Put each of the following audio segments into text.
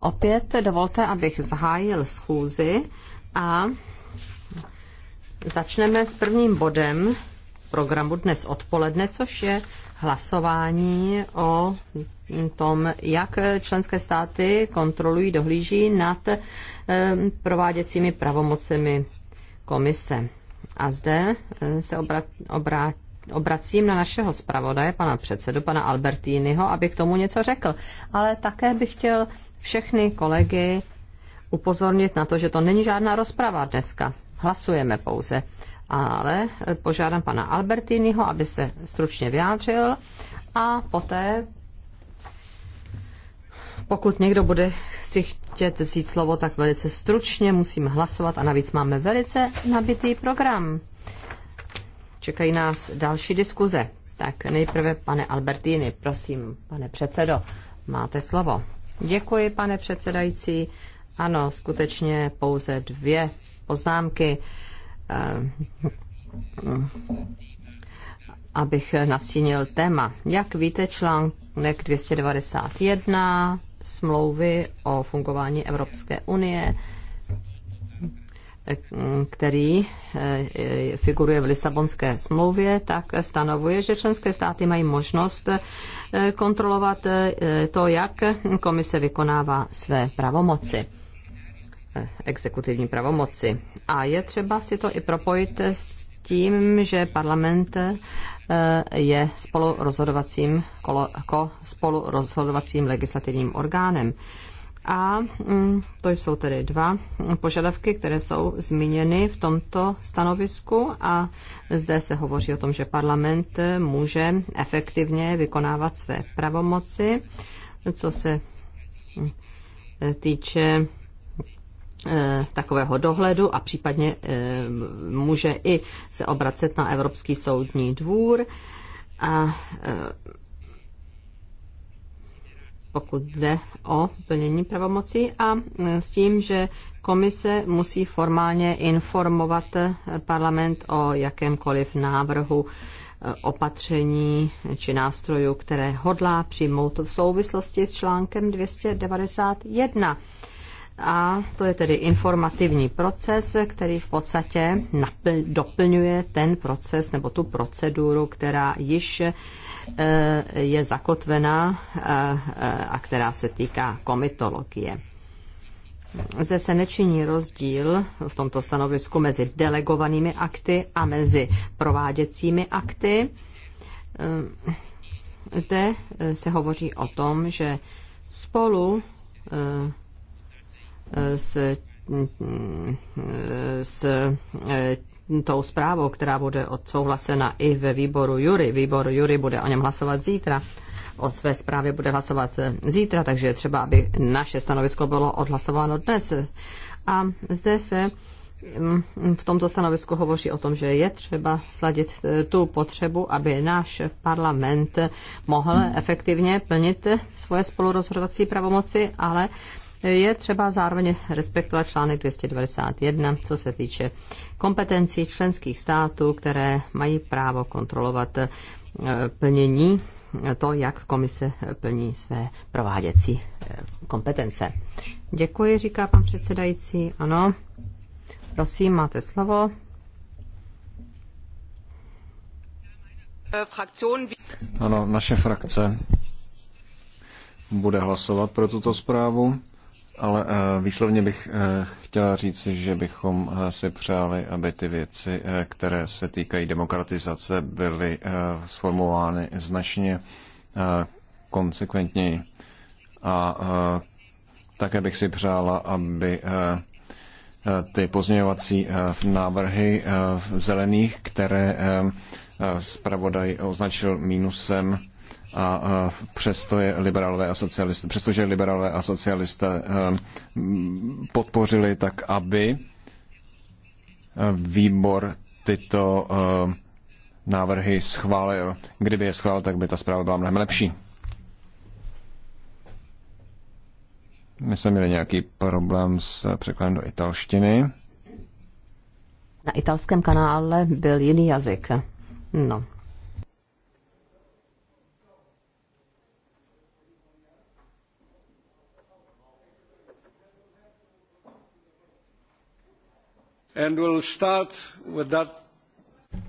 Opět dovolte, abych zahájil schůzi a začneme s prvním bodem programu dnes odpoledne, což je hlasování o tom, jak členské státy kontrolují, dohlíží nad ehm, prováděcími pravomocemi komise. A zde eh, se obrátím obrát, obracím na našeho zpravodaje, pana předsedu, pana Albertínyho, aby k tomu něco řekl. Ale také bych chtěl všechny kolegy upozornit na to, že to není žádná rozprava dneska. Hlasujeme pouze. Ale požádám pana Albertínyho, aby se stručně vyjádřil a poté pokud někdo bude si chtět vzít slovo, tak velice stručně musíme hlasovat a navíc máme velice nabitý program čekají nás další diskuze. Tak nejprve pane Albertini, prosím, pane předsedo, máte slovo. Děkuji, pane předsedající. Ano, skutečně pouze dvě poznámky, eh, abych nastínil téma. Jak víte, článek 291 smlouvy o fungování Evropské unie který eh, figuruje v Lisabonské smlouvě, tak stanovuje, že členské státy mají možnost eh, kontrolovat eh, to, jak komise vykonává své pravomoci exekutivní pravomoci. A je třeba si to i propojit s tím, že parlament je spolurozhodovacím, ko, jako spolurozhodovacím legislativním orgánem. A mm, to jsou tedy dva požadavky, které jsou zmíněny v tomto stanovisku a zde se hovoří o tom, že parlament může efektivně vykonávat své pravomoci, co se mm, týče eh, takového dohledu a případně eh, může i se obracet na Evropský soudní dvůr. A eh, pokud jde o plnění pravomocí a s tím, že komise musí formálně informovat parlament o jakémkoliv návrhu eh, opatření či nástrojů, které hodlá přijmout v souvislosti s článkem 291 a to je tedy informativní proces, který v podstatě doplňuje ten proces nebo tu proceduru, která již eh, je zakotvená eh, a která se týká komitologie. Zde se nečiní rozdíl v tomto stanovisku mezi delegovanými akty a mezi prováděcími akty. Eh, zde se hovoří o tom, že spolu s, s tou zprávou, která bude odsouhlasena i ve výboru Jury. Výbor Jury bude o něm hlasovat zítra. O své zprávě bude hlasovat zítra, takže je třeba, aby naše stanovisko bylo odhlasováno dnes. A zde se mm, v tomto stanovisku hovoří o tom, že je třeba sladit eh, tu potřebu, aby náš parlament mohl efektivně plnit svoje spolurozhodovací pravomoci, ale je třeba zároveň respektovat článek 291, co se týče kompetencí členských států, které mají právo kontrolovat eh, plnění to, jak komise plní své prováděcí eh, kompetence. Děkuji, říká pan předsedající. Ano, prosím, máte slovo. Ano, naše frakce bude hlasovat pro tuto zprávu ale eh, výslovně bych eh, chtěla říct, že bychom eh, si přáli, aby ty věci, které se týkají demokratizace, byly sformulovány značně konsekventněji. A také bych si přála, aby ty pozměňovací návrhy zelených, které zpravodaj označil mínusem, a přesto je liberálové a socialisté, přestože liberálové a socialisté ehm, podpořili tak, aby ehm, výbor tyto ehm, návrhy schválil. Kdyby je schválil, tak by ta zpráva byla mnohem lepší. My jsme měli nějaký problém s překladem do italštiny. Na italském kanále byl jiný jazyk. No,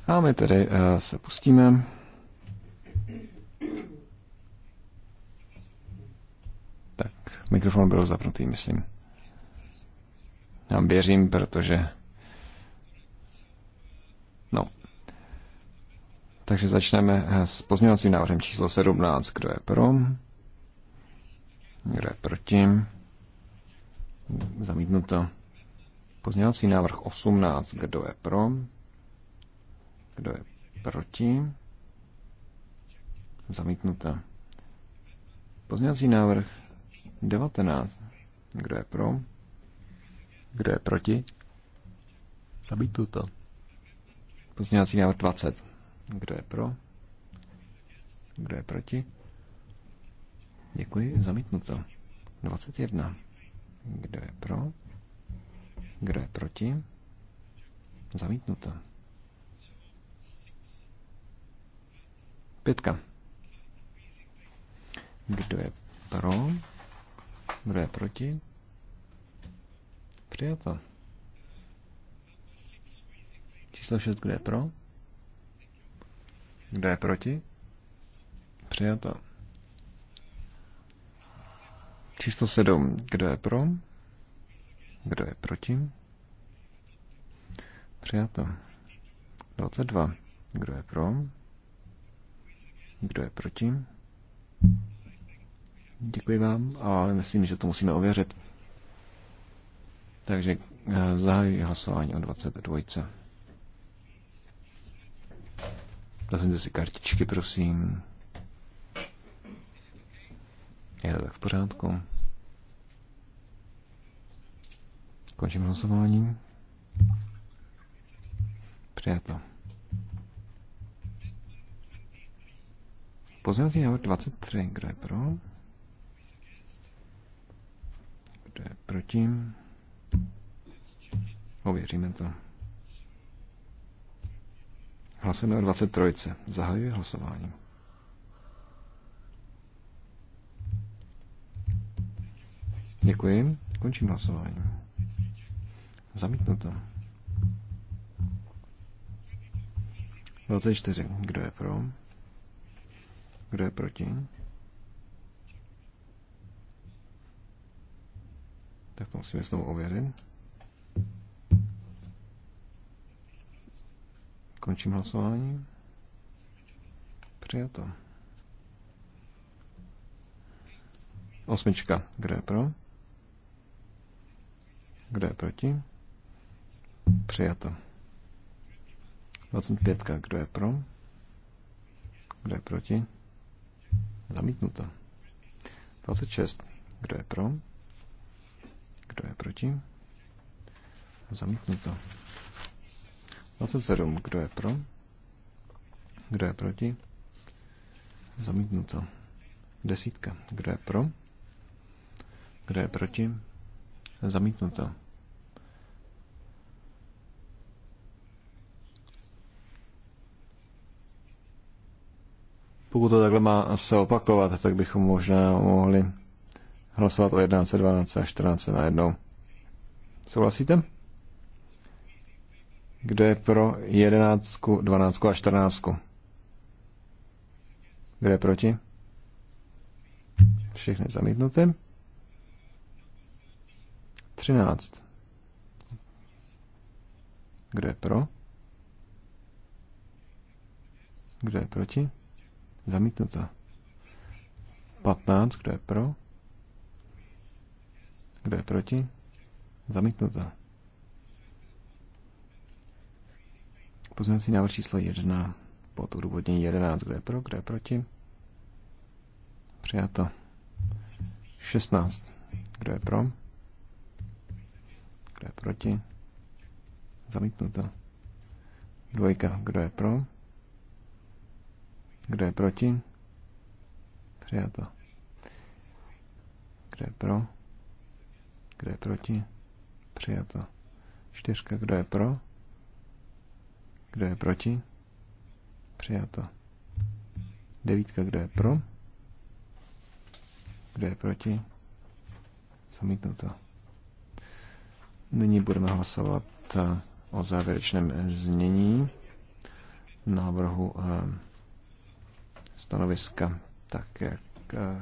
A my tedy uh, se pustíme. Tak, mikrofon byl zapnutý, myslím. Já věřím, protože... No. Takže začneme eh, s pozměňovacím návrhem číslo 17. Kdo je pro? Kdo je proti? Zamítnuto. Pozměňovací návrh 18. Kdo je pro? Kdo je proti? Zamítnuté. Pozměňovací návrh 19. Kdo je pro? Kdo je proti? Zamítnuta. Pozměňovací návrh 20. Kdo je pro? Kdo je proti? Děkuji, zamítnuto. 21. Kdo je pro? Kdo je proti? Zamítnuto. Pětka. Kdo je pro? Kdo je proti? Přijato. Číslo 6, kdo je pro? Kdo je proti? Přijato. Číslo 7, kdo je pro? Kdo je proti? Přijato. 22. Kdo je pro? Kdo je proti? Děkuji vám, ale myslím, že to musíme ověřit. Takže eh, zahajuji hlasování o 22. Vezměte si kartičky, prosím. Je to tak v pořádku? Končím hlasování. Přijato. Pozměňovací návrh 23. Kdo je pro? Kdo je proti? Ověříme to. Hlasujeme o 23. Zahajuji hlasování. Děkuji. Končím hlasování. Zamítnuto. 24. Kdo je pro? Kdo je proti? Tak to musíme znovu ověřit. Končím hlasování. Přijato. Osmička. Kdo je pro? Kdo je proti? Přijato. 25. Kdo je pro? Kdo je proti? Zamítnuto. 26. Kdo je pro? Kdo je proti? Zamítnuto. 27. Kdo je pro? Kdo je proti? Zamítnuto. Desítka. Kdo je pro? Kdo je proti? Zamítnuto. Pokud to takhle má se opakovat, tak bychom možná mohli hlasovat o 11, 12 a 14 na jednou. Souhlasíte? Kdo je pro 11, 12 a 14? Kdo je proti? Všechny zamítnuty. 13. Kdo je pro? Kdo je proti? Zamítnuta. 15, kdo je pro? Kdo je proti? Zamítnuto. Pozměňovací návrh číslo 1 pod odůvodnění 11, kdo je pro, kdo je proti? Přijato. 16, kdo je pro? Kdo je proti? Zamítnuta. Dvojka, kdo je pro? Kdo je proti? Přijato. Kdo je pro? Kdo je proti? Přijato. Čtyřka. Kdo je pro? Kdo je proti? Přijato. Devítka. Kdo je pro? Kdo je proti? Zamítnuto. Nyní budeme hlasovat eh, o závěrečném znění návrhu eh, stanoviska, tak jak eh,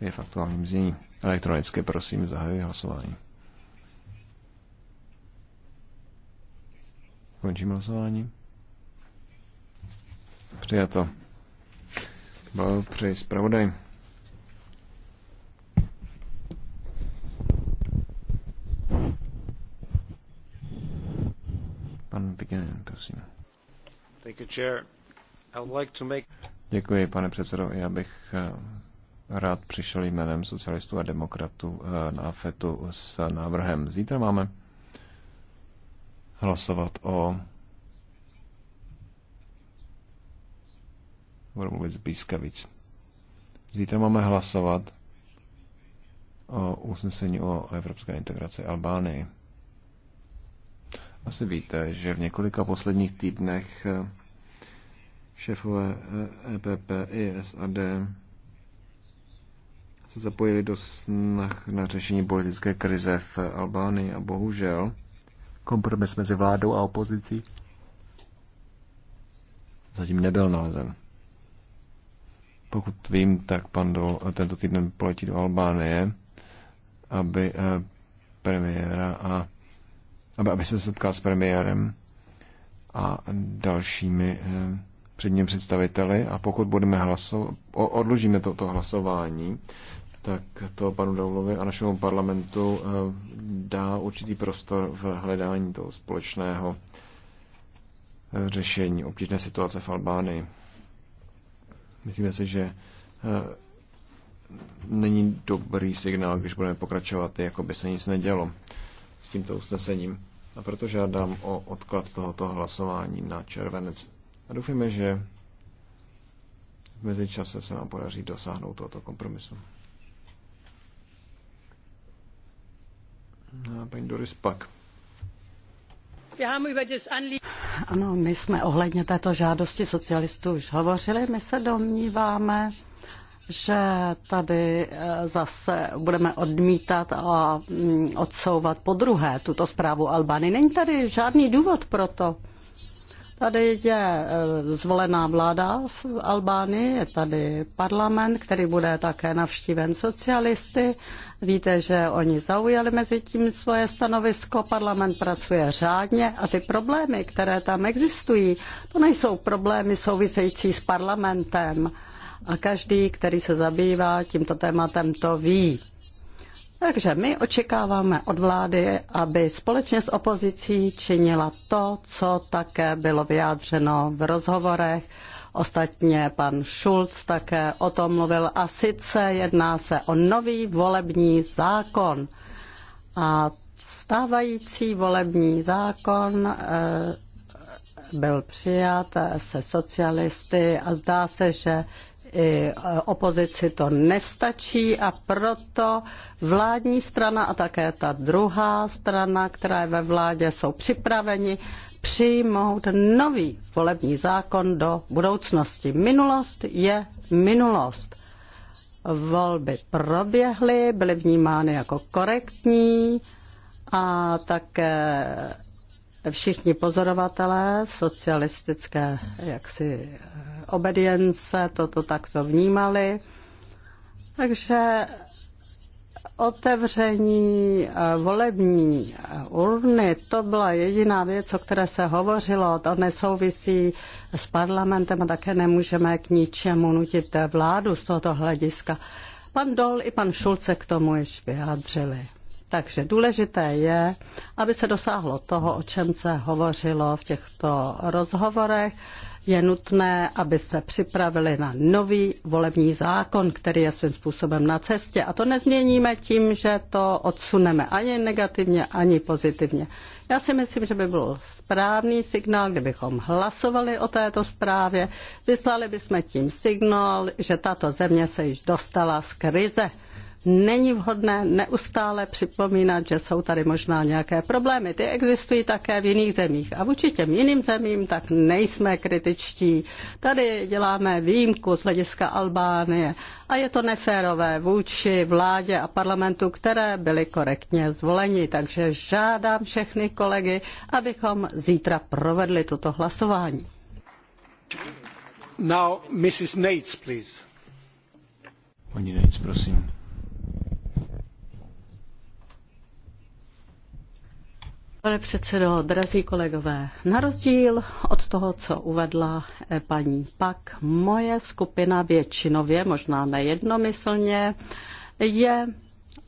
je v aktuálním znění. Elektronické, prosím, zahajuji hlasování. Končím hlasování. Přijato. Byl přeji zpravodaj. Pan Vigenin, prosím. Thank you, Chair. I would like to make... Děkuji, pane předsedo. Já bych eh, rád přišel jménem socialistů a demokratů eh, na FETu s návrhem. Zítra máme hlasovat o budu mluvit z Bískavic. Zítra máme hlasovat o usnesení o evropské integraci Albánii. Asi víte, že v několika posledních týdnech eh, šéfové EPP eh, e i SAD se zapojili do snah na řešení politické krize v Albánii a bohužel kompromis mezi vládou a opozicí zatím nebyl nalezen. Pokud vím, tak pan Dol eh, tento týden poletí do Albánie, aby eh, premiéra a aby, aby se setkal s premiérem a dalšími ním představiteli a pokud budeme hlasovat, odložíme toto hlasování, tak to panu Daulovi a našemu parlamentu eh, dá určitý prostor v hledání toho společného eh, řešení obtížné situace v Albánii. Myslíme si, že eh, není dobrý signál, když budeme pokračovat, jako by se nic nedělo s tímto usnesením. A proto žádám o odklad tohoto hlasování na červenec. A doufujeme, že v mezičase se nám podaří dosáhnout tohoto kompromisu. No a paní Doris Pak. Ano, my jsme ohledně této žádosti socialistů už hovořili. My se domníváme, že tady eh, zase budeme odmítat a mm, odsouvat po druhé tuto zprávu Albany. Není tady žádný důvod pro to. Tady je eh, zvolená vláda v Albánii, je tady parlament, který bude také navštíven socialisty. Víte, že oni zaujali mezi tím svoje stanovisko, parlament pracuje řádně a ty problémy, které tam existují, to nejsou problémy související s parlamentem. A každý, který se zabývá tímto tématem, to ví. Takže my očekáváme od vlády, aby společně s opozicí činila to, co také bylo vyjádřeno v rozhovorech. Ostatně pan Schulz také o tom mluvil a sice jedná se o nový volební zákon. A stávající volební zákon eh, byl přijat se socialisty a zdá se, že i e, opozici to nestačí a proto vládní strana a také ta druhá strana, která je ve vládě, jsou připraveni přijmout nový volební zákon do budoucnosti. Minulost je minulost. Volby proběhly, byly vnímány jako korektní a také všichni pozorovatelé socialistické jaksi eh, obedience toto takto vnímali. Takže otevření eh, volební eh, urny, to byla jediná věc, o které se hovořilo. To nesouvisí s parlamentem a také nemůžeme k ničemu nutit vládu z tohoto hlediska. Pan Dol i pan Šulce k tomu již vyjádřili. Takže důležité je, aby se dosáhlo toho, o čem se hovořilo v těchto rozhovorech. Je nutné, aby se připravili na nový volební zákon, který je svým způsobem na cestě. A to nezměníme tím, že to odsuneme ani negativně, ani pozitivně. Já si myslím, že by byl správný signál, kdybychom hlasovali o této zprávě. Vyslali bychom tím signál, že tato země se již dostala z krize není vhodné neustále připomínat, že jsou tady možná nějaké problémy. Ty existují také v jiných zemích a vůči těm jiným zemím tak nejsme kritičtí. Tady děláme výjimku z hlediska Albánie a je to neférové vůči vládě a parlamentu, které byly korektně zvoleni. Takže žádám všechny kolegy, abychom zítra provedli toto hlasování. Now, Mrs. Nates, please. Paní Nates, prosím. Pane předsedo, drazí kolegové, na rozdíl od toho, co uvedla eh, paní Pak, moje skupina většinově, možná nejednomyslně, je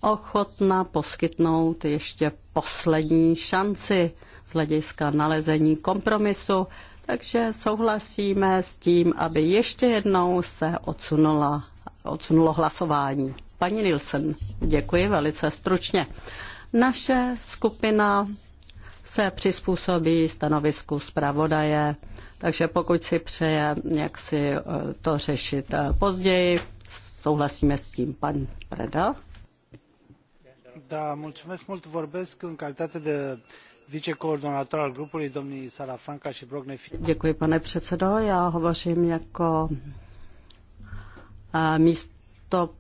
ochotna poskytnout ještě poslední šanci z hlediska nalezení kompromisu, takže souhlasíme s tím, aby ještě jednou se odsunula, odsunulo hlasování. Paní Nilsen, děkuji velice stručně. Naše skupina se přizpůsobí stanovisku zpravodaje, takže pokud si přeje, jak si eh, to řešit eh, později, souhlasíme s tím pan Preda. Da, mulțumesc mult. Vorbesc în calitate de vicekoordinátor al grupului, domnii Salafranca și Brogne. Děkuji, pane předsedo. Já hovořím jako eh, místo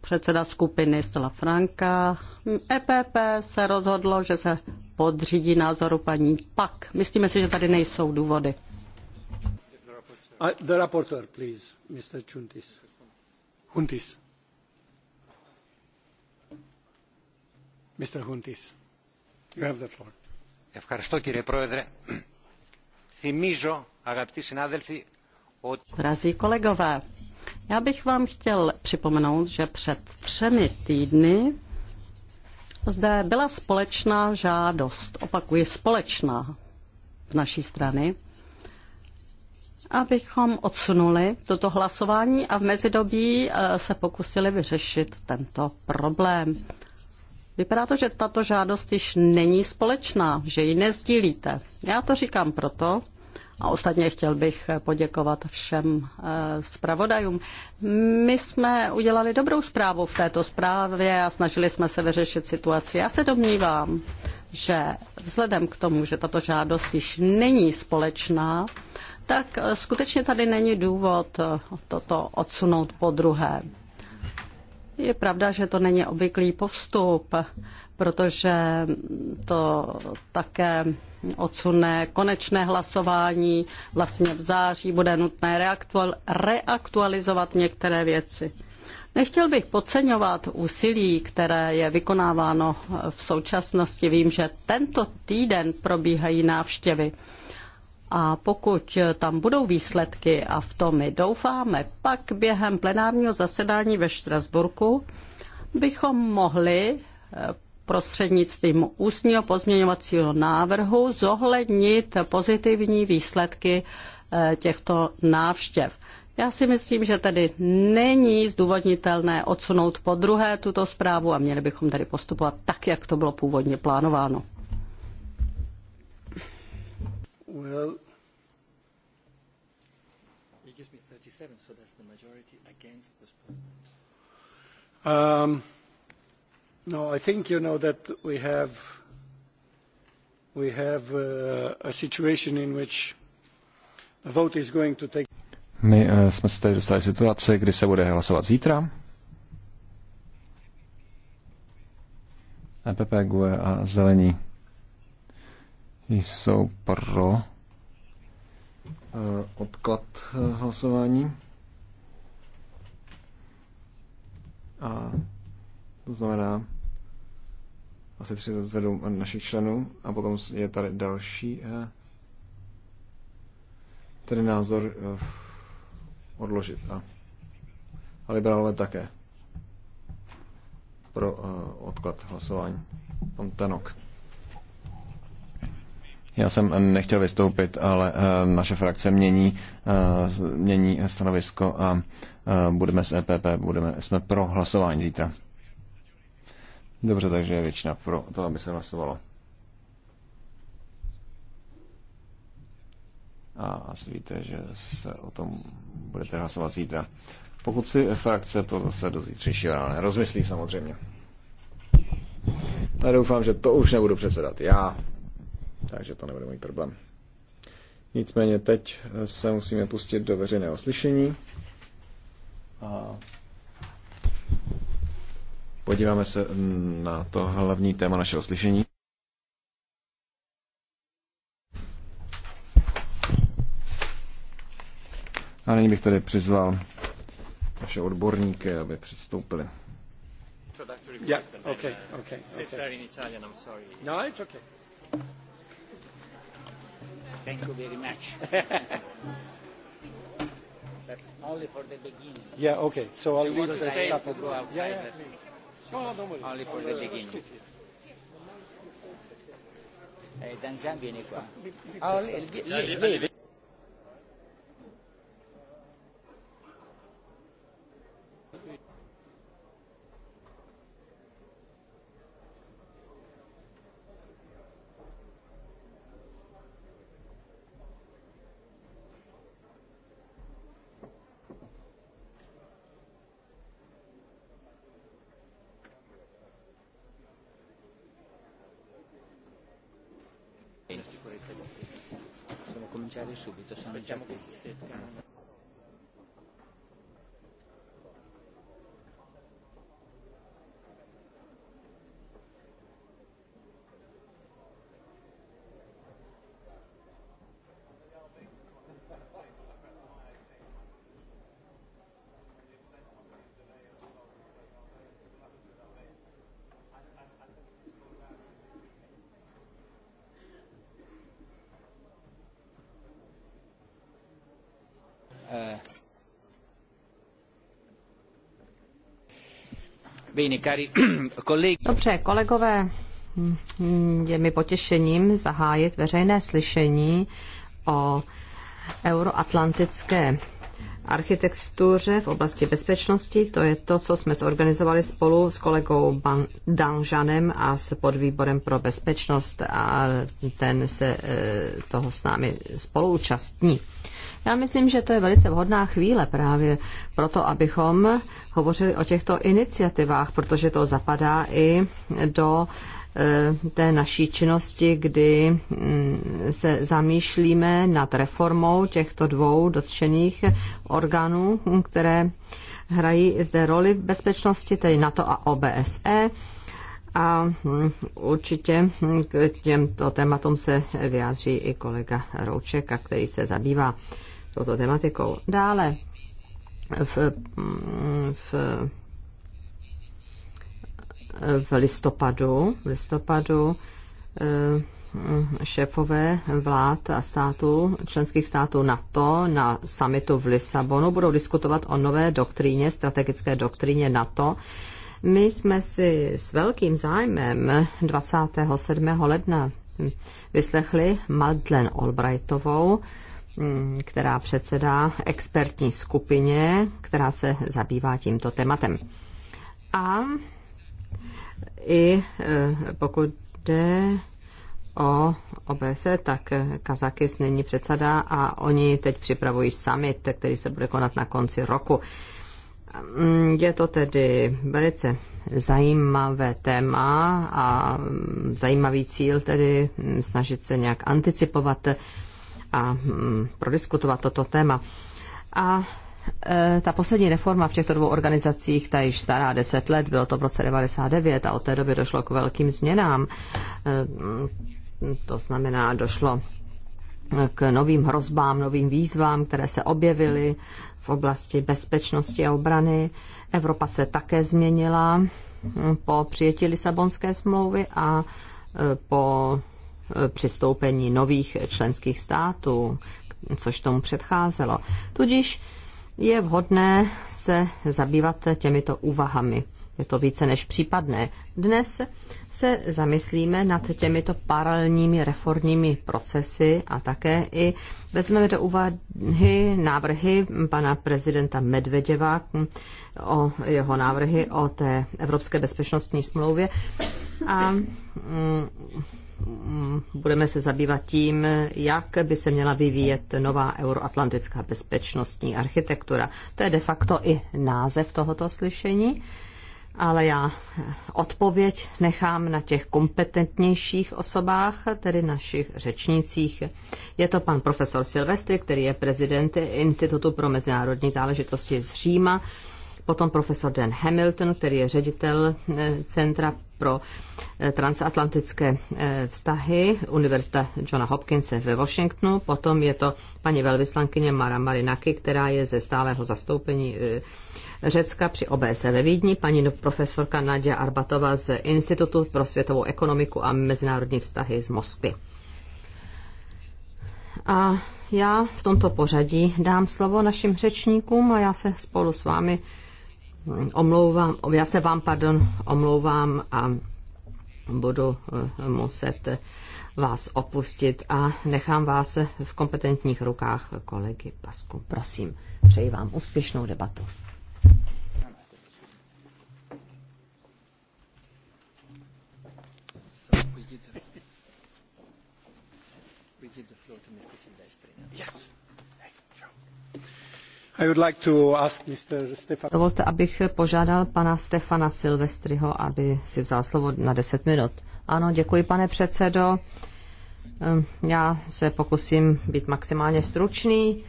předseda skupiny Salafranca. EPP se rozhodlo, že se podřídí názoru paní Pak. Myslíme si, že tady nejsou důvody. Uh, the rapporteur, please, Mr. Chuntis. Huntis. Mr. Huntis, you have the floor. Ευχαριστώ κύριε Πρόεδρε. Θυμίζω, αγαπητοί συνάδελφοι, ότι... Δραζí kolegové, já bych vám chtěl připomenout, že před třemi týdny zde byla společná žádost, opakuji společná z naší strany, abychom odsunuli toto hlasování a v mezidobí eh, se pokusili vyřešit tento problém. Vypadá to, že tato žádost již není společná, že ji nezdílíte. Já to říkám proto, a ostatně chtěl bych poděkovat všem eh, zpravodajům. My jsme udělali dobrou zprávu v této zprávě a snažili jsme se vyřešit situaci. Já se domnívám, že vzhledem k tomu, že tato žádost již není společná, tak eh, skutečně tady není důvod eh, toto odsunout po druhé. Je pravda, že to není obvyklý postup protože to také odsune konečné hlasování. Vlastně v září bude nutné reaktualizovat některé věci. Nechtěl bych podceňovat úsilí, které je vykonáváno v současnosti. Vím, že tento týden probíhají návštěvy. A pokud tam budou výsledky, a v tom my doufáme, pak během plenárního zasedání ve Štrasburku bychom mohli prostřednictvím ústního pozměňovacího návrhu zohlednit pozitivní výsledky eh, těchto návštěv. Já si myslím, že tedy není zdůvodnitelné odsunout po druhé tuto zprávu a měli bychom tedy postupovat tak, jak to bylo původně plánováno. Well. Um, No, I think you know that we have we have uh, a situation in which a vote is going to take. My uh, jsme se tady dostali situace, kdy se bude hlasovat zítra. EPP, GUE a Zelení jsou pro uh, odklad uh, hlasování. A to znamená, asi 37 našich členů a potom je tady další eh, tedy názor eh, odložit a, a liberálové také pro eh, odklad hlasování. Pan Tanok. Já jsem nechtěl vystoupit, ale naše frakce mění, mění stanovisko a budeme s EPP, budeme, jsme pro hlasování zítra. Dobře, takže je většina pro to, aby se hlasovalo. A asi víte, že se o tom budete hlasovat zítra. Pokud si frakce to zase do zítřejšího rána rozmyslí samozřejmě. A doufám, že to už nebudu předsedat já, takže to nebude můj problém. Nicméně teď se musíme pustit do veřejného slyšení. A Podíváme se na to hlavní téma našeho slyšení. A nyní bych tady přizval naše odborníky, aby předstoupili. Yeah, okay, no, okay, Thank you very much. only for the beginning. Yeah, okay. So I'll so leave the stay to go outside. Yeah, yeah, please. Only for the beginning. Eh, Danjan viene qua. Oh, lì, lì, lì. subito, se non c'è... Aspettiamo che se seccano. Dobře, kolegové, je mi potěšením zahájit veřejné slyšení o euroatlantické architektuře v oblasti bezpečnosti. To je to, co jsme zorganizovali spolu s kolegou Ban- Danžanem a s podvýborem pro bezpečnost a ten se e, toho s námi spoluúčastní. Já myslím, že to je velice vhodná chvíle právě proto, abychom hovořili o těchto iniciativách, protože to zapadá i do Eh, té naší činnosti, kdy mm, se zamýšlíme nad reformou těchto dvou dotčených orgánů, které hrají zde roli v bezpečnosti, tedy NATO a OBSE. A mm, určitě mm, k těmto tématům se vyjádří i kolega Rouček, který se zabývá touto tematikou. Dále v, v v listopadu, v listopadu eh, šéfové vlád a států, členských států NATO na summitu v Lisabonu budou diskutovat o nové doktríně, strategické doktríně NATO. My jsme si s velkým zájmem 27. ledna vyslechli Madeleine Albrightovou, mm, která předsedá expertní skupině, která se zabývá tímto tématem. A i e, pokud jde o OBS, tak Kazakis není předseda a oni teď připravují summit, který se bude konat na konci roku. Mm, je to tedy velice zajímavé téma a zajímavý cíl tedy mm, snažit se nějak anticipovat a mm, prodiskutovat toto téma. A Eh, ta poslední reforma v těchto dvou organizacích, ta již stará 10 let, bylo to v roce 99 a od té doby došlo k velkým změnám. Eh, to znamená, došlo k novým hrozbám, novým výzvám, které se objevily v oblasti bezpečnosti a obrany. Evropa se také změnila hm, po přijetí Lisabonské smlouvy a eh, po přistoupení nových členských států, což tomu předcházelo. Tudíž je vhodné se zabývat těmito úvahami. Je to více než případné. Dnes se zamyslíme nad těmito paralelními reformními procesy a také i vezmeme do úvahy návrhy pana prezidenta Medvedeva o jeho návrhy o té Evropské bezpečnostní smlouvě. A mm, Mm, budeme se zabývat tím, jak by se měla vyvíjet nová euroatlantická bezpečnostní architektura. To je de facto i název tohoto slyšení, ale já odpověď nechám na těch kompetentnějších osobách, tedy našich řečnících. Je to pan profesor Silvestri, který je prezident Institutu pro mezinárodní záležitosti z Říma, potom profesor Dan Hamilton, který je ředitel eh, Centra pro eh, transatlantické eh, vztahy Univerzita Johna Hopkinse ve Washingtonu. Potom je to paní velvyslankyně Mara Marinaki, která je ze stálého zastoupení Řecka při OBSE ve Vídni, paní no- profesorka Nadia Arbatova z Institutu pro světovou ekonomiku a mezinárodní vztahy z Moskvy. A já v tomto pořadí dám slovo našim řečníkům a já se spolu s vámi omlouvám, já se vám, pardon, omlouvám a budu eh, muset eh, vás opustit a nechám vás v kompetentních rukách kolegy Pasku. Prosím, přeji vám úspěšnou debatu. Dovolte, abych požádal pana Stefana Silvestriho, aby si vzal slovo na 10 minut. Ano, děkuji, pane předsedo. Ehm, já se pokusím být maximálně stručný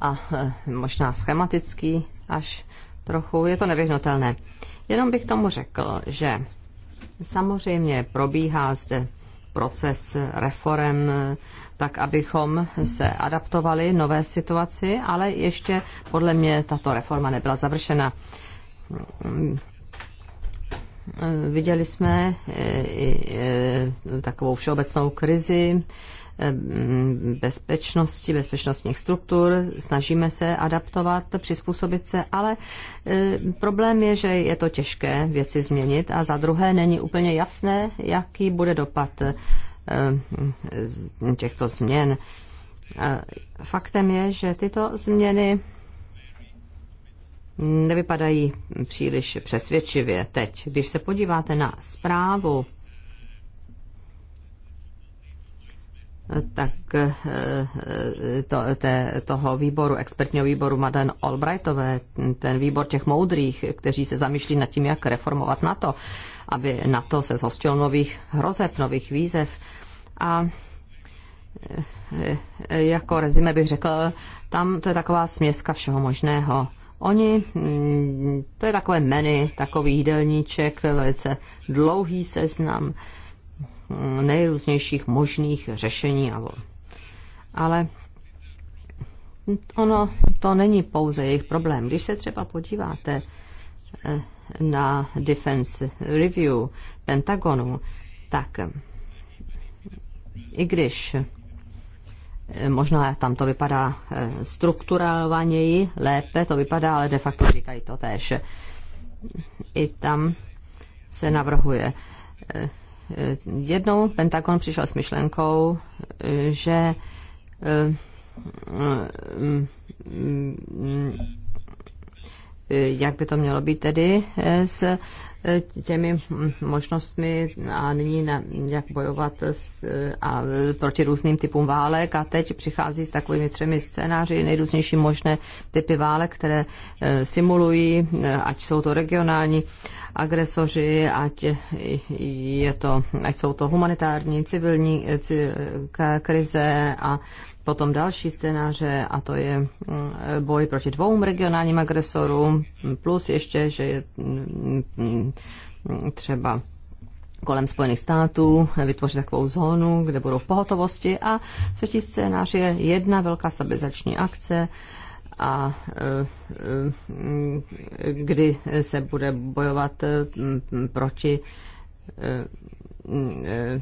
a eh, možná schematický až trochu. Je to nevyhnutelné. Jenom bych tomu řekl, že samozřejmě probíhá zde proces reform tak abychom se adaptovali nové situaci, ale ještě podle mě tato reforma nebyla završena. Viděli jsme e, e, takovou všeobecnou krizi e, bezpečnosti, bezpečnostních struktur. Snažíme se adaptovat, přizpůsobit se, ale problém je, že je to těžké věci změnit a za druhé není úplně jasné, jaký bude dopad Eh, těchto změn. Eh, faktem je, že tyto změny nevypadají příliš přesvědčivě teď. Když se podíváte na zprávu, tak eh, to, té, toho výboru, expertního výboru Madeleine Albrightové, ten výbor těch moudrých, kteří se zamýšlí nad tím, jak reformovat NATO, aby NATO se zhostil nových hrozeb, nových výzev, a e, e, jako rezime bych řekl, tam to je taková směska všeho možného. Oni, mm, to je takové menu, takový jídelníček, velice dlouhý seznam mm, nejrůznějších možných řešení. Ale ono to není pouze jejich problém. Když se třeba podíváte e, na Defense Review Pentagonu, tak i když eh, možná tam to vypadá eh, strukturovaněji, lépe to vypadá, ale de facto říkají to též. I tam se navrhuje. Eh, jednou Pentagon přišel s myšlenkou, že mm, mm, jak by to mělo být tedy eh, s eh, těmi možnostmi a nyní na, jak bojovat s, eh, a proti různým typům válek a teď přichází s takovými třemi scénáři nejrůznější možné typy válek, které simulují, ať jsou to regionální agresoři, ať, je to, ať jsou to humanitární, civilní krize a Potom další scénáře, a to je mm, boj proti dvou regionálním agresorům, plus ještě, že je mm, mm, třeba kolem Spojených států, vytvořit takovou zónu, kde budou v pohotovosti. A třetí scénář je jedna velká stabilizační akce, a e, e, kdy se bude bojovat proti e, Eh,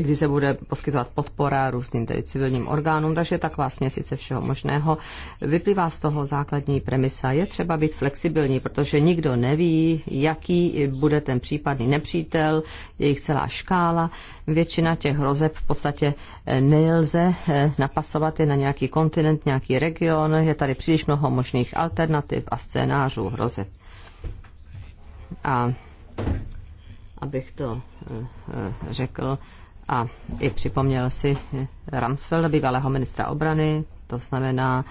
kdy se bude poskytovat podpora různým tedy civilním orgánům, takže taková směsice všeho možného. Vyplývá z toho základní premisa, je třeba být flexibilní, protože nikdo neví, jaký bude ten případný nepřítel, jejich celá škála. Většina těch hrozeb v podstatě eh, nelze eh, napasovat je na nějaký kontinent, nějaký region, je tady příliš mnoho možných alternativ a scénářů hrozeb. A abych to eh, eh, řekl a i připomněl si eh, Ramsfeld, bývalého ministra obrany, to znamená,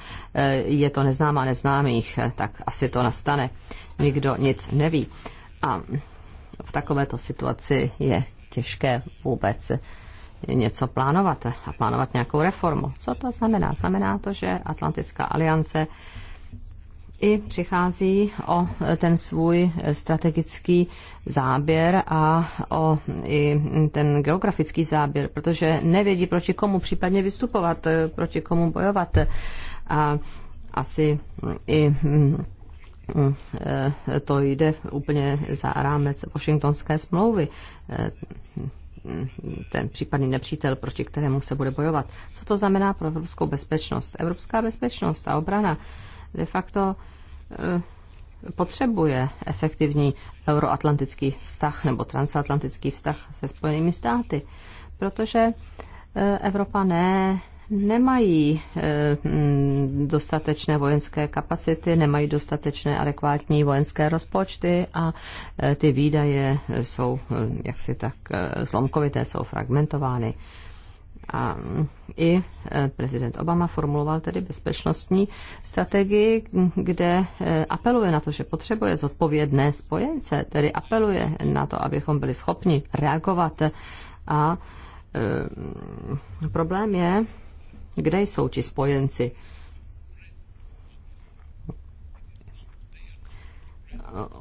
je to neznámá neznámých, tak asi to nastane. Nikdo nic neví. A v takovéto situaci je těžké vůbec něco plánovat a plánovat nějakou reformu. Co to znamená? Znamená to, že Atlantická aliance i přichází o ten svůj strategický záběr a o i ten geografický záběr, protože nevědí, proti komu případně vystupovat, proti komu bojovat. A asi i e, to jde úplně za rámec Washingtonské smlouvy e, ten případný nepřítel, proti kterému se bude bojovat. Co to znamená pro evropskou bezpečnost? Evropská bezpečnost a obrana de facto eh, potřebuje efektivní euroatlantický vztah nebo transatlantický vztah se Spojenými státy, protože eh, Evropa ne, nemají eh, mm, dostatečné vojenské kapacity, nemají dostatečné adekvátní vojenské rozpočty a ty výdaje jsou jaksi tak zlomkovité, jsou fragmentovány. A mm, i e, prezident Obama formuloval tedy bezpečnostní strategii, kde e, apeluje na to, že potřebuje zodpovědné spojence, tedy apeluje na to, abychom byli schopni reagovat. A e, problém je, kde jsou ti spojenci.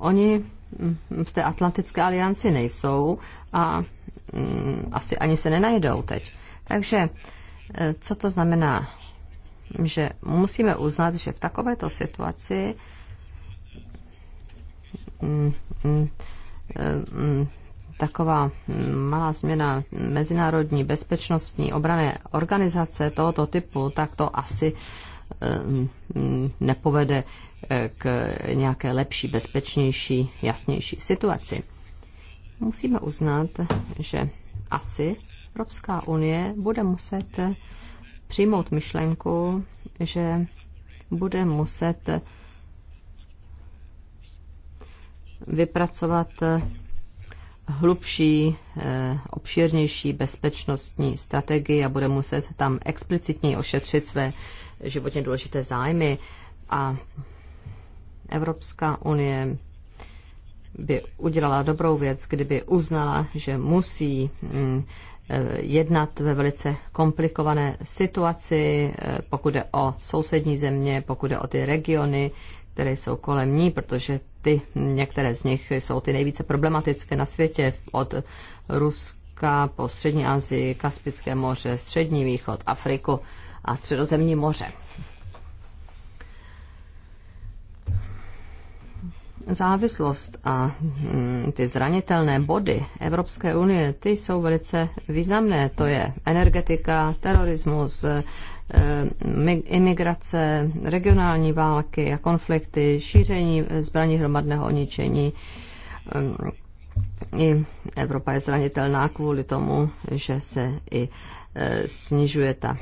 Oni mm, v té Atlantické alianci nejsou a mm, asi ani se nenajdou teď. Takže e, co to znamená? Že musíme uznat, že v takovéto situaci mm, mm, e, mm, taková malá změna mezinárodní bezpečnostní obrané organizace tohoto typu, tak to asi e, nepovede k nějaké lepší, bezpečnější, jasnější situaci. Musíme uznat, že asi Evropská unie bude muset přijmout myšlenku, že bude muset vypracovat hlubší, eh, obšírnější bezpečnostní strategii a bude muset tam explicitně ošetřit své životně důležité zájmy. A Evropská unie by udělala dobrou věc, kdyby uznala, že musí mm, Eh, jednat ve velice komplikované situaci, eh, pokud jde o sousední země, pokud jde o ty regiony, které jsou kolem ní, protože ty, některé z nich jsou ty nejvíce problematické na světě, od Ruska po Střední Asii, Kaspické moře, Střední východ, Afriku a Středozemní moře. závislost a mm, ty zranitelné body Evropské unie, ty jsou velice významné. To je energetika, terorismus, e, e, imigrace, regionální války a konflikty, šíření zbraní hromadného ničení. E, I Evropa je zranitelná kvůli tomu, že se i snižuje ta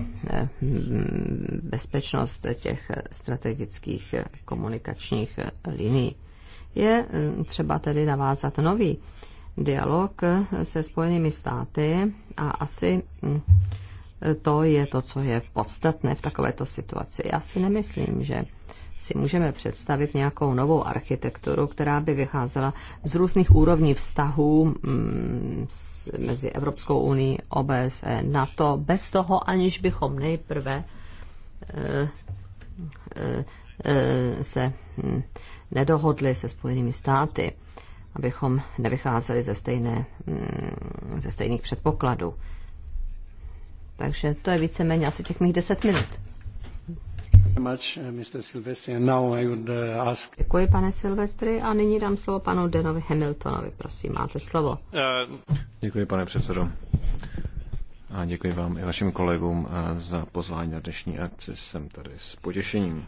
bezpečnost těch strategických komunikačních linií. Je eh, třeba tedy navázat nový dialog eh, se Spojenými státy a asi hm, to je to, co je podstatné v takovéto situaci. Já si nemyslím, že si můžeme představit nějakou novou architekturu, která by vycházela z různých úrovní vztahů hm, mezi Evropskou unii, OBSE, NATO, bez toho, aniž bychom nejprve eh, se hm, nedohodli se Spojenými státy, abychom nevycházeli ze, stejné, mm, ze stejných předpokladů. Takže to je víceméně asi těch mých deset minut. Děkuji, pane Silvestri, a nyní dám slovo panu Denovi Hamiltonovi. Prosím, máte slovo. Děkuji, pane předsedo. A děkuji vám i vašim kolegům eh, za pozvání na dnešní akci. Jsem tady s potěšením.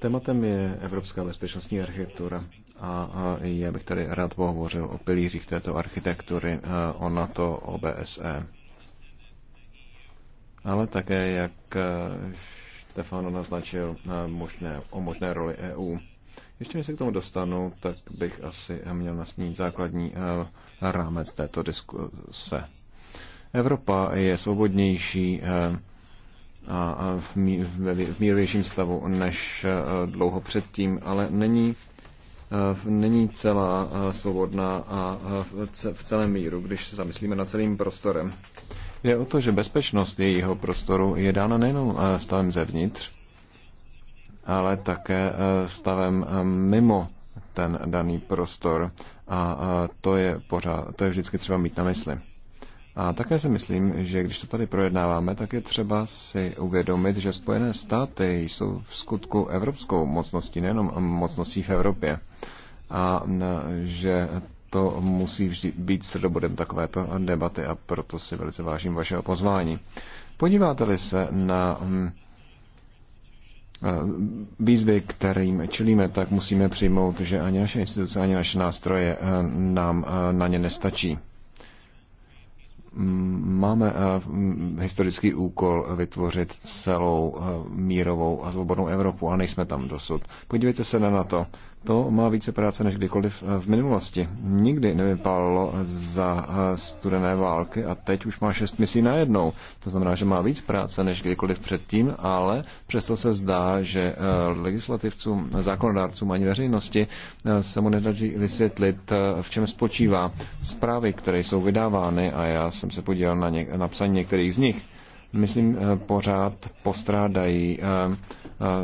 Tématem je Evropská bezpečnostní architektura a já bych tady rád pohovořil o pilířích této architektury, o NATO, o BSE. Ale také, jak Stefano e, naznačil, e, možné, o možné roli EU. Ještě než se k tomu dostanu, tak bych asi měl nasnít základní e, rámec této diskuse. Evropa je svobodnější, a v, mí, v mírnějším stavu než e, dlouho předtím, ale není e, není celá e, svobodná a v celém míru, když se zamyslíme na celým prostorem. Je o to, že bezpečnost jejího prostoru je dána nejenom stavem zevnitř, ale také stavem mimo ten daný prostor a to je, pořád, to je vždycky třeba mít na mysli. A také si myslím, že když to tady projednáváme, tak je třeba si uvědomit, že Spojené státy jsou v skutku evropskou mocností, nejenom mocností v Evropě. A že to musí vždy být středobodem takovéto debaty a proto si velice vážím vašeho pozvání. Podíváte-li se na hm, eh, výzvy, kterým čelíme, tak musíme přijmout, že ani naše instituce, ani naše nástroje eh, nám eh, na ně nestačí. Mm, máme eh, mm, historický úkol vytvořit celou eh, mírovou a svobodnou Evropu a nejsme tam dosud. Podívejte se na to. To má více práce než kdykoliv eh, v minulosti. Nikdy nevypálilo za eh, studené války a teď už má šest misí najednou. To znamená, že má víc práce než kdykoliv předtím, ale přesto se zdá, že eh, legislativcům, zákonodárcům ani veřejnosti se mu nedaří vysvětlit, v čem spočívá zprávy, které jsou vydávány a já jsem se podíval na, ně, na psaní některých z nich. Myslím, pořád postrádají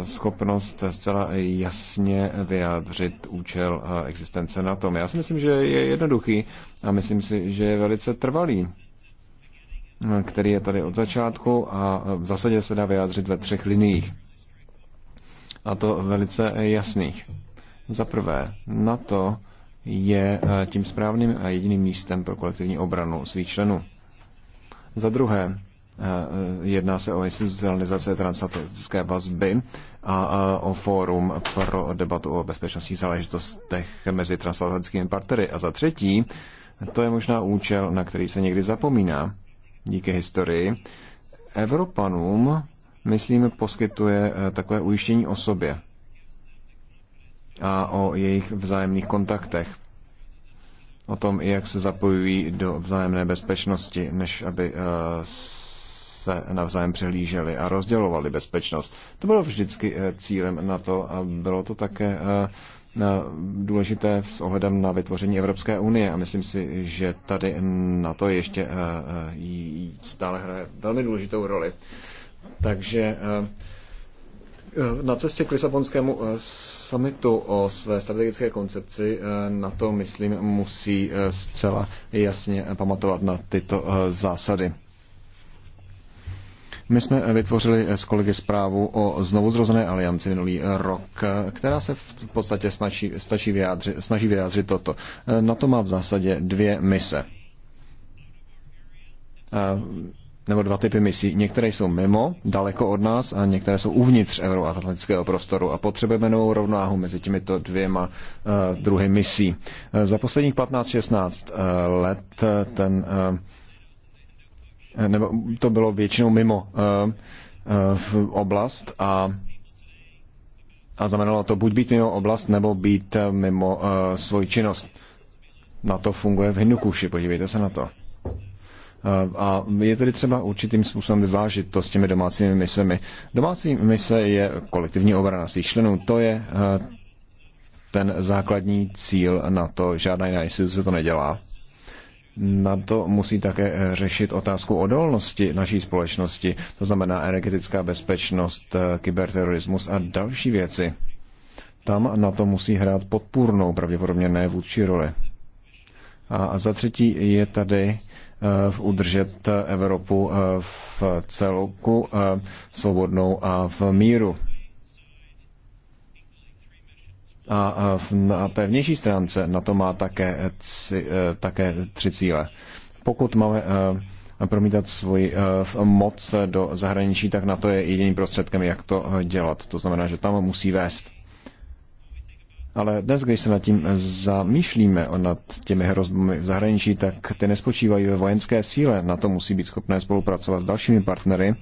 schopnost zcela jasně vyjádřit účel eh, existence na tom. Já si myslím, že je jednoduchý a myslím si, že je velice trvalý který je tady od začátku a eh, v zásadě se dá vyjádřit ve třech liniích. A to velice jasných. Za prvé, NATO je eh, tím správným a jediným místem pro kolektivní obranu svých členů. Za druhé, Eh, jedná se o institucionalizace transatlantické vazby a o fórum pro debatu o bezpečnostních záležitostech mezi transatlantickými partnery. A za třetí, to je možná účel, na který se někdy zapomíná díky historii. Evropanům, myslím, poskytuje eh, takové ujištění o sobě a o jejich vzájemných kontaktech o tom, jak se zapojují do vzájemné bezpečnosti, než aby eh, se navzájem přehlíželi a rozdělovali bezpečnost. To bylo vždycky eh, cílem na to a bylo to také eh, důležité s ohledem na vytvoření Evropské unie a myslím si, že tady na to ještě eh, stále hraje velmi důležitou roli. Takže na cestě k Lisabonskému summitu o své strategické koncepci na to, myslím, musí zcela jasně pamatovat na tyto zásady. My jsme eh, vytvořili eh, s kolegy zprávu o znovu zrozené alianci minulý eh, rok, která se v podstatě snaží, snaží, vyjádřit, snaží vyjádřit toto. Na to má v zásadě dvě mise. Nebo dva typy misí. Některé jsou mimo, daleko od nás, a některé jsou uvnitř euroatlantického prostoru a potřebujeme novou rovnáhu mezi těmito dvěma uh, druhy misí. Uh, za posledních 15-16 uh, let ten uh, nebo to bylo většinou mimo uh, oblast a a znamenalo to buď být mimo oblast, nebo být eh, mimo uh, svoji činnost. Na to funguje v Hindukuši, podívejte se na to. A je tedy třeba určitým způsobem vyvážit to s těmi domácími misemi. Domácí mise je kolektivní obrana svých členů, to je ten základní cíl na to, žádná jiná instituce to nedělá na to musí také eh, řešit otázku odolnosti naší společnosti, to znamená energetická bezpečnost, eh, kyberterorismus a další věci. Tam na to musí hrát podpůrnou, pravděpodobně ne vůdčí roli. A za třetí je tady eh, v udržet Evropu v celku svobodnou a v míru. A na té vnější stránce na to má také, e, také tři cíle. Pokud máme e, promítat svoji e, moc do zahraničí, tak na to je jediným prostředkem, jak to dělat. To znamená, že tam musí vést. Ale dnes, když se nad tím zamýšlíme, nad těmi hrozbami v zahraničí, tak ty nespočívají ve vojenské síle. Na to musí být schopné spolupracovat s dalšími partnery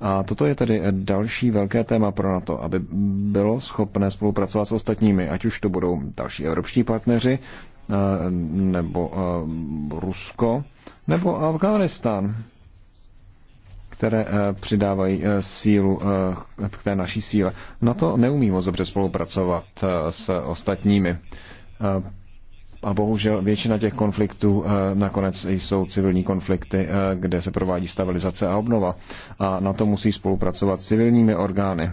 a toto je tedy další velké téma pro NATO, aby bylo schopné spolupracovat s ostatními, ať už to budou další evropští partneři, eh, nebo eh, Rusko, nebo Afganistán, které eh, přidávají sílu k té naší síle. Na to neumí moc dobře spolupracovat s ostatními. A bohužel většina těch konfliktů eh, nakonec jsou civilní konflikty, eh, kde se provádí stabilizace a obnova. A na to musí spolupracovat s civilními orgány.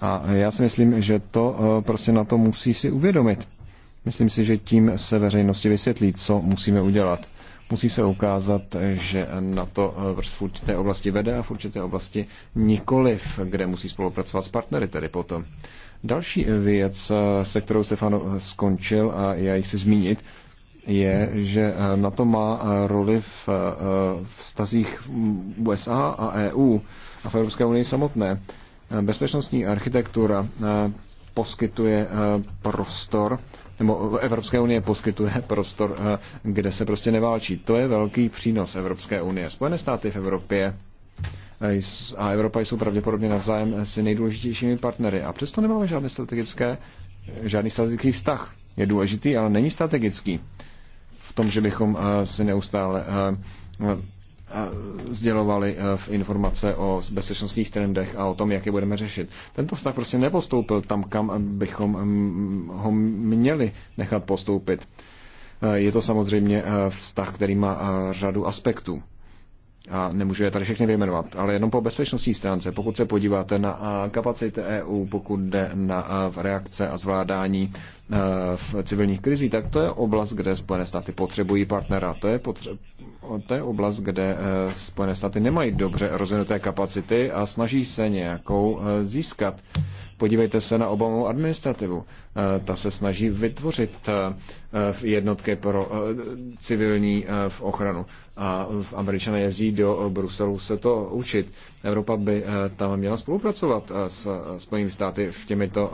A já si myslím, že to eh, prostě na to musí si uvědomit. Myslím si, že tím se veřejnosti vysvětlí, co musíme udělat. Musí se ukázat, že na to v určité oblasti vede a v určité oblasti nikoliv, kde musí spolupracovat s partnery tedy potom. Další věc, se kterou Stefano skončil a já ji chci zmínit, je, že na to má roli v vztazích USA a EU a v Evropské unii samotné. Bezpečnostní architektura poskytuje prostor, nebo Evropské unie poskytuje prostor, kde se prostě neválčí. To je velký přínos Evropské unie. Spojené státy v Evropě a Evropa jsou pravděpodobně navzájem si nejdůležitějšími partnery. A přesto nemáme žádné strategické, žádný strategický vztah. Je důležitý, ale není strategický. V tom, že bychom eh, si neustále eh, eh, sdělovali v informace o bezpečnostních trendech a o tom, jak je budeme řešit. Tento vztah prostě nepostoupil tam, kam bychom mm, ho měli nechat postoupit. Je to samozřejmě vztah, který má řadu aspektů a nemůžu je tady všechny vyjmenovat, ale jenom po bezpečnostní stránce, pokud se podíváte na kapacity EU, pokud jde na reakce a zvládání v civilních krizí, tak to je oblast, kde Spojené státy potřebují partnera. To je, potře- to je oblast, kde e, Spojené státy nemají dobře rozvinuté kapacity a snaží se nějakou e, získat. Podívejte se na Obamovou administrativu. Eh, ta se snaží vytvořit eh, jednotky pro eh, civilní v ochranu. A američané jezdí do Bruselu se to učit. Evropa by tam měla spolupracovat s Spojenými státy v těmito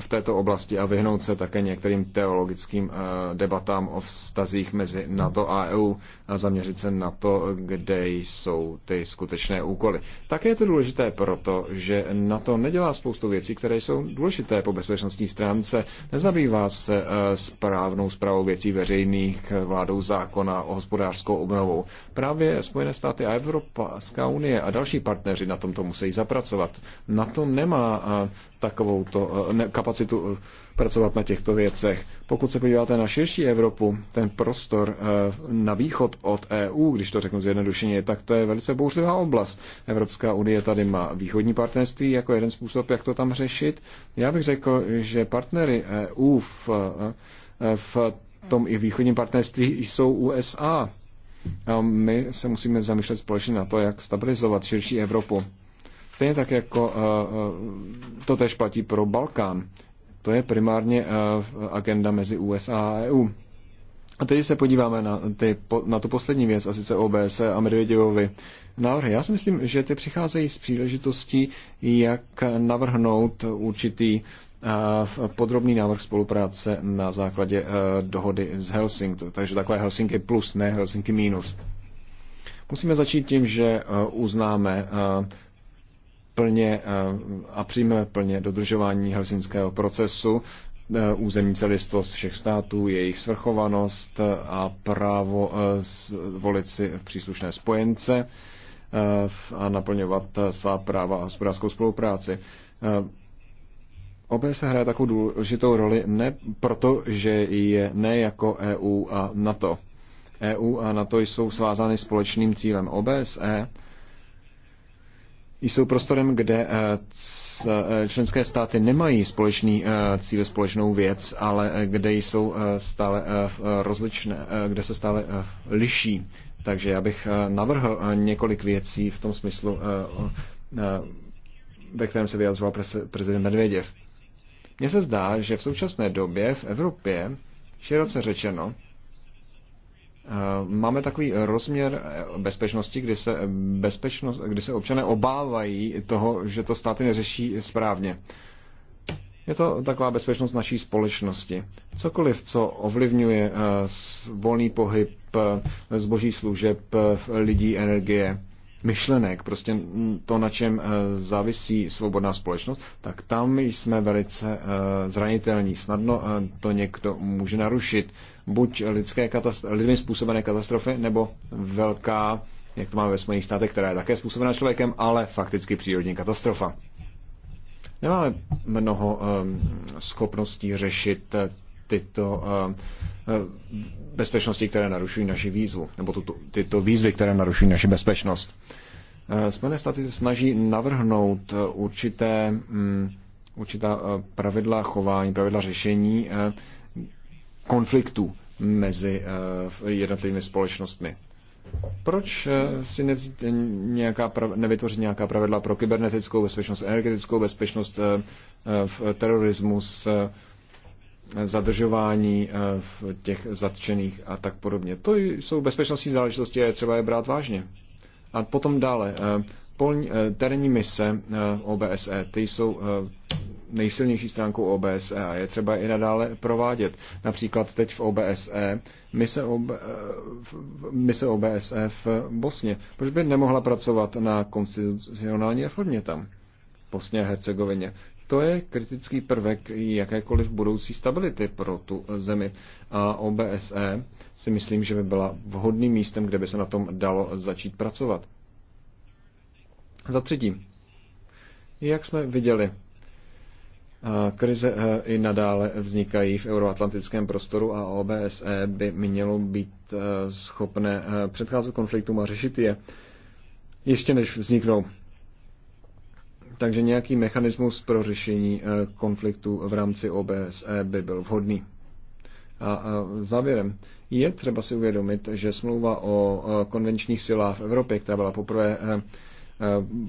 v této oblasti a vyhnout se také některým teologickým eh, debatám o vztazích mezi NATO a EU a zaměřit se na to, kde jsou ty skutečné úkoly. Také je to důležité proto, že NATO nedělá spoustu věcí, které jsou důležité po bezpečnostní stránce. Nezabývá se eh, správnou zprávou věcí veřejných, vládou zákona o hospodářskou obnovou. Právě Spojené státy a Evropská unie a další partneři na tomto musí zapracovat. NATO nemá eh, takovouto eh, kapacitu eh, pracovat na těchto věcech. Pokud se podíváte na širší Evropu, ten prostor eh, na východ od EU, když to řeknu zjednodušeně, tak to je velice bouřlivá oblast. Evropská unie tady má východní partnerství jako jeden způsob, jak to tam řešit. Já bych řekl, že partnery EU v, v tom i východním partnerství jsou USA. A my se musíme zamýšlet společně na to, jak stabilizovat širší Evropu. Stejně tak jako eh, eh, to tež platí pro Balkán. To je primárně eh, agenda mezi USA a EU. A teď se podíváme na, ty, na tu poslední věc, a sice OBS e a Medvěděvovi návrhy. Já si myslím, že ty přicházejí z příležitostí, jak navrhnout určitý podrobný návrh spolupráce na základě dohody z Helsinki. Takže takové Helsinky plus, ne Helsinky minus. Musíme začít tím, že uznáme plně eh, a přijme plně dodržování helsinského procesu, eh, územní celistvost všech států, jejich svrchovanost eh, a právo volit si příslušné spojence a naplňovat svá práva a hospodářskou spolupráci. OBS hraje takovou důležitou roli ne proto, že je ne jako EU a NATO. EU a NATO jsou svázány společným cílem OBSE, jsou prostorem, kde eh, eh, členské státy nemají společný eh, cíl, společnou věc, ale kde jsou stále rozličné, kde se stále liší. Takže já bych navrhl několik věcí v tom smyslu, ve kterém se vyjadřoval prezident Medvěděv. Mně se zdá, že v současné době v Evropě, široce řečeno, Eh, máme takový rozměr eh, bezpečnosti, kdy se, eh, bezpečnost, kdy se občané obávají toho, že to státy neřeší správně. Je to taková bezpečnost naší společnosti. Cokoliv, co ovlivňuje volný pohyb zboží služeb, lidí, energie, myšlenek, prostě to, na čem eh, závisí svobodná společnost, tak tam jsme velice eh, zranitelní. Snadno eh, to někdo může narušit. Buď lidské katastrofy, lidmi způsobené katastrofy, nebo velká, jak to máme ve Spojených státech, která je také způsobená člověkem, ale fakticky přírodní katastrofa. Nemáme mnoho schopností řešit tyto bezpečnosti, které narušují naši výzvu, nebo tuto, tyto výzvy, které narušují naši bezpečnost. Eh, Spojené státy se snaží navrhnout eh, určité, mm, určitá eh, pravidla chování, pravidla řešení konfliktů mezi jednotlivými společnostmi. Proč si nevzít nějaká, nevytvořit nějaká pravidla pro kybernetickou bezpečnost, energetickou bezpečnost, terorismus, zadržování eh, v těch zatčených a tak podobně. To jsou bezpečnostní záležitosti a je třeba je brát vážně. A potom dále. Eh, eh, terénní mise OBSE, ty jsou nejsilnější stránkou OBSE a je třeba i nadále provádět. Například teď v OBSE, mise, OB, mise OBSE v Bosně. Proč by nemohla pracovat na konstitucionální reformě tam? Bosně a Hercegovině. To je kritický prvek jakékoliv budoucí stability pro tu zemi. A OBSE si myslím, že by byla vhodným místem, kde by se na tom dalo začít pracovat. Za třetí, jak jsme viděli, Krize i nadále vznikají v euroatlantickém prostoru a OBSE by mělo být schopné předcházet konfliktům a řešit je ještě než vzniknou. Takže nějaký mechanismus pro řešení eh, konfliktu v rámci OBSE by byl vhodný. A závěrem, je třeba si uvědomit, že smlouva o eh, konvenčních silách v Evropě, která byla poprvé eh,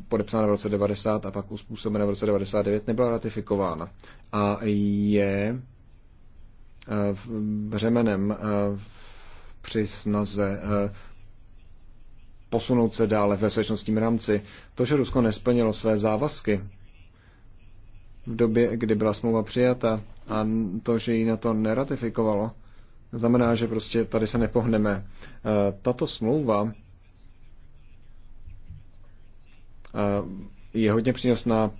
podepsána v roce 90 a pak uspůsobena v roce 99, nebyla ratifikována. A je břemenem při snaze posunout se dále ve bezpečnostním rámci. To, že Rusko nesplnilo své závazky v době, kdy byla smlouva přijata a to, že ji na to neratifikovalo, znamená, že prostě tady se nepohneme. E, tato smlouva e, je hodně přínosná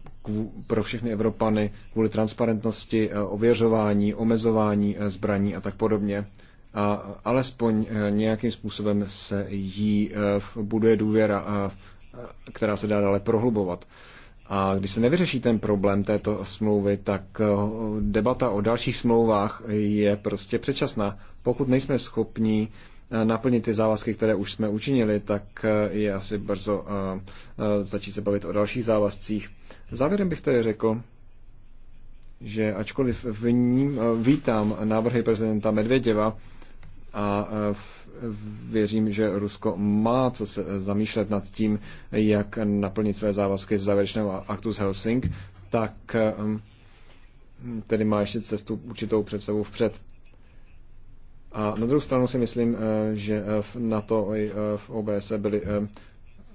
pro všechny Evropany kvůli transparentnosti, e, ověřování, omezování zbraní a tak podobně a alespoň eh, nějakým způsobem se jí eh, buduje důvěra, eh, která se dá dále prohlubovat. A když se nevyřeší ten problém této smlouvy, tak debata o dalších smlouvách je prostě předčasná. Pokud nejsme schopni naplnit ty závazky, které už jsme učinili, tak je asi brzo začít se bavit o dalších závazcích. Závěrem bych tedy řekl, že ačkoliv v ním vítám návrhy prezidenta Medvěděva, a e, věřím, že Rusko má co se e, zamýšlet nad tím, jak naplnit své závazky z závěrečného aktu z Helsing, tak e, tedy má ještě cestu určitou sebou vpřed. A na druhou stranu si myslím, že na to i v OBS byli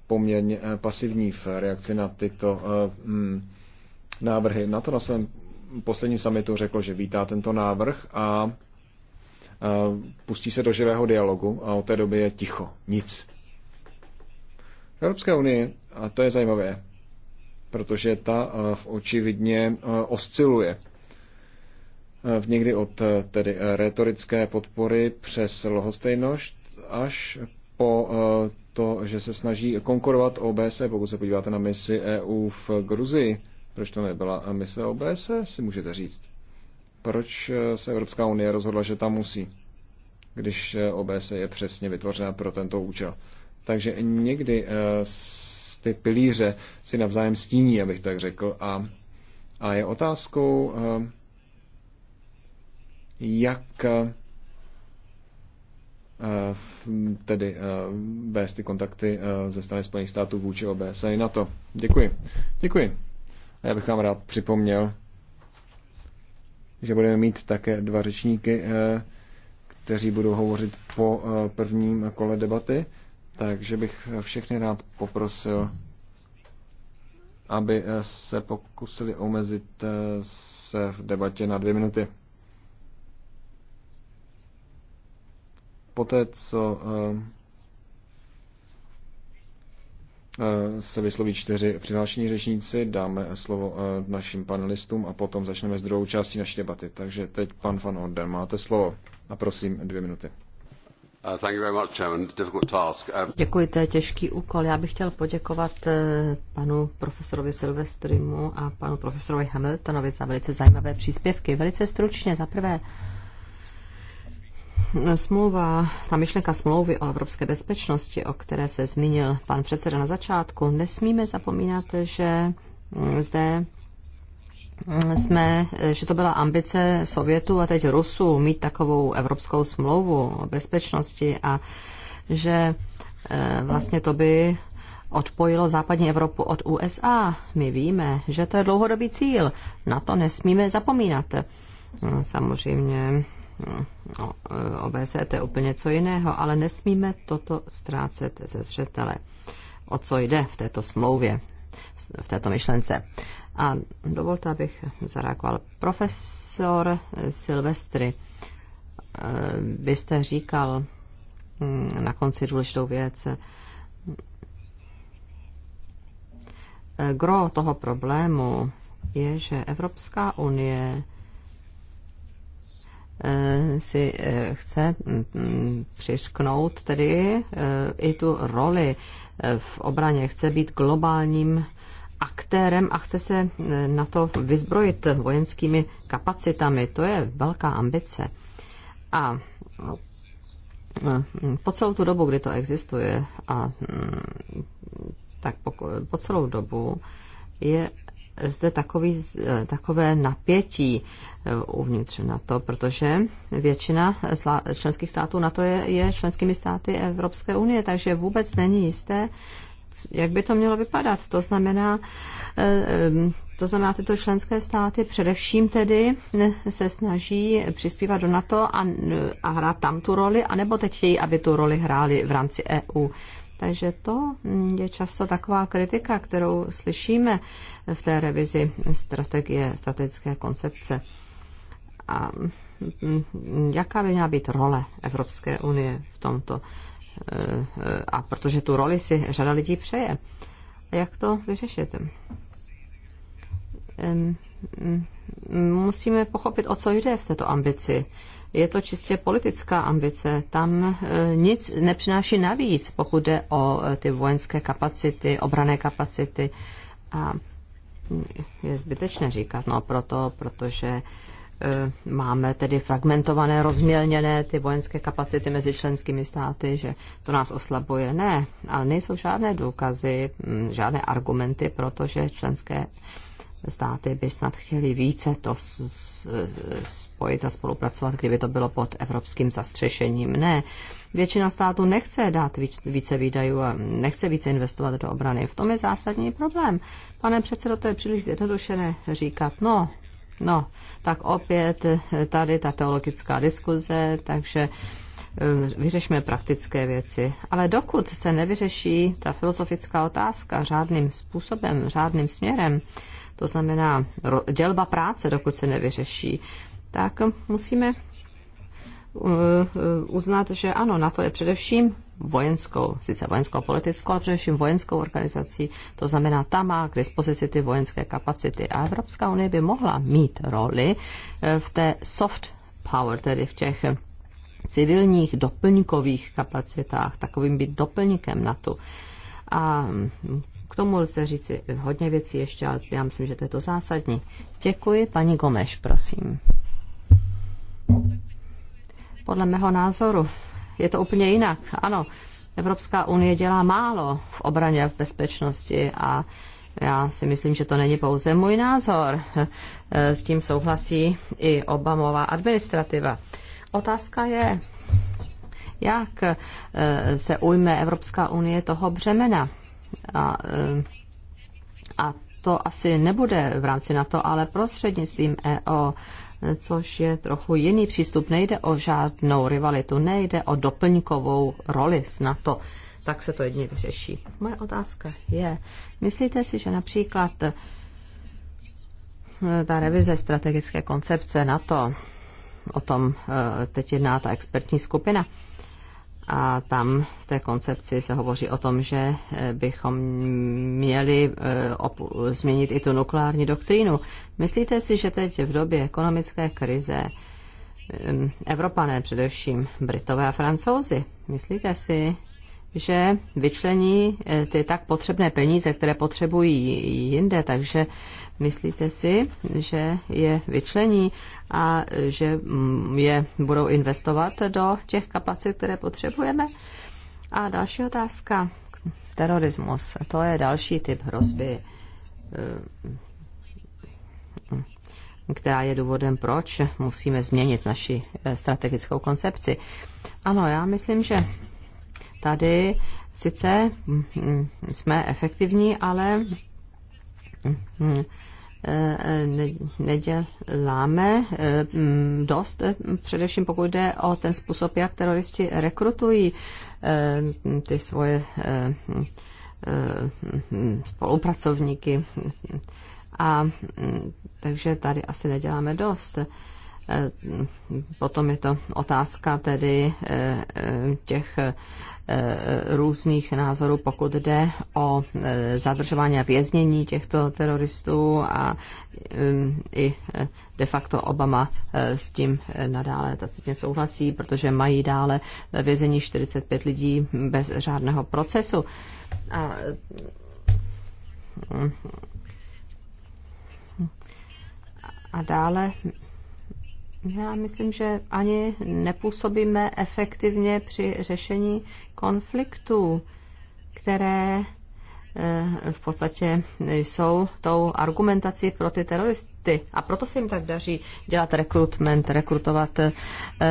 poměrně pasivní v reakci na tyto návrhy. Na to na svém posledním summitu řekl, že vítá tento návrh a Eh, pustí se do živého dialogu a od té doby je ticho, nic. V Evropské unii, a to je zajímavé, protože ta eh, v očividně eh, osciluje v někdy od tedy retorické podpory přes lohostejnost až po to, že se snaží konkurovat OBSE. Pokud se podíváte na misi EU v Gruzii, proč to nebyla mise OBSE, si můžete říct. Proč eh, se Evropská unie rozhodla, že tam musí, když eh, OBS je přesně vytvořena pro tento účel? Takže někdy eh, ty pilíře si navzájem stíní, abych tak řekl, a, a je otázkou, jak tedy vést ty kontakty ze strany Spojených států vůči OBS a i na to. Děkuji. Děkuji. A já bych vám rád připomněl, že budeme mít také dva řečníky, eh, kteří budou hovořit po eh, prvním kole debaty. Takže bych eh, všechny rád poprosil, aby se pokusili omezit se v debatě na dvě minuty. Poté, co Eh, se vysloví čtyři přihlášení řečníci, dáme slovo eh, našim panelistům a potom začneme s druhou částí naší debaty. Takže teď pan Van Orden, máte slovo a prosím dvě minuty. Uh, um, Děkuji, to je těžký úkol. Já bych chtěl poděkovat eh, panu profesorovi Silvestrimu a panu profesorovi Hamiltonovi za velice zajímavé příspěvky. Velice stručně, za prvé, smlouva, ta myšlenka smlouvy o evropské bezpečnosti, o které se zmínil pan předseda na začátku, nesmíme zapomínat, že mm, zde mm, jsme, že to byla ambice Sovětu a teď Rusů mít takovou evropskou smlouvu o bezpečnosti a že eh, vlastně to by odpojilo západní Evropu od USA. My víme, že to je dlouhodobý cíl. Na to nesmíme zapomínat. Samozřejmě OBS no, eh, to je úplně co jiného, ale nesmíme toto ztrácet ze zřetele, o co jde v této smlouvě, v této myšlence. A dovolte, abych zareagoval. Profesor Silvestry, eh, vy jste říkal hm, na konci důležitou věc, eh, gro toho problému je, že Evropská unie Eh, si eh, chce mm, mm, přišknout tedy eh, i tu roli v obraně, chce být globálním aktérem a chce se na to vyzbrojit vojenskými kapacitami. To je velká ambice. A po celou tu dobu, kdy to existuje, a mm, tak po, po celou dobu je zde takový, takové napětí eh, uvnitř na to, protože většina členských států na to je, je členskými státy Evropské unie, takže vůbec není jisté, jak by to mělo vypadat. To znamená, eh, eh, to znamená, tyto členské státy především tedy se snaží přispívat do NATO a, a hrát tam tu roli, anebo teď chtějí, aby tu roli hráli v rámci EU. Takže to je často taková kritika, kterou slyšíme v té revizi strategie, strategické koncepce. A mm, jaká by měla být role Evropské unie v tomto? Eh, a protože tu roli si řada lidí přeje. A jak to vyřešit? Mm, musíme pochopit, o co jde v této ambici je to čistě politická ambice. Tam e, nic nepřináší navíc, pokud jde o e, ty vojenské kapacity, obrané kapacity. A mm, je zbytečné říkat, no proto, protože e, máme tedy fragmentované, rozmělněné ty vojenské kapacity mezi členskými státy, že to nás oslabuje. Ne, ale nejsou žádné důkazy, mm, žádné argumenty, protože členské státy by snad chtěli více to spojit a spolupracovat, kdyby to bylo pod evropským zastřešením. Ne, většina států nechce dát více výdajů a nechce více investovat do obrany. V tom je zásadní problém. Pane předsedo, to je příliš zjednodušené říkat, no, no, tak opět tady ta teologická diskuze, takže eh, vyřešme praktické věci. Ale dokud se nevyřeší ta filozofická otázka řádným způsobem, řádným směrem, to znamená dělba práce, dokud se nevyřeší, tak musíme uh, uh, uznat, že ano, na to je především vojenskou, sice vojenskou politickou, ale především vojenskou organizací. To znamená, ta má k dispozici ty vojenské kapacity. A Evropská unie by mohla mít roli eh, v té soft power, tedy v těch civilních doplňkových kapacitách, takovým být doplňkem tu. A k tomu lze říci hodně věcí ještě, ale já myslím, že to je to zásadní. Děkuji. Paní Gomeš, prosím. Podle mého názoru je to úplně jinak. Ano, Evropská unie dělá málo v obraně a v bezpečnosti a já si myslím, že to není pouze můj názor. S tím souhlasí i Obamová administrativa. Otázka je, jak eh, se ujme Evropská unie toho břemena a, eh, a to asi nebude v rámci NATO, ale prostřednictvím EO, což je trochu jiný přístup. Nejde o žádnou rivalitu, nejde o doplňkovou roli s NATO. Tak se to jedně vyřeší. Moje otázka je, myslíte si, že například eh, ta revize strategické koncepce NATO, o tom eh, teď jedná ta expertní skupina, a tam v té koncepci se hovoří o tom, že eh, bychom měli eh, změnit i tu nukleární doktrínu. Myslíte si, že teď v době ekonomické krize eh, Evropané, především Britové a Francouzi, myslíte si, že vyčlení ty tak potřebné peníze, které potřebují jinde, takže Myslíte si, že je vyčlení a že mm, je budou investovat do těch kapacit, které potřebujeme? A další otázka. Terorismus. To je další typ hrozby, eh, která je důvodem, proč musíme změnit naši eh, strategickou koncepci. Ano, já myslím, že tady sice mm, mm, jsme efektivní, ale neděláme eh, dost, eh, především pokud jde o ten způsob, jak teroristi rekrutují eh, ty svoje spolupracovníky. A mm, takže tady asi neděláme dost. Eh, potom je to otázka tedy eh, těch eh, různých názorů, pokud jde o zadržování a věznění těchto teroristů a i de facto Obama s tím nadále tacitně souhlasí, protože mají dále ve vězení 45 lidí bez řádného procesu. A mm, a dále já myslím, že ani nepůsobíme efektivně při řešení konfliktů, které eh, v podstatě jsou tou argumentací pro ty teroristy. A proto se jim tak daří dělat rekrutment, rekrutovat. Eh,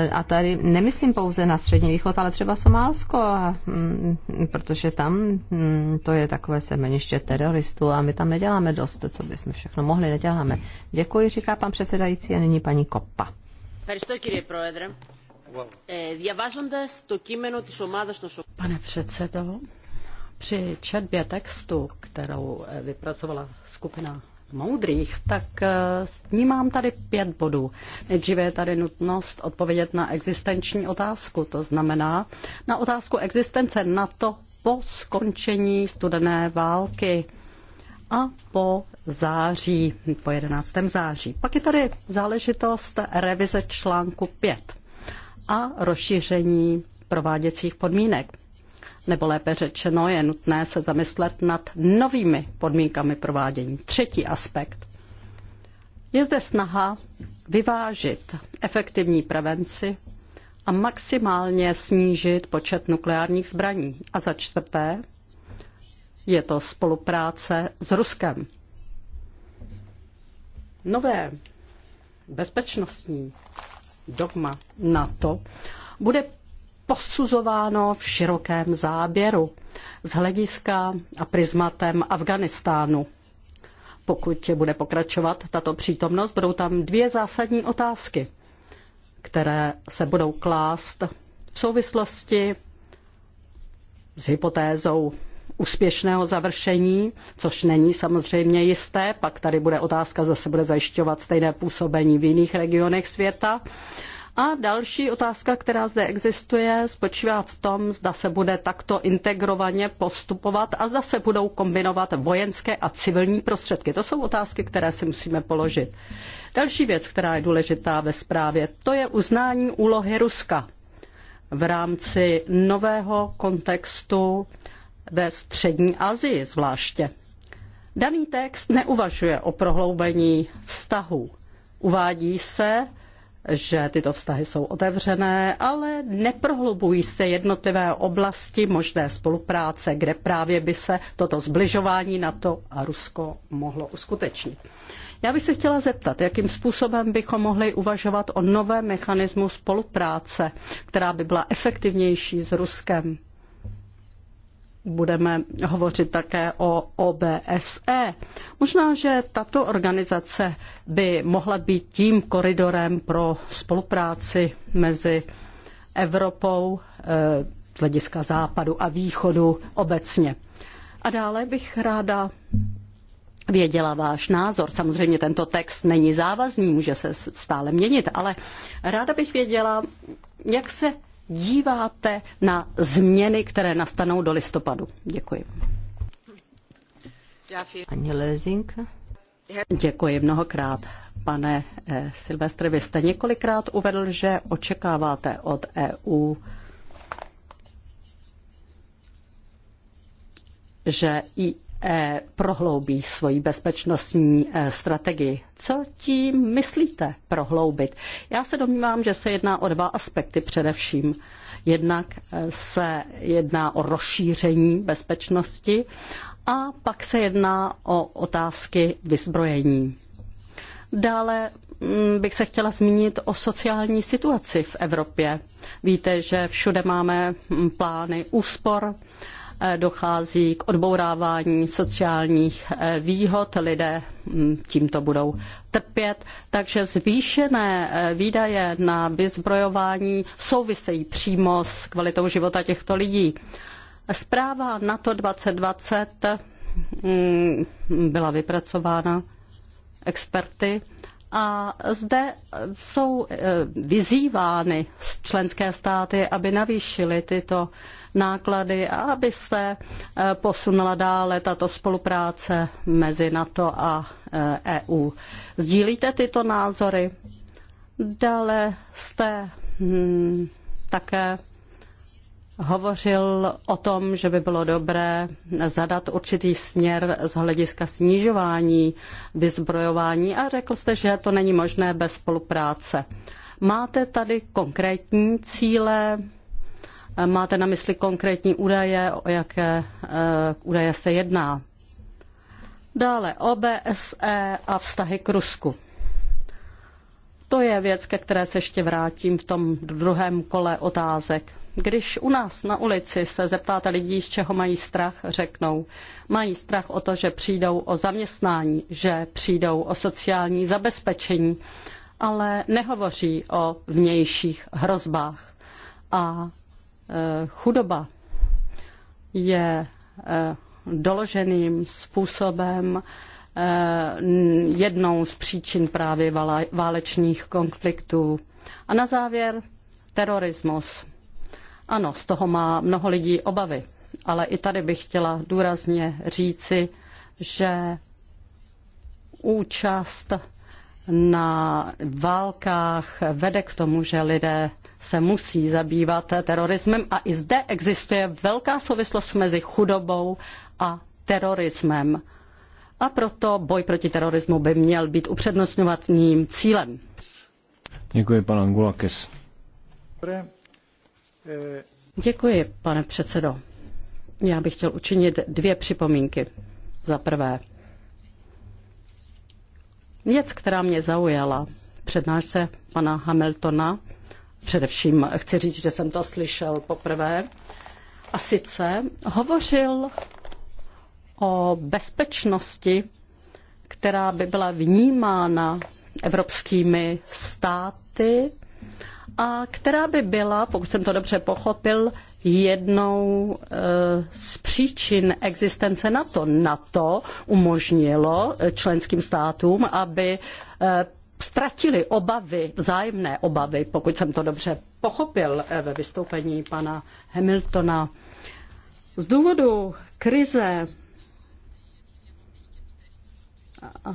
a tady nemyslím pouze na Střední východ, ale třeba Somálsko, a, hm, protože tam hm, to je takové semeniště teroristů a my tam neděláme dost, co bychom všechno mohli, neděláme. Děkuji, říká pan předsedající a nyní paní Koppa. Pane předsedo, při četbě textu, kterou eh, vypracovala skupina moudrých, tak eh, vnímám tady pět bodů. Nejdříve je tady nutnost odpovědět na existenční otázku, to znamená na otázku existence NATO po skončení studené války a po září, po 11. září. Pak je tady záležitost revize článku 5 a rozšíření prováděcích podmínek. Nebo lépe řečeno, je nutné se zamyslet nad novými podmínkami provádění. Třetí aspekt. Je zde snaha vyvážit efektivní prevenci a maximálně snížit počet nukleárních zbraní. A za čtvrté, je to spolupráce s Ruskem. Nové bezpečnostní dogma NATO bude posuzováno v širokém záběru z hlediska a prismatem Afganistánu. Pokud bude pokračovat tato přítomnost, budou tam dvě zásadní otázky, které se budou klást v souvislosti s hypotézou úspěšného završení, což není samozřejmě jisté. Pak tady bude otázka, zase bude zajišťovat stejné působení v jiných regionech světa. A další otázka, která zde existuje, spočívá v tom, zda se bude takto integrovaně postupovat a zda se budou kombinovat vojenské a civilní prostředky. To jsou otázky, které si musíme položit. Další věc, která je důležitá ve zprávě, to je uznání úlohy Ruska v rámci nového kontextu ve střední Asii zvláště. Daný text neuvažuje o prohloubení vztahů. Uvádí se, že tyto vztahy jsou otevřené, ale neprohlubují se jednotlivé oblasti možné spolupráce, kde právě by se toto zbližování NATO a Rusko mohlo uskutečnit. Já bych se chtěla zeptat, jakým způsobem bychom mohli uvažovat o novém mechanismu spolupráce, která by byla efektivnější s Ruskem budeme hovořit také o OBSE. Možná, že tato organizace by mohla být tím koridorem pro spolupráci mezi Evropou eh, z hlediska západu a východu obecně. A dále bych ráda věděla váš názor. Samozřejmě tento text není závazný, může se stále měnit, ale ráda bych věděla, jak se díváte na změny, které nastanou do listopadu? Děkuji. Paní Lezink. Děkuji mnohokrát. Pane eh, Silvestre, vy jste několikrát uvedl, že očekáváte od EU, že i Eh, prohloubí svoji bezpečnostní eh, strategii. Co tím myslíte prohloubit? Já se domnívám, že se jedná o dva aspekty především. Jednak eh, se jedná o rozšíření bezpečnosti a pak se jedná o otázky vyzbrojení. Dále mm, bych se chtěla zmínit o sociální situaci v Evropě. Víte, že všude máme mm, plány úspor, dochází k odbourávání sociálních eh, výhod, lidé hm, tímto budou trpět, takže zvýšené eh, výdaje na vyzbrojování souvisejí přímo s kvalitou života těchto lidí. Zpráva NATO 2020 hm, byla vypracována experty a zde jsou eh, vyzývány členské státy, aby navýšily tyto náklady a aby se eh, posunula dále tato spolupráce mezi NATO a EU. Eh, e Sdílíte tyto názory? Dále jste hmm, také hovořil o tom, že by bylo dobré zadat určitý směr z hlediska snižování vyzbrojování a řekl jste, že to není možné bez spolupráce. Máte tady konkrétní cíle, Máte na mysli konkrétní údaje, o jaké eh, údaje se jedná? Dále OBSE a vztahy k Rusku. To je věc, ke které se ještě vrátím v tom druhém kole otázek. Když u nás na ulici se zeptáte lidí, z čeho mají strach, řeknou, mají strach o to, že přijdou o zaměstnání, že přijdou o sociální zabezpečení, ale nehovoří o vnějších hrozbách. A Eh, chudoba je eh, doloženým způsobem eh, jednou z příčin právě válečných konfliktů. A na závěr terorismus. Ano, z toho má mnoho lidí obavy, ale i tady bych chtěla důrazně říci, že účast na válkách vede k tomu, že lidé se musí zabývat terorismem a i zde existuje velká souvislost mezi chudobou a terorismem. A proto boj proti terorismu by měl být upřednostňovaným cílem. Děkuji, pan Angulakis. Eh, Děkuji, pane předsedo. Já bych chtěl učinit dvě připomínky. Za prvé, věc, která mě zaujala, přednášce pana Hamiltona Především chci říct, že jsem to slyšel poprvé. A sice hovořil o bezpečnosti, která by byla vnímána evropskými státy a která by byla, pokud jsem to dobře pochopil, jednou eh, z příčin existence NATO. NATO umožnilo eh, členským státům, aby eh, ztratili obavy, vzájemné obavy, pokud jsem to dobře pochopil eh, ve vystoupení pana Hamiltona. Z důvodu krize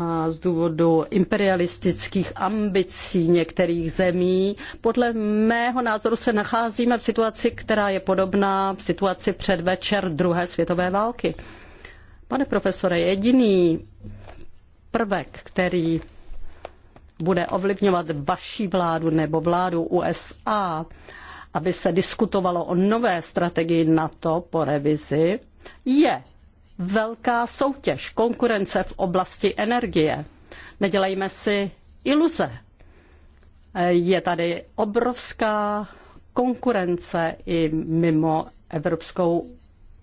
a z důvodu imperialistických ambicí některých zemí. Podle mého názoru se nacházíme v situaci, která je podobná v situaci předvečer druhé světové války. Pane profesore, jediný prvek, který bude ovlivňovat vaší vládu nebo vládu USA, aby se diskutovalo o nové strategii NATO po revizi, je velká soutěž, konkurence v oblasti energie. Nedělejme si iluze. Je tady obrovská konkurence i mimo Evropskou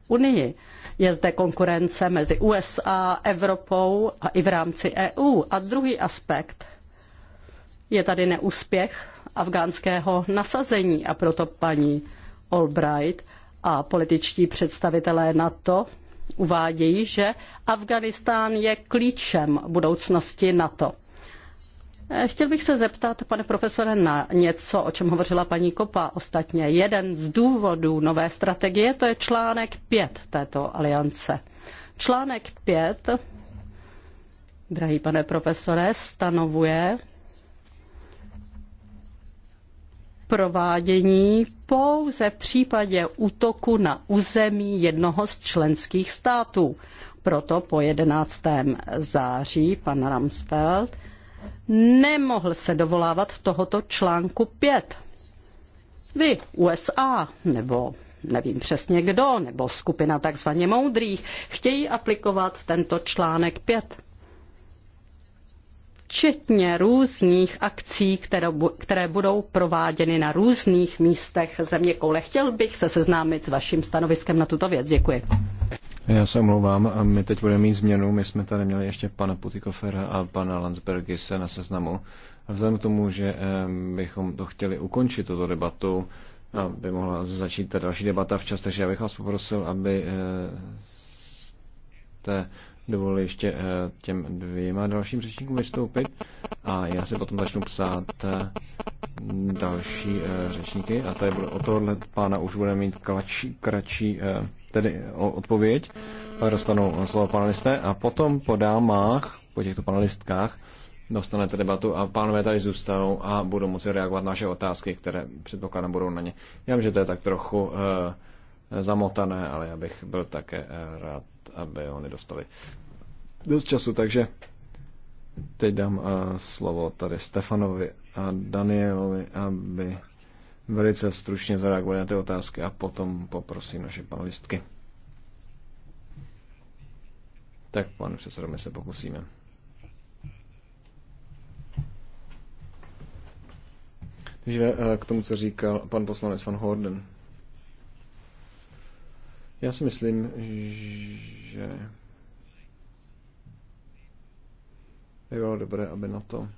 unii. Je zde konkurence mezi USA, Evropou a i v rámci EU. A druhý aspekt je tady neúspěch afgánského nasazení a proto paní Albright a političtí představitelé NATO uvádějí, že Afganistán je klíčem budoucnosti NATO. Eh, chtěl bych se zeptat, pane profesore, na něco, o čem hovořila paní Kopa ostatně. Jeden z důvodů nové strategie, to je článek 5 této aliance. Článek 5, drahý pane profesore, stanovuje provádění pouze v případě útoku na území jednoho z členských států. Proto po 11. září pan Ramsfeld nemohl se dovolávat tohoto článku 5. Vy, USA, nebo nevím přesně kdo, nebo skupina takzvaně moudrých, chtějí aplikovat tento článek 5 včetně různých akcí, které, které budou prováděny na různých místech země koule. Chtěl bych se seznámit s vaším stanoviskem na tuto věc. Děkuji. Já se omlouvám, a my teď budeme mít změnu. My jsme tady měli ještě pana Putikofera a pana Landsbergise na seznamu. A vzhledem k tomu, že eh, bychom to chtěli ukončit, tuto debatu, aby mohla začít ta další debata včas, takže já bych vás poprosil, aby eh, jste dovolil ještě eh, těm dvěma dalším řečníkům vystoupit a já si potom začnu psát eh, další eh, řečníky a tady bude o tohle pána už bude mít kratší, kratší tedy odpověď, pak dostanou slovo panelisté a potom po dámách, po těchto panelistkách, dostanete debatu a pánové tady zůstanou a budou moci reagovat na naše otázky, které předpokládám budou na ně. Já vím, že to je tak trochu uh, zamotané, ale já bych byl také uh, rád, aby ho nedostali dost času, takže teď dám eh, slovo tady Stefanovi a Danielovi, aby velice stručně zareagovali na ty otázky a potom poprosím naše panelistky. Tak, pane předsedo, my se pokusíme. Takže eh, k tomu, co říkal pan poslanec Van Horden. Já si myslím, že by bylo dobré, aby na to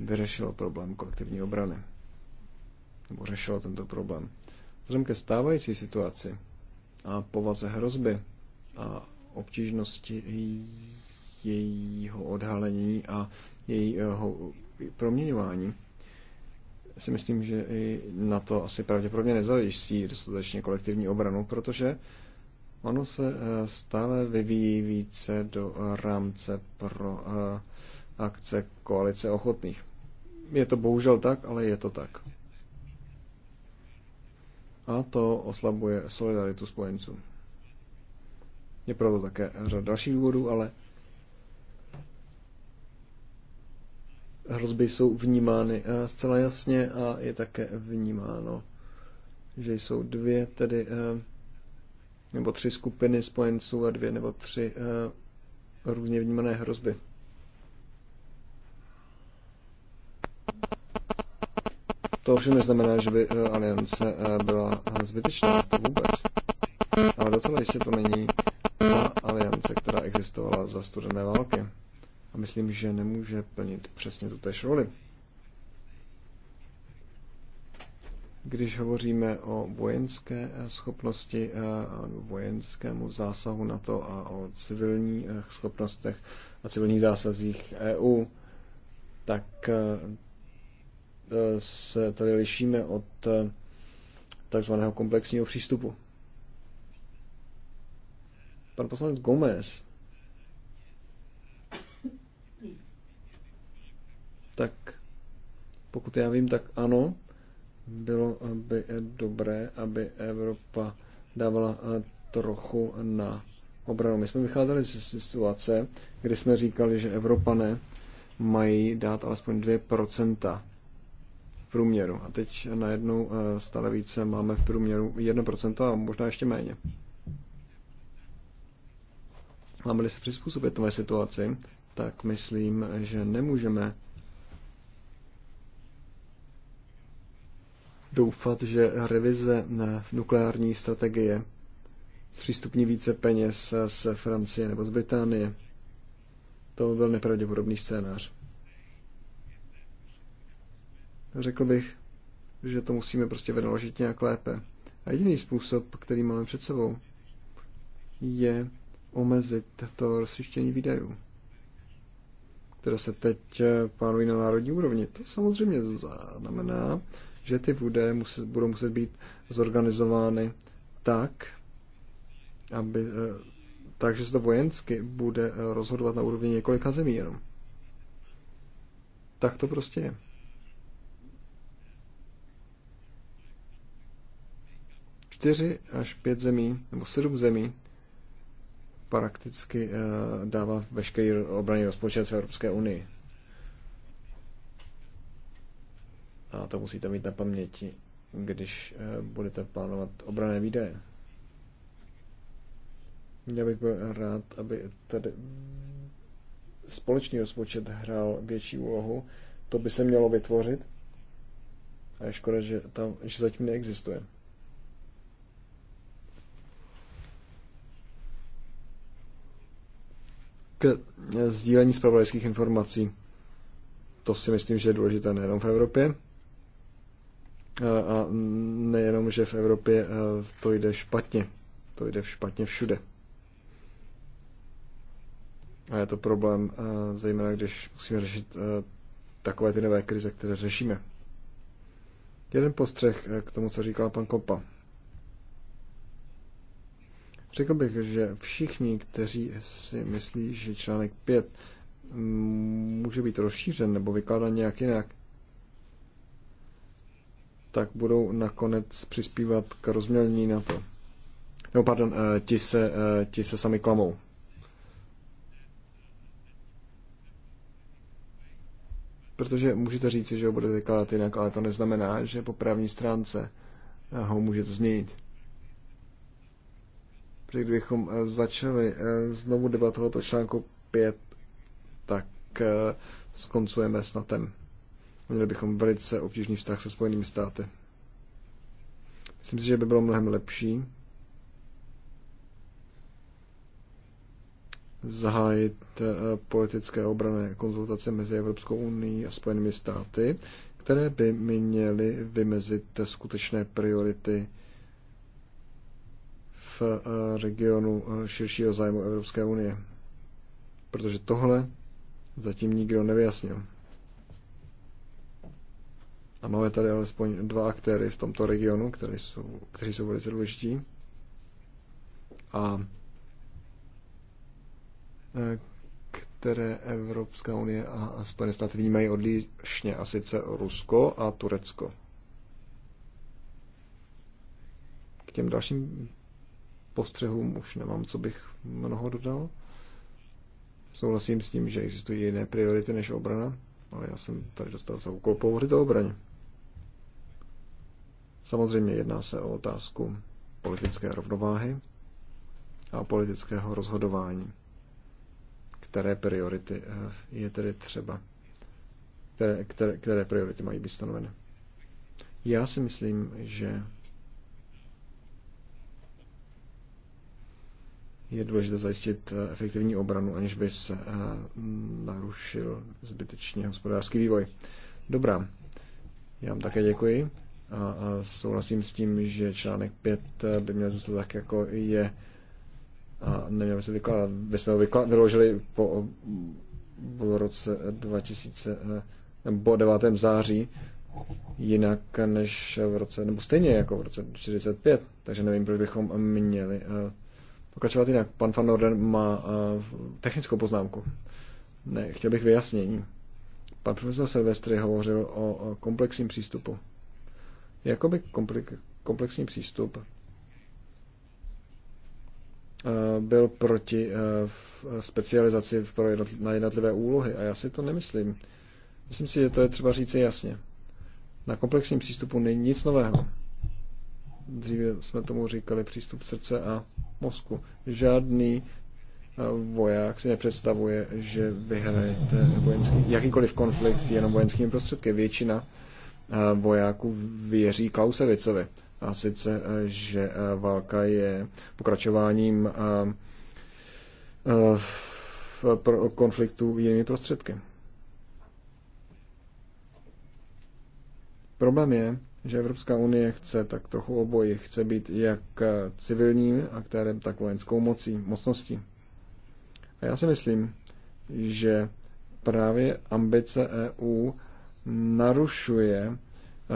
vyřešilo problém kolektivní obrany. Nebo řešilo tento problém. Vzhledem ke stávající situaci a povaze hrozby a obtížnosti jejího odhalení a jejího proměňování, si myslím, že i na to asi pravděpodobně nezajistí dostatečně kolektivní obranu, protože ono se eh, stále vyvíjí více do rámce pro eh, akce koalice ochotných. Je to bohužel tak, ale je to tak. A to oslabuje solidaritu spojenců. Je proto také řada dalších důvodů, ale hrozby jsou vnímány eh, zcela jasně a je také vnímáno, že jsou dvě tedy eh, nebo tři skupiny spojenců a dvě nebo tři eh, různě vnímané hrozby. To ovšem neznamená, že by aliance byla zbytečná, to vůbec. Ale docela jistě to není ta aliance, která existovala za studené války a myslím, že nemůže plnit přesně tu tež roli. Když hovoříme o vojenské eh, schopnosti, eh, vojenskému zásahu na to a o civilních eh, schopnostech a civilních zásazích EU, tak se tady lišíme od takzvaného komplexního přístupu. Pan poslanec Gomez tak pokud já vím, tak ano, bylo by dobré, aby Evropa dávala eh, trochu na obranu. My jsme vycházeli ze situace, kdy jsme říkali, že Evropané mají dát alespoň 2% v průměru. A teď najednou eh, stále více máme v průměru 1% a možná ještě méně. Máme-li se přizpůsobit tomu situaci, tak myslím, že nemůžeme doufat, že revize na eh, nukleární strategie zpřístupní více peněz eh, z Francie nebo z Británie. To byl nepravděpodobný scénář. Řekl bych, že to musíme prostě vynaložit nějak lépe. A jediný způsob, který máme před sebou, je omezit to rozsvištění výdajů, které se teď eh, plánují na národní úrovni. To samozřejmě znamená, že ty údaje muset, budou muset být zorganizovány tak, aby, eh, takže se to vojensky bude eh, rozhodovat na úrovni několika zemí jenom. Tak to prostě je. Čtyři až pět zemí, nebo sedm zemí, prakticky eh, dává veškerý obraný rozpočet v Evropské unii. A to musíte mít na paměti, když eh, budete plánovat obrané výdaje. Já bych byl rád, aby tady společný rozpočet hrál větší úlohu. To by se mělo vytvořit. A je škoda, že, tam, že zatím neexistuje. K eh, sdílení zpravodajských informací. To si myslím, že je důležité nejenom v Evropě, a nejenom, že v Evropě to jde špatně. To jde špatně všude. A je to problém, zejména když musíme řešit takové ty nové krize, které řešíme. Jeden postřeh e, k tomu, co říkal pan Kopa. Řekl bych, že všichni, kteří si myslí, že článek 5 může být rozšířen nebo vykládán nějak jinak, tak budou nakonec přispívat k rozmělní na to. No, pardon, eh, ti se, eh, ti se sami klamou. Protože můžete říci, že ho budete vykládat jinak, ale to neznamená, že po právní stránce eh, ho můžete změnit. Protože kdybychom začali znovu debatovat o článku 5, tak skoncujeme s notem měli bychom velice obtížný vztah se Spojenými státy. Myslím si, že by bylo mnohem lepší zahájit eh, politické obrané konzultace mezi Evropskou unii a Spojenými státy, které by měly vymezit skutečné priority v eh, regionu eh, širšího zájmu Evropské unie. Protože tohle zatím nikdo nevyjasnil. A máme tady alespoň dva aktéry v tomto regionu, kteří jsou, kteří jsou velice důležití. A e, které Evropská unie a Spojené státy vnímají odlišně, a sice Rusko a Turecko. K těm dalším postřehům už nemám, co bych mnoho dodal. Souhlasím s tím, že existují jiné priority než obrana, ale já jsem tady dostal za úkol pohovořit o obraně. Samozřejmě jedná se o otázku politické rovnováhy a politického rozhodování, které priority eh, je tedy třeba, které, které, které priority mají být stanoveny. Já si myslím, že je důležité zajistit eh, efektivní obranu, aniž by se eh, narušil zbytečně hospodářský vývoj. Dobrá, já vám také děkuji. A souhlasím s tím, že článek 5 eh, by měl zůstat tak, jako je a neměl by se vykládat. My jsme ho vykládali, vyložili po, eh, po roce 2000, eh, nebo 9. září, jinak než v roce, nebo stejně jako v roce 45, takže nevím, proč bychom měli pokračovat jinak. Pan Van Norden má technickou poznámku. Ne, chtěl bych vyjasnění. Pan profesor Silvestry hovořil o komplexním přístupu. Jakoby komplexní přístup eh, byl proti eh, specializaci na jednotlivé úlohy a já si to nemyslím. Myslím si, že to je třeba říci jasně. Na komplexním přístupu není nic nového. Dříve jsme tomu říkali přístup srdce a mozku. Žádný eh, voják si nepředstavuje, že vyhrajete vojenský, jakýkoliv konflikt jenom vojenskými prostředky. Většina Eh, vojáků věří Klausevicovi. A sice, eh, že eh, válka je pokračováním konfliktu jinými prostředky. Problém je, že Evropská unie chce tak trochu obojí. Chce být jak civilním aktérem, tak vojenskou mocí, mocností. A já si myslím, že právě ambice EU narušuje eh,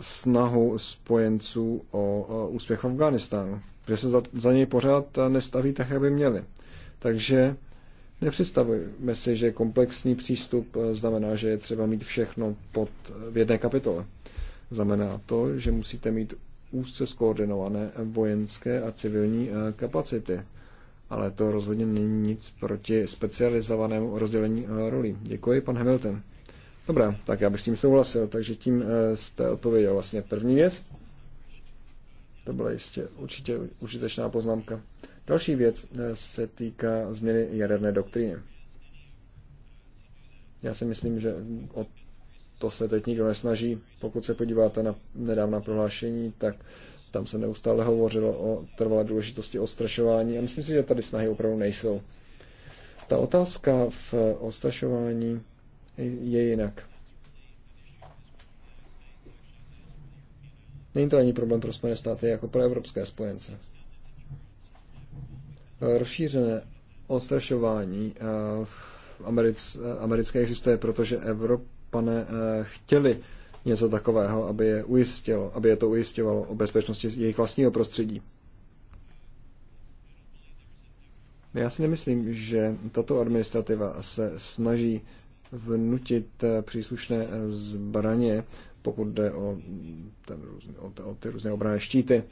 snahu spojenců o úspěch v Afganistánu, kde se za, za něj pořád nestaví tak, jak by měli. Takže nepředstavujeme si, že komplexní přístup eh, znamená, že je třeba mít všechno pod, v jedné kapitole. Znamená to, že musíte mít úzce skoordinované vojenské a civilní eh, kapacity ale to rozhodně není nic proti specializovanému rozdělení eh, rolí. Děkuji, pan Hamilton. Dobrá, tak já bych s tím souhlasil, takže tím eh, jste odpověděl vlastně první věc. To byla jistě určitě užitečná poznámka. Další věc eh, se týká změny jaderné doktríny. Já si myslím, že o to se teď nikdo nesnaží. Pokud se podíváte na nedávná prohlášení, tak tam se neustále hovořilo o trvalé důležitosti ostrašování a myslím si, že tady snahy opravdu nejsou. Ta otázka v ostrašování je jinak. Není to ani problém pro Spojené státy jako pro evropské spojence. Rozšířené ostrašování eh, v Americe, eh, Americké existuje, protože Evropané eh, chtěli něco takového, aby je, ujistilo, aby je to ujistovalo o bezpečnosti jejich vlastního prostředí. Já si nemyslím, že tato administrativa se snaží vnutit eh, příslušné eh, zbraně, pokud jde o, ten, o, o ty různé obrané štíty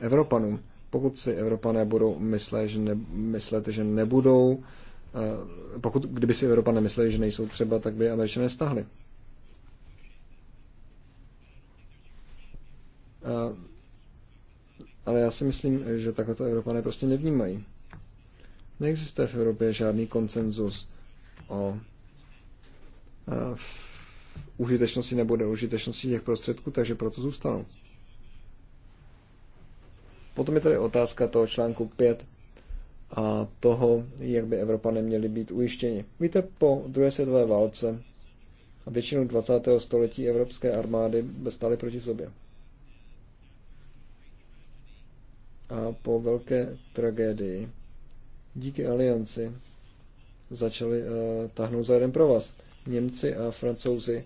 Evropanům. Pokud si Evropané budou myslet, že, ne, myslet, že nebudou, eh, pokud kdyby si Evropané mysleli, že nejsou třeba, tak by Američané stahli. Ale já si myslím, že takhle to Evropané prostě nevnímají. Neexistuje v Evropě žádný konsenzus o v užitečnosti nebo neužitečnosti těch prostředků, takže proto zůstanou. Potom je tady otázka toho článku 5 a toho, jak by Evropa neměli být ujištěni. Víte, po druhé světové válce a většinu 20. století evropské armády stály proti sobě. a po velké tragédii díky alianci začali uh, eh, tahnout za jeden pro vás. Němci a francouzi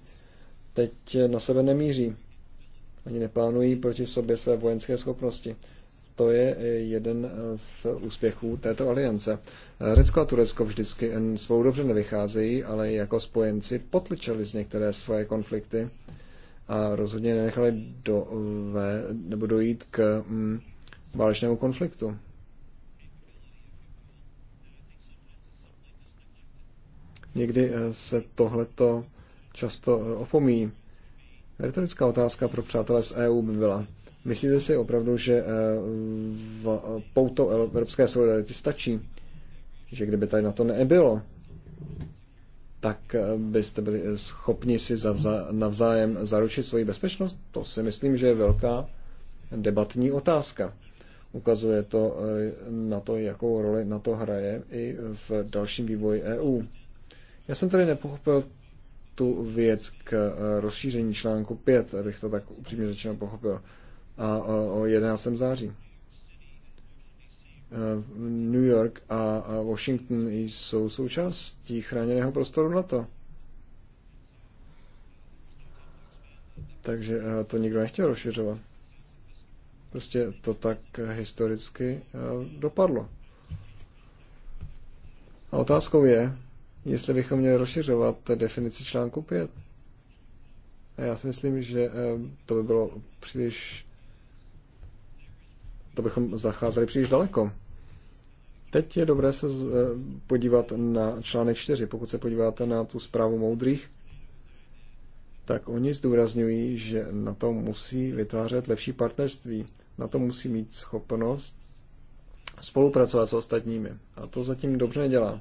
teď na sebe nemíří. Ani neplánují proti sobě své vojenské schopnosti. To je eh, jeden eh, z úspěchů této aliance. Řecko a Turecko vždycky svou dobře nevycházejí, ale jako spojenci potlčeli z některé své konflikty a rozhodně nenechali do, ve, nebo dojít k mm, válečnému konfliktu. Někdy eh, se tohleto často eh, opomíjí. Retorická otázka pro přátelé z EU by byla. Myslíte si opravdu, že eh, v pouto evropské solidarity stačí? Že kdyby tady na to nebylo, tak byste byli schopni si navzájem zaručit svoji bezpečnost? To si myslím, že je velká debatní otázka. Ukazuje to eh, na to, jakou roli na to hraje i v dalším vývoji EU. Já jsem tady nepochopil tu věc k eh, rozšíření článku 5, abych to tak upřímně řečeno pochopil, a eh, o 11. září. New York a Washington jsou součástí chráněného prostoru NATO. Takže to nikdo nechtěl rozšiřovat. Prostě to tak historicky eh, dopadlo. A otázkou je, jestli bychom měli rozšiřovat definici článku 5. A já si myslím, že eh, to by bylo příliš. To bychom zacházeli příliš daleko. Teď je dobré se eh, podívat na článek 4. Pokud se podíváte na tu zprávu moudrých, tak oni zdůrazňují, že na to musí vytvářet lepší partnerství na to musí mít schopnost spolupracovat s ostatními. A to zatím dobře nedělá.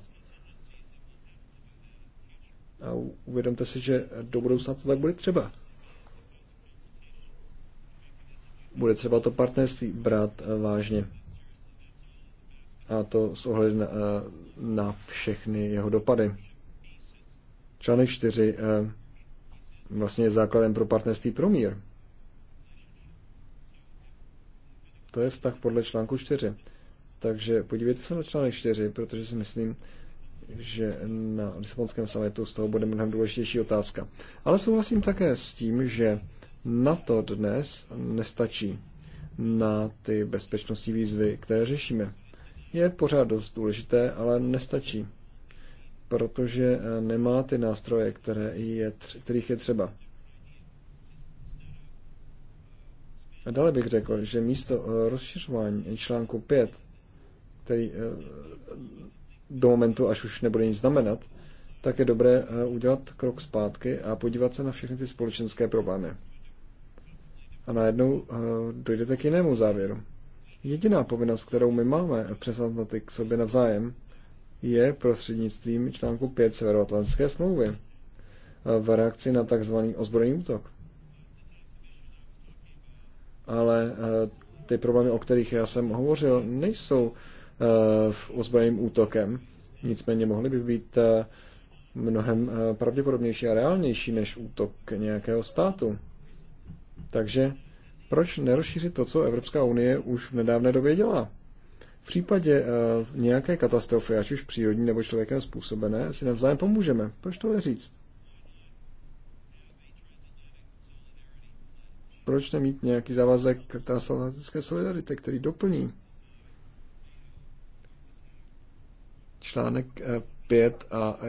A uvědomte si, že do budoucna to tak bude třeba. Bude třeba to partnerství brát eh, vážně. A to s ohledem na, eh, na všechny jeho dopady. Článek 4 eh, vlastně je základem pro partnerství pro mír. To je vztah podle článku 4. Takže podívejte se na článek 4, protože si myslím, že na Lisabonském samitu z toho bude mnohem důležitější otázka. Ale souhlasím také s tím, že na to dnes nestačí na ty bezpečnostní výzvy, které řešíme. Je pořád dost důležité, ale nestačí, protože eh, nemá ty nástroje, které je, kterých je třeba. Dále bych řekl, že místo eh, rozšiřování článku 5, který eh, do momentu, až už nebude nic znamenat, tak je dobré eh, udělat krok zpátky a podívat se na všechny ty společenské problémy. A najednou dojdete k jinému závěru. Jediná povinnost, kterou my máme přes k sobě navzájem, je prostřednictvím článku 5 Severoatlantské smlouvy v reakci na tzv. ozbrojený útok ale eh, ty problémy, o kterých já jsem hovořil, nejsou eh, v ozbrojeným útokem. Nicméně mohly by být eh, mnohem pravděpodobnější a reálnější než útok nějakého státu. Takže proč nerozšířit to, co Evropská unie už v nedávné době dělá? V případě uh, nějaké katastrofy, ať už přírodní nebo člověkem způsobené, si navzájem pomůžeme. Proč to neříct? proč nemít nějaký závazek transatlantické solidarity, který doplní článek 5 eh, a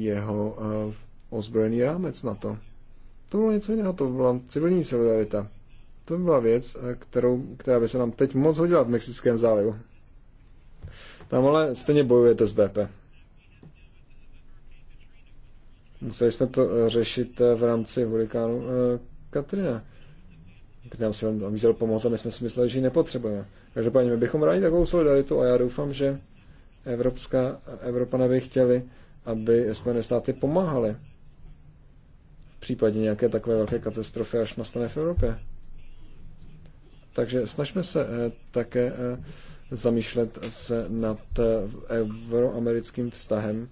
jeho eh, ozbrojený rámec na to. To bylo něco jiného, to byla civilní solidarita. To by byla věc, eh, kterou, která by se nám teď moc hodila v Mexickém zálivu. Tam ale stejně bojujete s BP. Museli jsme to řešit v rámci hurikánu Katrina tak nám se vám vízel pomoc a my jsme si mysleli, že ji nepotřebujeme. paní, my bychom rádi takovou solidaritu a já doufám, že Evropská, Evropa by chtěli, aby Spojené státy pomáhaly v případě nějaké takové velké katastrofy, až nastane v Evropě. Takže snažme se eh, také eh, zamýšlet se nad euroamerickým eh, vztahem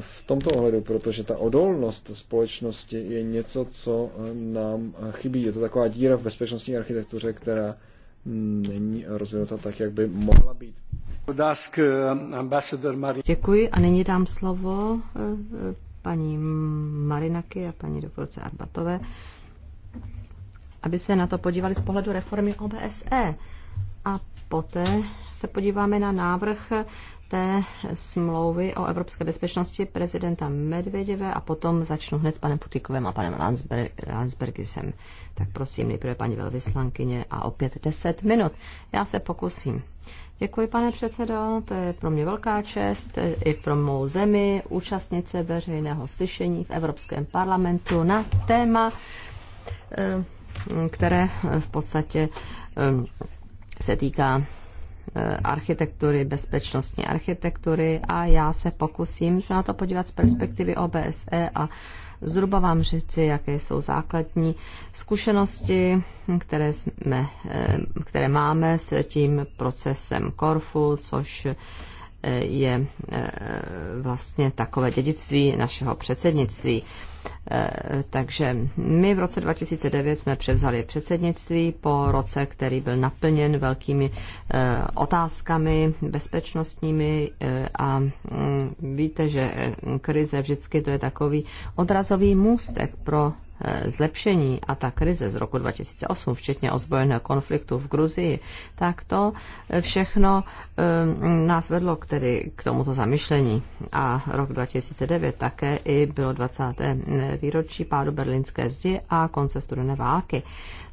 v tomto ohledu, protože ta odolnost společnosti je něco, co eh, nám eh, chybí. Je to taková díra v bezpečnostní architektuře, která není rozvinuta tak, jak by mohla být. Eh, Děkuji a nyní dám slovo paní Marinaky a paní doktorce Arbatové, aby se na to podívali z pohledu reformy OBSE. A poté se podíváme na návrh té smlouvy o evropské bezpečnosti prezidenta Medvěděve a potom začnu hned s panem Putikovem a panem Landsbergisem. Tak prosím, nejprve paní velvyslankyně a opět 10 minut. Já se pokusím. Děkuji, pane předsedo, to je pro mě velká čest i pro mou zemi, účastnice veřejného slyšení v Evropském parlamentu na téma, eh, které v podstatě eh, se týká Eh, architektury, bezpečnostní architektury a já se pokusím se na to podívat z perspektivy OBSE a zhruba vám říci, jaké jsou základní zkušenosti, které, jsme, eh, které máme s tím procesem Korfu, což eh, je vlastně takové dědictví našeho předsednictví. Eh, takže my v roce 2009 jsme převzali předsednictví po roce, který byl naplněn velkými eh, otázkami bezpečnostními eh, a mm, víte, že krize vždycky to je takový odrazový můstek pro zlepšení a ta krize z roku 2008, včetně ozbrojeného konfliktu v Gruzii, tak to všechno eh, nás vedlo k, tedy, k tomuto zamyšlení. A rok 2009 také i bylo 20. výročí pádu berlínské zdi a konce studené války.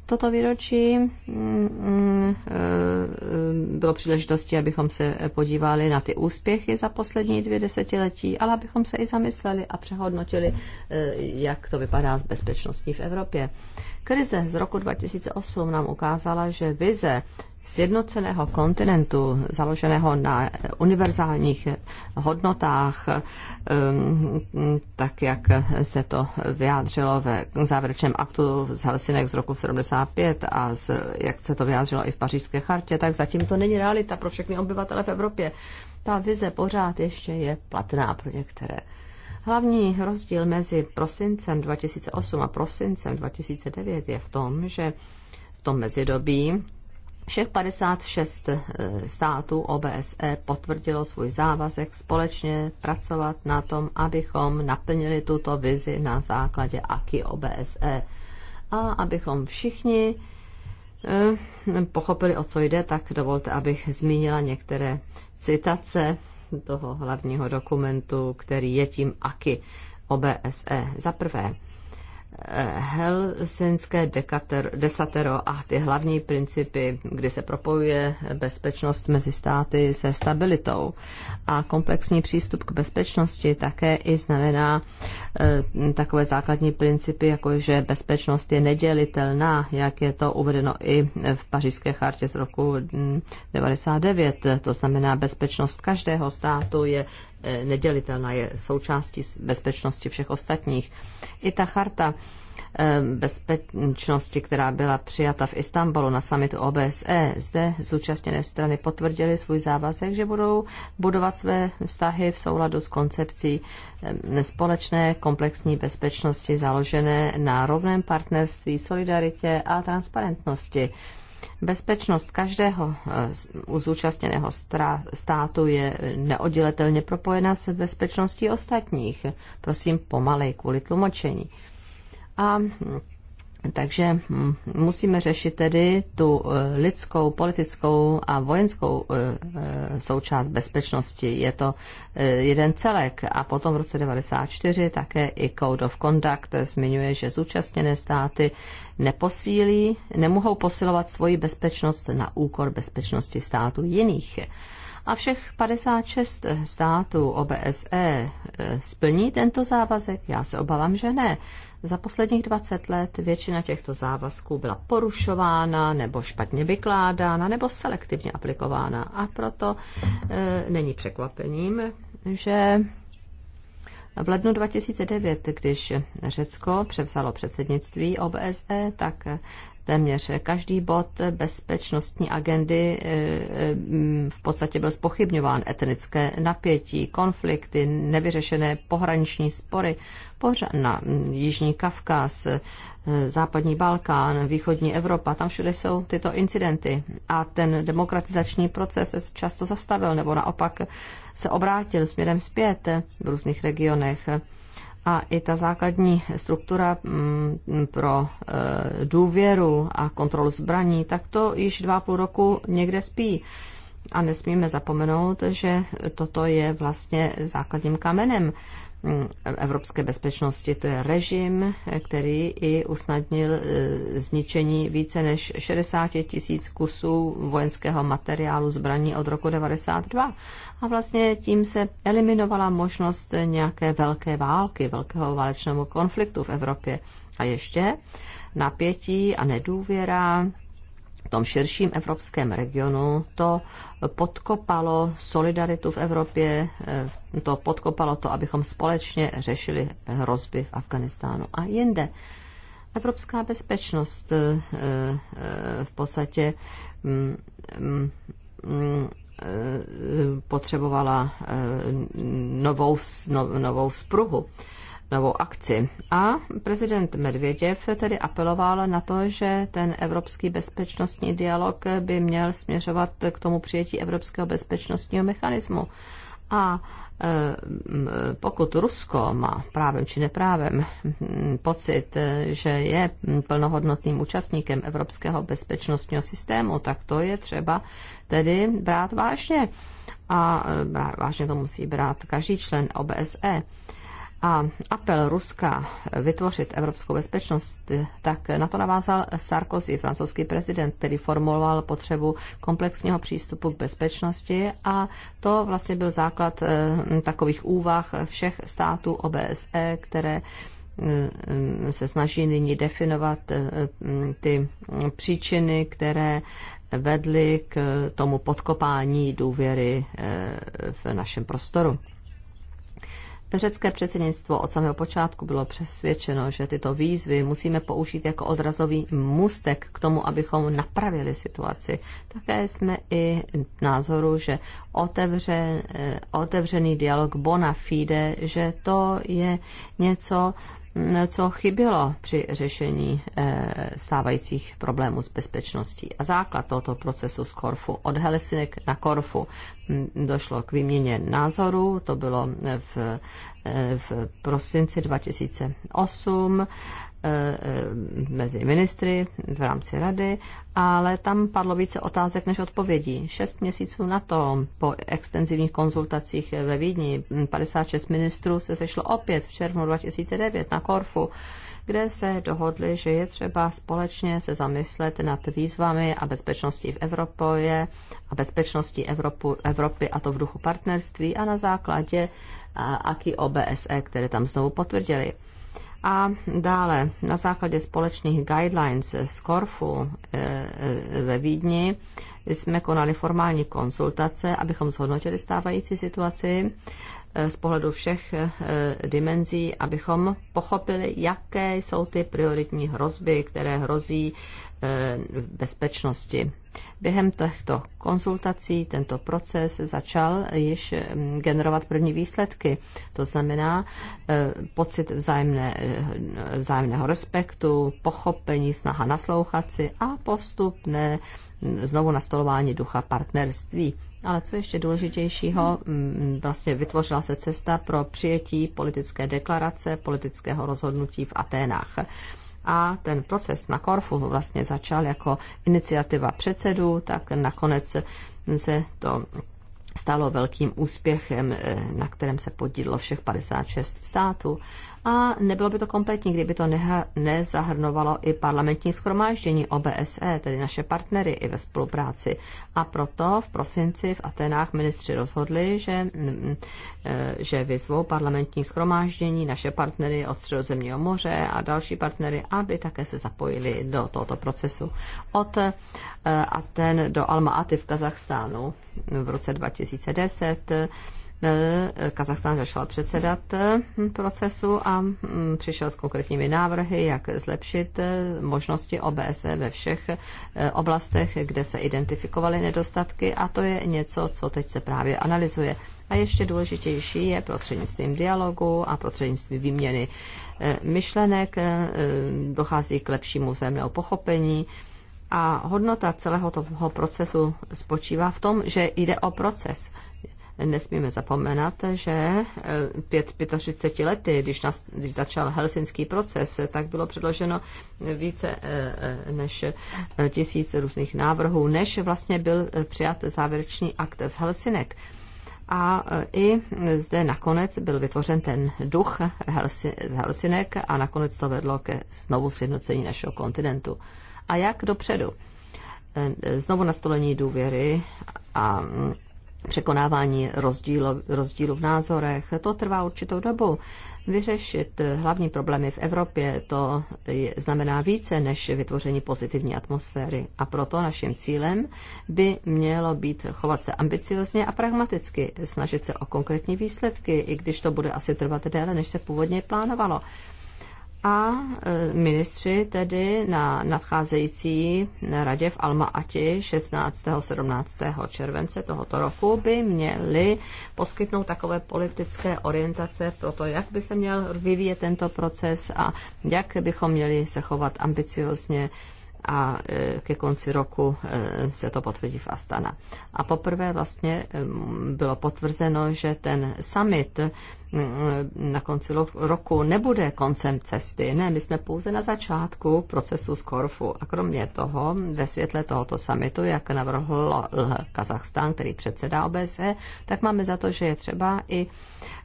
Toto výročí mm, mm, eh, bylo příležitosti, abychom se podívali na ty úspěchy za poslední dvě desetiletí, ale abychom se i zamysleli a přehodnotili, eh, jak to vypadá s bezpečností v Evropě. Krize z roku 2008 nám ukázala, že vize sjednoceného kontinentu, založeného na univerzálních hodnotách, um, tak jak se to vyjádřilo ve závěrečném aktu z Helsinek z roku 75 a z, jak se to vyjádřilo i v pařížské chartě, tak zatím to není realita pro všechny obyvatele v Evropě. Ta vize pořád ještě je platná pro některé. Hlavní rozdíl mezi prosincem 2008 a prosincem 2009 je v tom, že v tom mezidobí Všech 56 eh, států OBSE potvrdilo svůj závazek společně pracovat na tom, abychom naplnili tuto vizi na základě AKI OBSE a abychom všichni eh, pochopili, o co jde, tak dovolte, abych zmínila některé citace toho hlavního dokumentu, který je tím AKI OBSE. Za prvé, Helsinské desatero a ty hlavní principy, kdy se propojuje bezpečnost mezi státy se stabilitou. A komplexní přístup k bezpečnosti také i znamená eh, takové základní principy, jako že bezpečnost je nedělitelná, jak je to uvedeno i v pařížské chartě z roku 99. Mm, to znamená, bezpečnost každého státu je Eh, nedělitelná, je součástí bezpečnosti všech ostatních. I ta charta eh, bezpečnosti, která byla přijata v Istanbulu na samitu OBSE. Zde zúčastněné strany potvrdily svůj závazek, že budou budovat své vztahy v souladu s koncepcí eh, společné komplexní bezpečnosti založené na rovném partnerství, solidaritě a transparentnosti. Bezpečnost každého eh, zúčastněného státu je neoddělitelně propojena s bezpečností ostatních. Prosím, pomalej kvůli tlumočení. A takže hm, musíme řešit tedy tu eh, lidskou, politickou a vojenskou eh, eh, součást bezpečnosti. Je to jeden celek. A potom v roce 1994 také i Code of Conduct zmiňuje, že zúčastněné státy neposílí, nemohou posilovat svoji bezpečnost na úkor bezpečnosti států jiných. A všech 56 států OBSE splní tento závazek? Já se obávám, že ne za posledních 20 let většina těchto závazků byla porušována nebo špatně vykládána nebo selektivně aplikována. A proto e, není překvapením, že v lednu 2009, když Řecko převzalo předsednictví OBSE, tak téměř každý bod bezpečnostní agendy e, e, v podstatě byl spochybňován. Etnické napětí, konflikty, nevyřešené pohraniční spory pořád na Jižní Kavkaz, e, Západní Balkán, Východní Evropa, tam všude jsou tyto incidenty. A ten demokratizační proces se často zastavil, nebo naopak se obrátil směrem zpět v různých regionech a i ta základní struktura mm, pro eh, důvěru a kontrolu zbraní, tak to již dva půl roku někde spí. A nesmíme zapomenout, že toto je vlastně základním kamenem mm, evropské bezpečnosti. To je režim, který i usnadnil eh, zničení více než 60 tisíc kusů vojenského materiálu zbraní od roku 92 a vlastně tím se eliminovala možnost nějaké velké války, velkého válečného konfliktu v Evropě. A ještě napětí a nedůvěra v tom širším evropském regionu, to podkopalo solidaritu v Evropě, eh, to podkopalo to, abychom společně řešili hrozby v Afganistánu a jinde. Evropská bezpečnost eh, eh, v podstatě mm, mm, mm, Eh, potřebovala eh, novou, no, novou spruhu, novou akci. A prezident Medvěděv tedy apeloval na to, že ten evropský bezpečnostní dialog by měl směřovat k tomu přijetí evropského bezpečnostního mechanismu. A Eh, mm, pokud Rusko má právem či neprávem hm, pocit, eh, že je hm, plnohodnotným účastníkem evropského bezpečnostního systému, tak to je třeba tedy brát vážně. A eh, vážně to musí brát každý člen OBSE. A apel Ruska vytvořit evropskou bezpečnost, tak na to navázal Sarkozy, francouzský prezident, který formuloval potřebu komplexního přístupu k bezpečnosti a to vlastně byl základ eh, takových úvah všech států OBSE, které eh, se snaží nyní definovat eh, ty příčiny, které vedly k tomu podkopání důvěry v našem prostoru. Řecké předsednictvo od samého počátku bylo přesvědčeno, že tyto výzvy musíme použít jako odrazový mustek k tomu, abychom napravili situaci. Také jsme i názoru, že eh, otevřený dialog bona fide, že to je něco, co chybělo při řešení eh, stávajících problémů s bezpečností. A základ tohoto procesu z Korfu, od Helsinek na Korfu, hm, došlo k výměně názorů, to bylo v, eh, v prosinci 2008 Eh, eh, mezi ministry v rámci rady, ale tam padlo více otázek než odpovědí. Šest měsíců na to, po extenzivních konzultacích ve Vídni, 56 ministrů se sešlo opět v červnu 2009 na Korfu, kde se dohodli, že je třeba společně se zamyslet nad výzvami a bezpečností v Evropě a bezpečností Evropu, Evropy a to v duchu partnerství a na základě aký OBSE, které tam znovu potvrdili. A dále na základě společných guidelines z Korfu eh, eh, ve Vídni jsme konali formální konsultace, abychom zhodnotili stávající situaci eh, z pohledu všech dimenzí, abychom pochopili, jaké jsou ty prioritní hrozby, které hrozí bezpečnosti Během těchto konzultací tento proces začal již mm, generovat první výsledky. To znamená e, pocit vzájemné, e, vzájemného respektu, pochopení, snaha naslouchat si a postupné mm, znovu nastolování ducha partnerství. Ale co ještě důležitějšího, mm, vlastně vytvořila se cesta pro přijetí politické deklarace, politického rozhodnutí v Aténách a ten proces na Korfu vlastně začal jako iniciativa předsedů, tak nakonec se to stalo velkým úspěchem, eh, na kterém se podílelo všech 56 států a nebylo by to kompletní, kdyby to neha, nezahrnovalo i parlamentní schromáždění OBSE, tedy naše partnery i ve spolupráci. A proto v prosinci v Atenách ministři rozhodli, že, mm, e, že vyzvou parlamentní schromáždění, naše partnery od Středozemního moře a další partnery, aby také se zapojili do tohoto procesu. Od e, Aten do Alma-Aty v Kazachstánu v roce 2010 Eh, Kazachstán začal předsedat eh, procesu a mm, přišel s konkrétními návrhy, jak zlepšit eh, možnosti OBSE ve všech oblastech, kde se identifikovaly nedostatky a to je něco, co teď se právě analyzuje. A ještě důležitější je prostřednictvím dialogu a prostřednictvím výměny myšlenek dochází k lepšímu zemného pochopení. A hodnota celého toho procesu spočívá v tom, že jde o proces nesmíme zapomenat, že eh, pět 35 lety, když, nas, když začal helsinský proces, tak bylo předloženo více eh, eh, než tisíc různých návrhů, než vlastně byl přijat závěrečný akt z Helsinek. A i zde nakonec byl vytvořen ten duch z Helsinek a nakonec to vedlo ke znovu sjednocení našeho kontinentu. A jak dopředu? Znovu nastolení důvěry a mm, překonávání rozdílu, rozdílu v názorech. To trvá určitou dobu. Vyřešit hlavní problémy v Evropě to je, znamená více než vytvoření pozitivní atmosféry. A proto naším cílem by mělo být chovat se ambiciozně a pragmaticky, snažit se o konkrétní výsledky, i když to bude asi trvat déle, než se původně plánovalo. A e, ministři tedy na nadcházející radě v Alma-Ati 16. 17. července tohoto roku by měli poskytnout takové politické orientace pro to, jak by se měl vyvíjet tento proces a jak bychom měli se chovat ambiciozně a e, ke konci roku e, se to potvrdí v Astana. A poprvé vlastně bylo potvrzeno, že ten summit Mm, na konci roku nebude koncem cesty. Ne, my jsme pouze na začátku procesu z Korfu. A kromě toho, ve světle tohoto samitu, jak navrhl Kazachstán, který předsedá OBSE, tak máme za to, že je třeba i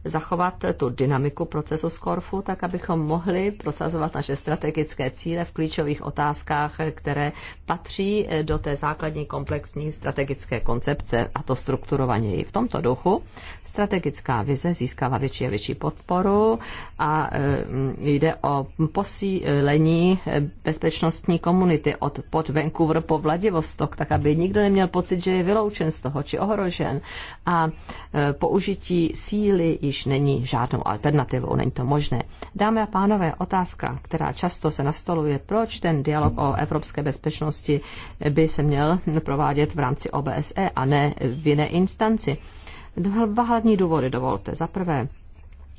zachovat tu dynamiku procesu z Korfu, tak abychom mohli prosazovat naše strategické cíle v klíčových otázkách, které patří eh, do té základní komplexní strategické koncepce, a to strukturovaněji. V tomto duchu strategická vize získává většinu a větší podporu a e, jde o posílení e, bezpečnostní komunity od pod Vancouver po Vladivostok, tak aby nikdo neměl pocit, že je vyloučen z toho či ohrožen. A e, použití síly již není žádnou alternativou, není to možné. Dámy a pánové, otázka, která často se nastoluje, proč ten dialog o evropské bezpečnosti by se měl provádět v rámci OBSE a ne v jiné instanci. Dva hlavní důvody dovolte. Za prvé,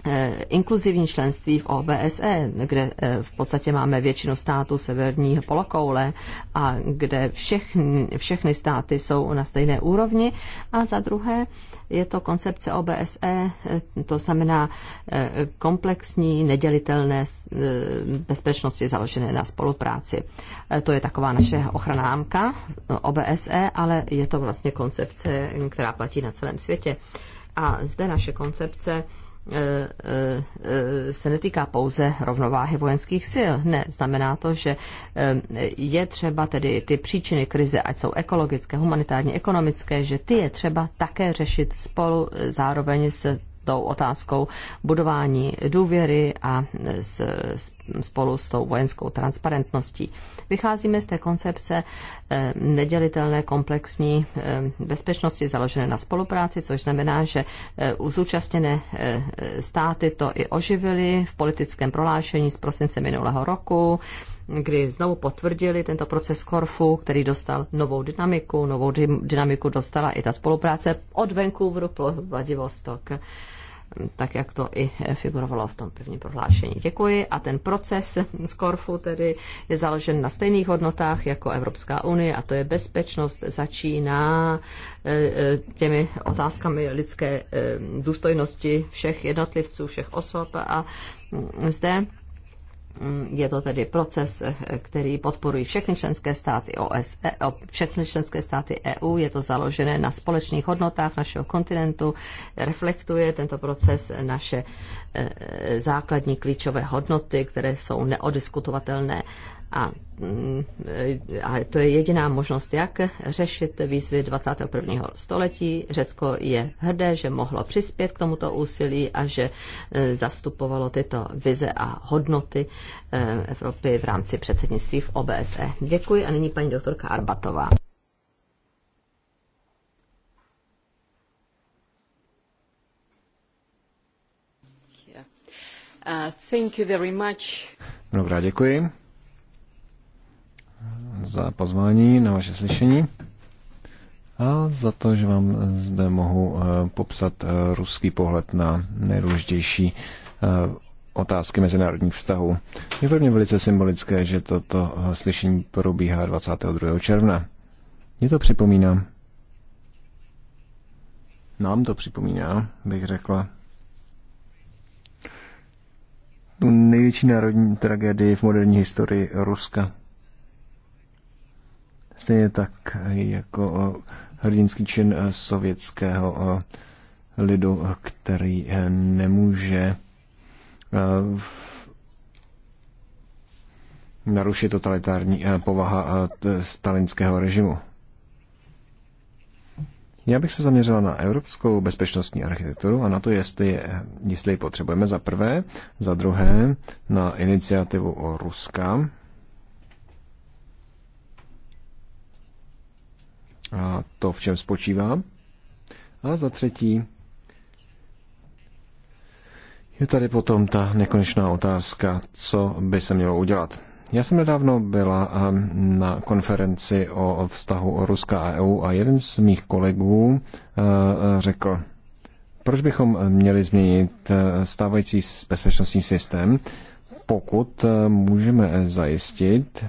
Eh, inkluzivní členství v OBSE, kde eh, v podstatě máme většinu států severní polokoule a kde všechny, všechny státy jsou na stejné úrovni. A za druhé je to koncepce OBSE, eh, to znamená komplexní, nedělitelné bezpečnosti založené na spolupráci. To je taková naše ochranámka OBSE, ale je to vlastně koncepce, která platí na celém světě. A zde naše koncepce E, e, e, se netýká pouze rovnováhy vojenských sil. Ne, znamená to, že je třeba tedy ty příčiny krize, ať jsou ekologické, humanitární, ekonomické, že ty je třeba také řešit spolu zároveň s tou otázkou budování důvěry a s, spolu s tou vojenskou transparentností. Vycházíme z té koncepce eh, nedělitelné komplexní eh, bezpečnosti založené na spolupráci, což znamená, že eh, zúčastněné státy to i oživili v politickém prohlášení z prosince minulého roku kdy znovu potvrdili tento proces Korfu, který dostal novou dynamiku. Novou dynamiku dostala i ta spolupráce od Vancouveru po Vladivostok tak jak to i figurovalo v tom prvním prohlášení. Děkuji. A ten proces z Korfu tedy je založen na stejných hodnotách jako Evropská unie a to je bezpečnost začíná eh, těmi otázkami lidské eh, důstojnosti všech jednotlivců, všech osob a mm, zde je to tedy proces, který podporují všechny členské státy OSE, všechny členské státy EU, je to založené na společných hodnotách našeho kontinentu, reflektuje tento proces naše eh, základní klíčové hodnoty, které jsou neodiskutovatelné a, mm, eh, a to je jediná možnost, jak řešit výzvy 21. století. Řecko je hrdé, že mohlo přispět k tomuto úsilí a že eh, zastupovalo tyto vize a hodnoty eh, Evropy v rámci předsednictví v OBSE. Děkuji a nyní paní doktorka Arbatová. Uh, Mnohokrát děkuji za pozvání na vaše slyšení a za to, že vám zde mohu eh, popsat eh, ruský pohled na nejdůležitější eh, otázky mezinárodních vztahů. Je pro mě velice symbolické, že toto slyšení probíhá 22. června. Mě to připomíná. Nám to připomíná, bych řekla. Tu no, největší národní tragédii v moderní historii Ruska. Stejně tak jako hrdinský čin e, sovětského lidu, e, který e, nemůže narušit totalitární povaha stalinského režimu. Já bych se zaměřila na evropskou bezpečnostní architekturu a na to, jestli, je, jestli ji potřebujeme za prvé, za druhé na iniciativu o Ruska, a to, v čem spočívá. A za třetí je tady potom ta nekonečná otázka, co by se mělo udělat. Já jsem nedávno byla ehm, na konferenci o vztahu Ruska a EU a jeden z mých kolegů eh, řekl, proč bychom měli změnit eh, stávající bezpečnostní systém, pokud eh, můžeme zajistit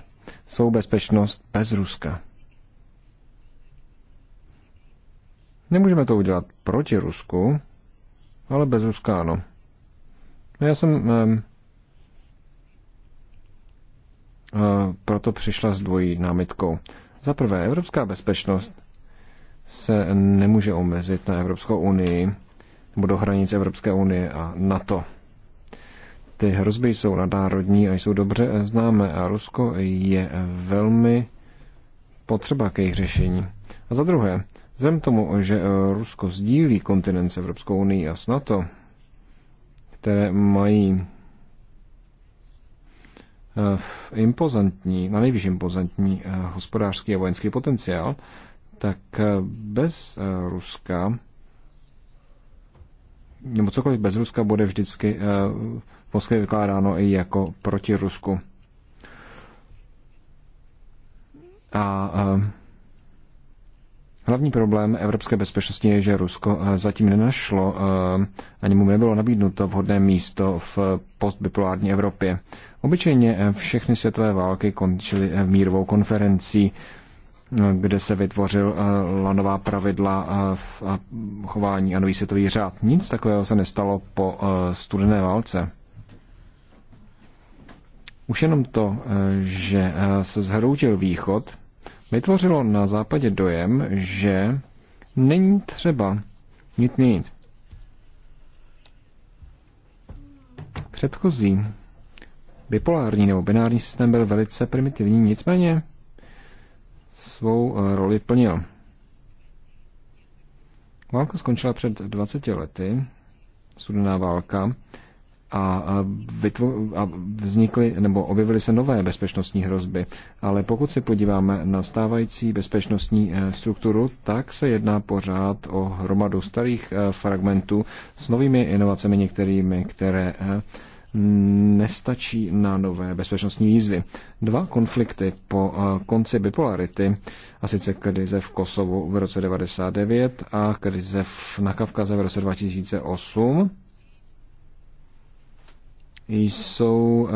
svou bezpečnost bez Ruska. Nemůžeme to udělat proti Rusku, ale bez Ruska ano. Já jsem eh, proto přišla s dvojí námitkou. Za prvé, evropská bezpečnost se nemůže omezit na Evropskou unii nebo do hranic Evropské unie a NATO. Ty hrozby jsou nadárodní a jsou dobře známé a Rusko je velmi potřeba k jejich řešení. A za druhé, Zem tomu, že eh, Rusko sdílí kontinent s Evropskou unii a s NATO, které mají eh, impozantní, na nejvíc impozantní eh, hospodářský a vojenský potenciál, tak bez Ruska nebo cokoliv bez Ruska bude vždycky v Moskvě vykládáno i jako proti Rusku. A, a Hlavní problém evropské bezpečnosti je, že Rusko eh, zatím nenašlo, eh, ani mu nebylo nabídnuto vhodné místo v postbipolární Evropě. Obyčejně eh, všechny světové války končily mírovou konferencí, kde se vytvořil lanová pravidla v chování a nový světový řád. Nic takového se nestalo po studené válce. Už jenom to, že se zhroutil východ, vytvořilo na západě dojem, že není třeba nic měnit. Předchozí bipolární nebo binární systém byl velice primitivní, nicméně svou roli plnil. Válka skončila před 20 lety, studená válka, a, vytvo- a vznikly nebo objevily se nové bezpečnostní hrozby. Ale pokud se podíváme na stávající bezpečnostní eh, strukturu, tak se jedná pořád o hromadu starých eh, fragmentů s novými inovacemi některými, které eh, nestačí na nové bezpečnostní výzvy. Dva konflikty po konci bipolarity, a sice krize v Kosovu v roce 99 a krize na Kavkaze v roce 2008, jsou eh,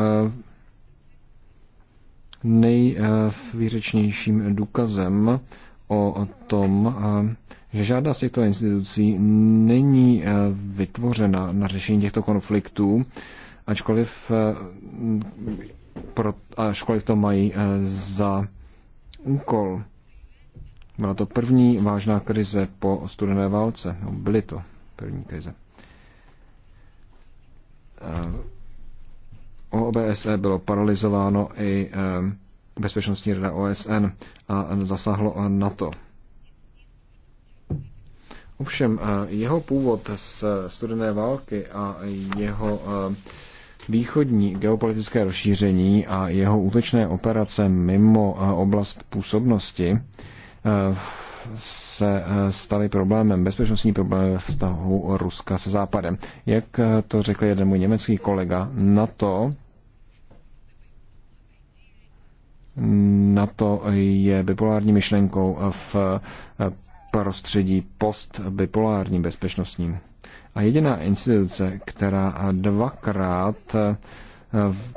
nejvýřečnějším důkazem o tom, eh, že žádná z těchto institucí není eh, vytvořena na řešení těchto konfliktů, ačkoliv, pro, ačkoliv to mají za úkol. Byla to první vážná krize po studené válce. No, byly to první krize. OBSE bylo paralizováno i Bezpečnostní rada OSN a zasáhlo NATO. Ovšem, e, jeho původ z studené války a jeho e, východní geopolitické rozšíření a jeho útočné operace mimo e, oblast působnosti se eh, staly problémem, bezpečnostní problémy ve vztahu Ruska se Západem. Jak eh, to řekl jeden můj německý kolega, na to na to je bipolární myšlenkou v eh, prostředí postbipolárním bezpečnostním. A jediná instituce, která dvakrát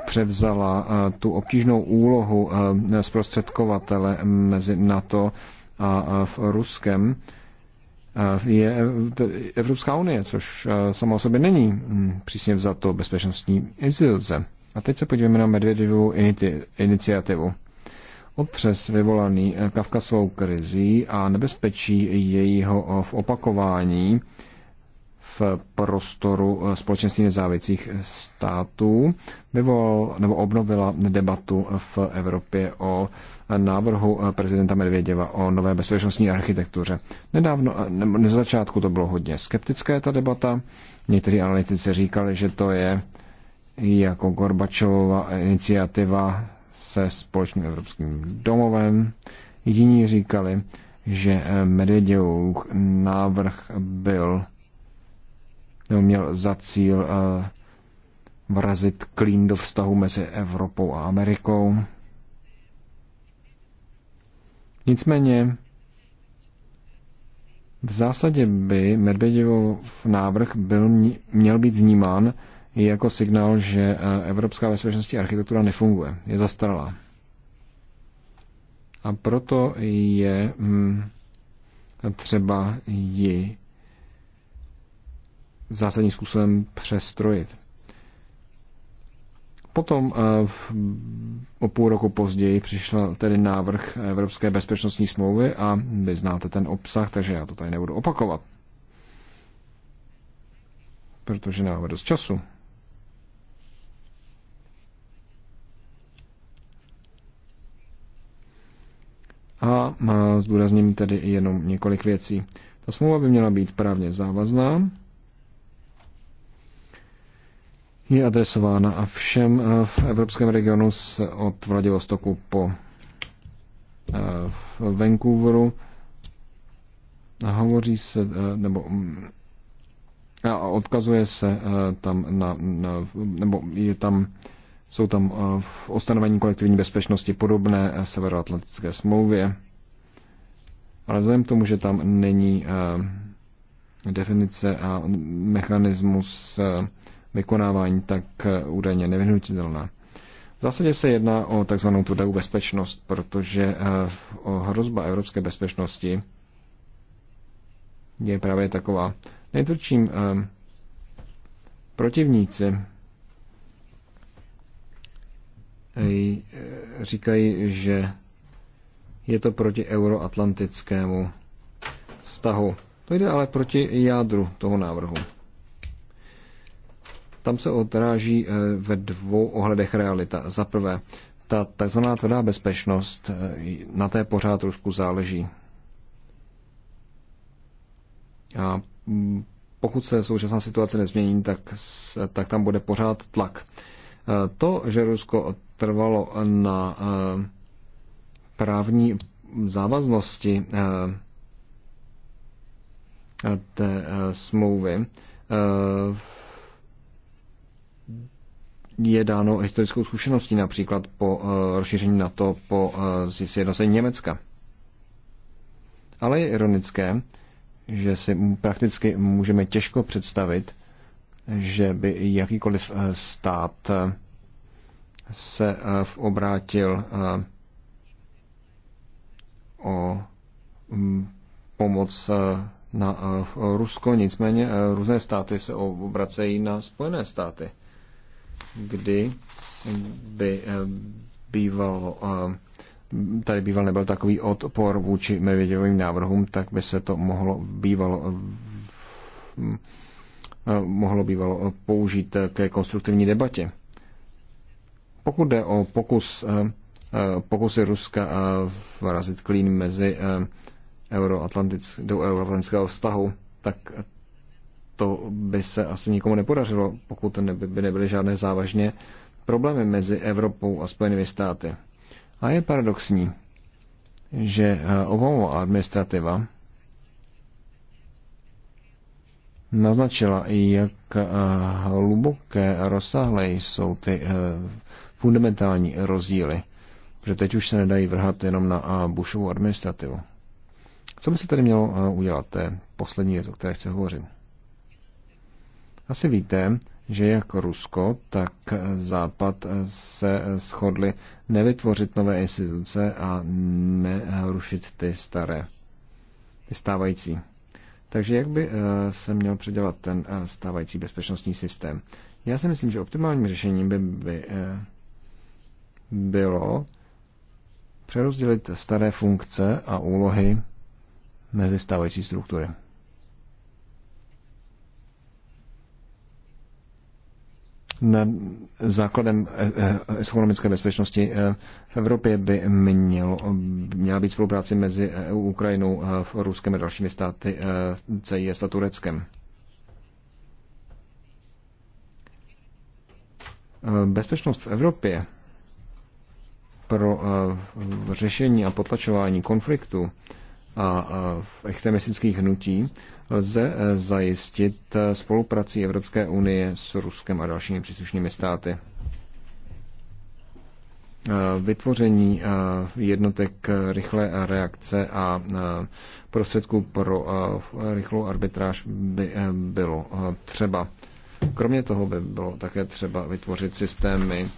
převzala tu obtížnou úlohu zprostředkovatele mezi NATO a ruském je Evropská unie, což sama o sobě není mm, přísně vzato bezpečnostní instituce. A teď se podíváme na Medvedevovu iniciativu. Otřes vyvolaný kavkazovou krizí a nebezpečí jejího v opakování v prostoru eh, společenství nezávislých států vyvolal nebo obnovila debatu v Evropě o návrhu eh, prezidenta Medvěděva o nové bezpečnostní architektuře. Nedávno, eh, ne na začátku to bylo hodně skeptické, ta debata. Někteří analytici říkali, že to je jako Gorbačovova iniciativa se společným evropským domovem. Jiní říkali, že Medvěděvův návrh byl nebo měl za cíl eh, vrazit klín do vztahu mezi Evropou a Amerikou. Nicméně v zásadě by Medvedevův návrh byl, měl být vnímán jako signál, že eh, evropská bezpečnostní architektura nefunguje, je zastaralá. A proto je hm, třeba ji zásadním způsobem přestrojit. Potom eh, o půl roku později přišel tedy návrh Evropské bezpečnostní smlouvy a vy znáte ten obsah, takže já to tady nebudu opakovat. Protože nemáme dost času. A eh, zdůrazním tedy jenom několik věcí. Ta smlouva by měla být právně závazná, je adresována a všem eh, v evropském regionu od Vladivostoku po eh, Vancouveru. Hovoří se, eh, nebo mm, a odkazuje se tam na, na nebo je tam, jsou tam v ostanovení kolektivní bezpečnosti podobné severoatlantické smlouvě. Ale vzhledem k tomu, že tam není definice a mechanismus vykonávání tak eh, údajně nevyhnutitelná. V zásadě se jedná o takzvanou tvrdou bezpečnost, protože eh, hrozba evropské bezpečnosti je právě taková. Nejtvrdším ehm, protivníci eh, říkají, že je to proti euroatlantickému vztahu. To jde ale proti jádru toho návrhu. Tam se odráží eh, ve dvou ohledech realita. Za prvé, ta tzv. tvrdá bezpečnost, eh, na té pořád Rusku záleží. A mm, pokud se současná situace nezmění, tak, tak tam bude pořád tlak. Eh, to, že Rusko trvalo na právní závaznosti té smlouvy, je dáno historickou zkušeností, například po eh, rozšíření NATO, po eh, sjednocení Německa. Ale je ironické, že si prakticky můžeme těžko představit, že by jakýkoliv eh, stát se obrátil o pomoc na Rusko. Nicméně různé státy se obracejí na Spojené státy kdy by eh, býval, eh, tady býval nebyl takový odpor vůči medvěděvým návrhům, tak by se to mohlo bývalo eh, mohlo bývalo použít ke konstruktivní debatě. Pokud jde o pokus, pokusy Ruska vrazit klín mezi euroatlantického, do euroatlantického vztahu, tak to by se asi nikomu nepodařilo, pokud by nebyly žádné závažně problémy mezi Evropou a Spojenými státy. A je paradoxní, že eh, Obamova administrativa naznačila, jak eh, hluboké a rozsáhlé jsou ty eh, fundamentální rozdíly, protože teď už se nedají vrhat jenom na Bushovu administrativu. Co by se tady mělo udělat? To je poslední věc, o které chci hovořit. Asi víte, že jak Rusko, tak Západ se shodli nevytvořit nové instituce a nerušit ty staré, ty stávající. Takže jak by eh, se měl předělat ten eh, stávající bezpečnostní systém? Já si myslím, že optimálním řešením by, by eh, bylo přerozdělit staré funkce a úlohy mezi stávající struktury. základem eh, eh, ekonomické bezpečnosti eh, v Evropě by měl měla být spolupráce mezi EU, Ukrajinou, Ruskem a dalšími státy CIS a Tureckem. Bezpečnost v Evropě pro řešení a potlačování konfliktu a extremistických hnutí lze eh, zajistit eh, spoluprací Evropské unie s Ruskem a dalšími příslušnými státy. Eh, vytvoření jednotek rychlé reakce a prostředků pro rychlou arbitráž by bylo třeba. Kromě toho by bylo také třeba vytvořit systémy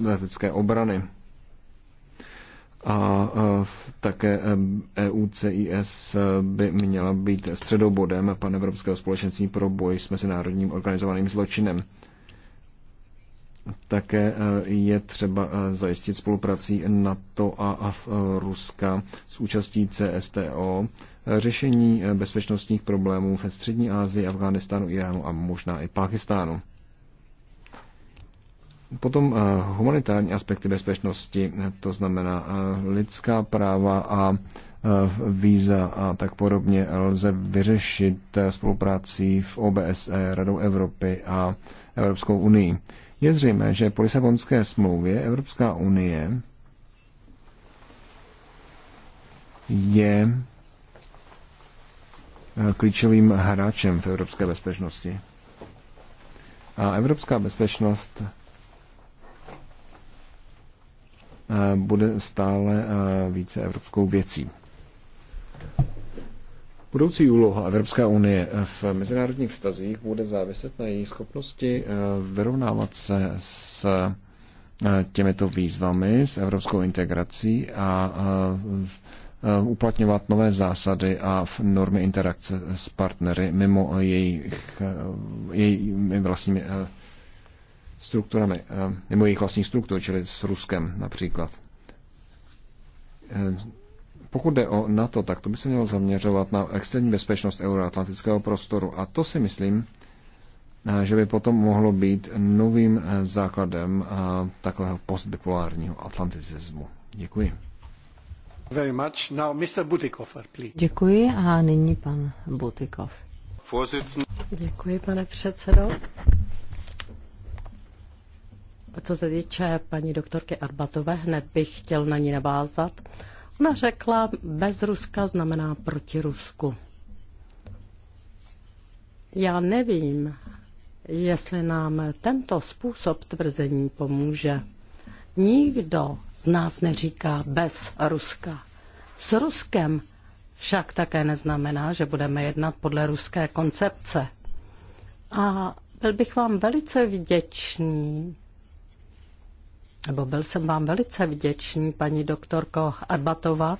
letecké obrany a také EUCIS e eh, by měla být středobodem panevropského společenství pro boj s mezinárodním organizovaným zločinem. Také eh, je třeba eh, zajistit spoluprací NATO a Ruska s účastí CSTO řešení bezpečnostních problémů ve Střední Asii, Afghánistánu, Iránu a možná i Pákistánu. Potom eh, humanitární aspekty bezpečnosti, to znamená eh, lidská práva a eh, víza a tak podobně lze vyřešit spoluprácí v OBSE, Radou Evropy a Evropskou unii. Je zřejmé, že po Lisabonské smlouvě Evropská unie je klíčovým hráčem v evropské bezpečnosti. A evropská bezpečnost Eh, bude stále eh, více evropskou věcí. Budoucí úloha Evropské unie v mezinárodních vztazích bude záviset na její schopnosti eh, vyrovnávat se s těmito výzvami, s evropskou integrací a uplatňovat nové zásady a normy interakce s partnery mimo jejich, jejich vlastními strukturami, nebo eh, jejich vlastní struktur, čili s Ruskem například. Eh, pokud jde o NATO, tak to by se mělo zaměřovat na externí bezpečnost euroatlantického prostoru. A to si myslím, eh, že by potom mohlo být novým základem takového postbipolárního atlanticismu. Děkuji. Very much. Now, Mr. please. Děkuji a nyní pan Butikov. Děkuji, pane předsedo co se týče paní doktorky Arbatové, hned bych chtěl na ní navázat. Ona řekla, bez Ruska znamená proti Rusku. Já nevím, jestli nám tento způsob tvrzení pomůže. Nikdo z nás neříká bez Ruska. S Ruskem však také neznamená, že budeme jednat podle ruské koncepce. A byl bych vám velice vděčný, nebo byl jsem vám velice vděčný, paní doktorko Arbatova,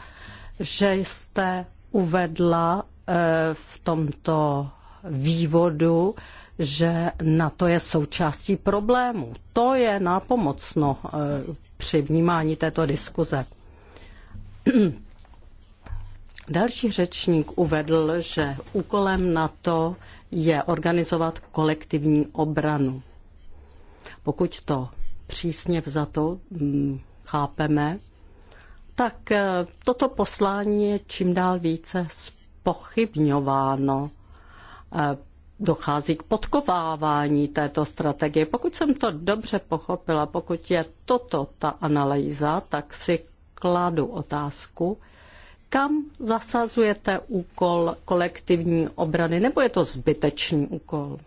že jste uvedla eh, v tomto vývodu, že na to je součástí problému. To je nápomocno eh, při vnímání této diskuze. Další řečník uvedl, že úkolem na to je organizovat kolektivní obranu. Pokud to přísně vzato mm, chápeme, tak eh, toto poslání je čím dál více spochybňováno. Eh, dochází k podkovávání této strategie. Pokud jsem to dobře pochopila, pokud je toto ta analýza, tak si kladu otázku, kam zasazujete úkol kolektivní obrany, nebo je to zbytečný úkol?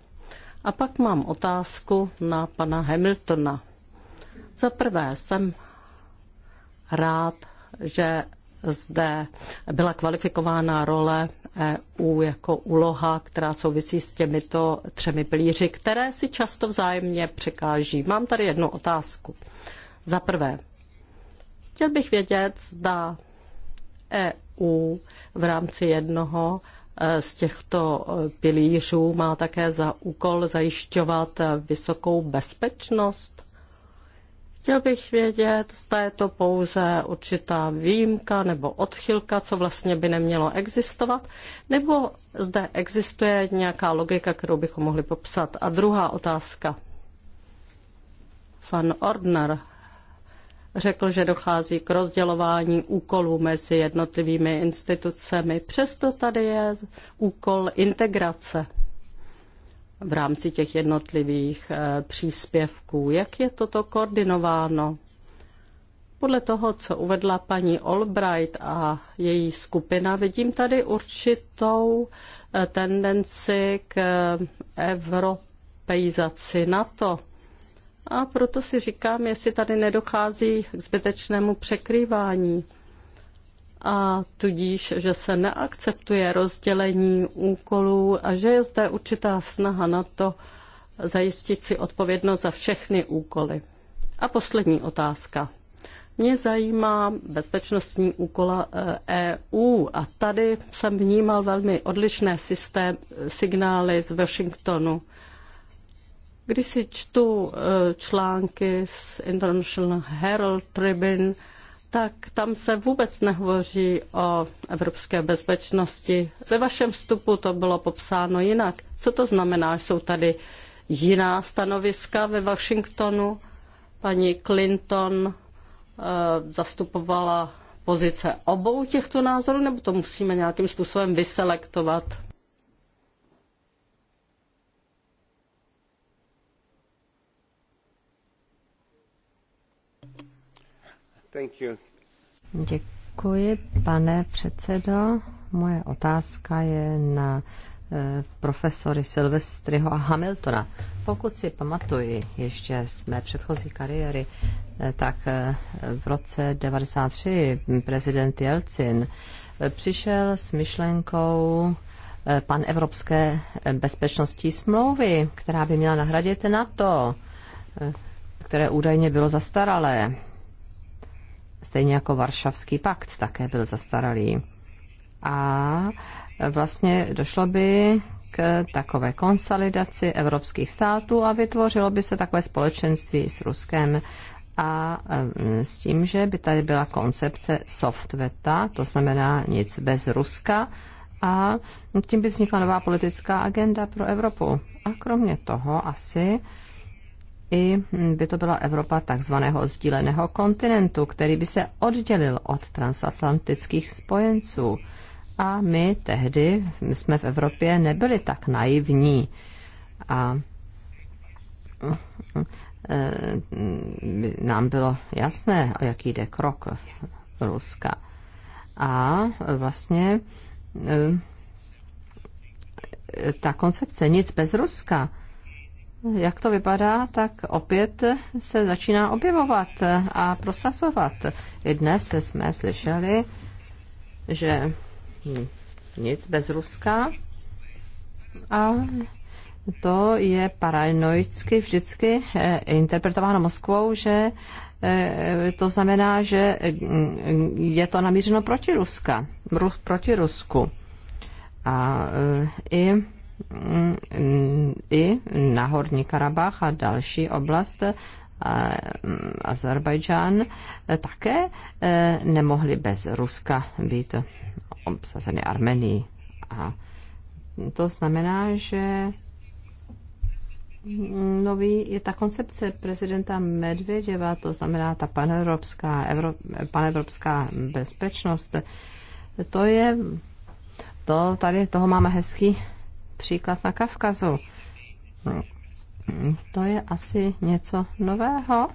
A pak mám otázku na pana Hamiltona. Za prvé jsem rád, že zde byla kvalifikována role EU jako úloha, která souvisí s těmito třemi pilíři, které si často vzájemně překáží. Mám tady jednu otázku. Za prvé, chtěl bych vědět, zda EU v rámci jednoho e, z těchto e, pilířů má také za úkol zajišťovat e, vysokou bezpečnost Chtěl bych vědět, zda je to pouze určitá výjimka nebo odchylka, co vlastně by nemělo existovat, nebo zde existuje nějaká logika, kterou bychom mohli popsat. A druhá otázka. Van Ordner řekl, že dochází k rozdělování úkolů mezi jednotlivými institucemi. Přesto tady je úkol integrace v rámci těch jednotlivých eh, příspěvků. Jak je toto koordinováno? Podle toho, co uvedla paní Albright a její skupina, vidím tady určitou eh, tendenci k eh, evropeizaci NATO. A proto si říkám, jestli tady nedochází k zbytečnému překrývání a tudíž, že se neakceptuje rozdělení úkolů a že je zde určitá snaha na to zajistit si odpovědnost za všechny úkoly. A poslední otázka. Mě zajímá bezpečnostní úkola EU eh, e a tady jsem vnímal velmi odlišné systém, signály z Washingtonu. Když si čtu eh, články z International Herald Tribune, tak tam se vůbec nehovoří o evropské bezpečnosti. Ve vašem vstupu to bylo popsáno jinak. Co to znamená? Jsou tady jiná stanoviska ve Washingtonu? Paní Clinton eh, zastupovala pozice obou těchto názorů, nebo to musíme nějakým způsobem vyselektovat? Thank you. Děkuji, pane předsedo. Moje otázka je na eh, profesory Silvestriho a Hamiltona. Pokud si pamatuji ještě z mé předchozí kariéry, eh, tak eh, v roce 93 prezident Jelcin přišel s myšlenkou pan Evropské bezpečnostní smlouvy, která by měla nahradit NATO, které údajně bylo zastaralé stejně jako Varšavský pakt také byl zastaralý. A vlastně došlo by k takové konsolidaci evropských států a vytvořilo by se takové společenství s Ruskem a s tím, že by tady byla koncepce soft veta, to znamená nic bez Ruska, a tím by vznikla nová politická agenda pro Evropu. A kromě toho asi i by to byla Evropa takzvaného sdíleného kontinentu, který by se oddělil od transatlantických spojenců. A my tehdy my jsme v Evropě nebyli tak naivní. A e, nám bylo jasné, o jaký jde krok Ruska. A vlastně e, ta koncepce nic bez Ruska jak to vypadá, tak opět se začíná objevovat a prosazovat. I dnes jsme slyšeli, že nic bez Ruska a to je paranoicky vždycky eh, interpretováno Moskvou, že eh, to znamená, že eh, je to namířeno proti Ruska, proti Rusku. A i i na Horní Karabach a další oblast mm, Azerbajdžán také e, nemohly bez Ruska být obsazeny Armenii. A to znamená, že mm, nový je ta koncepce prezidenta Medvěděva, to znamená ta panevropská, evro, panevropská bezpečnost. To je, to tady, toho máme hezký příklad na Kavkazu. No, to je asi něco nového,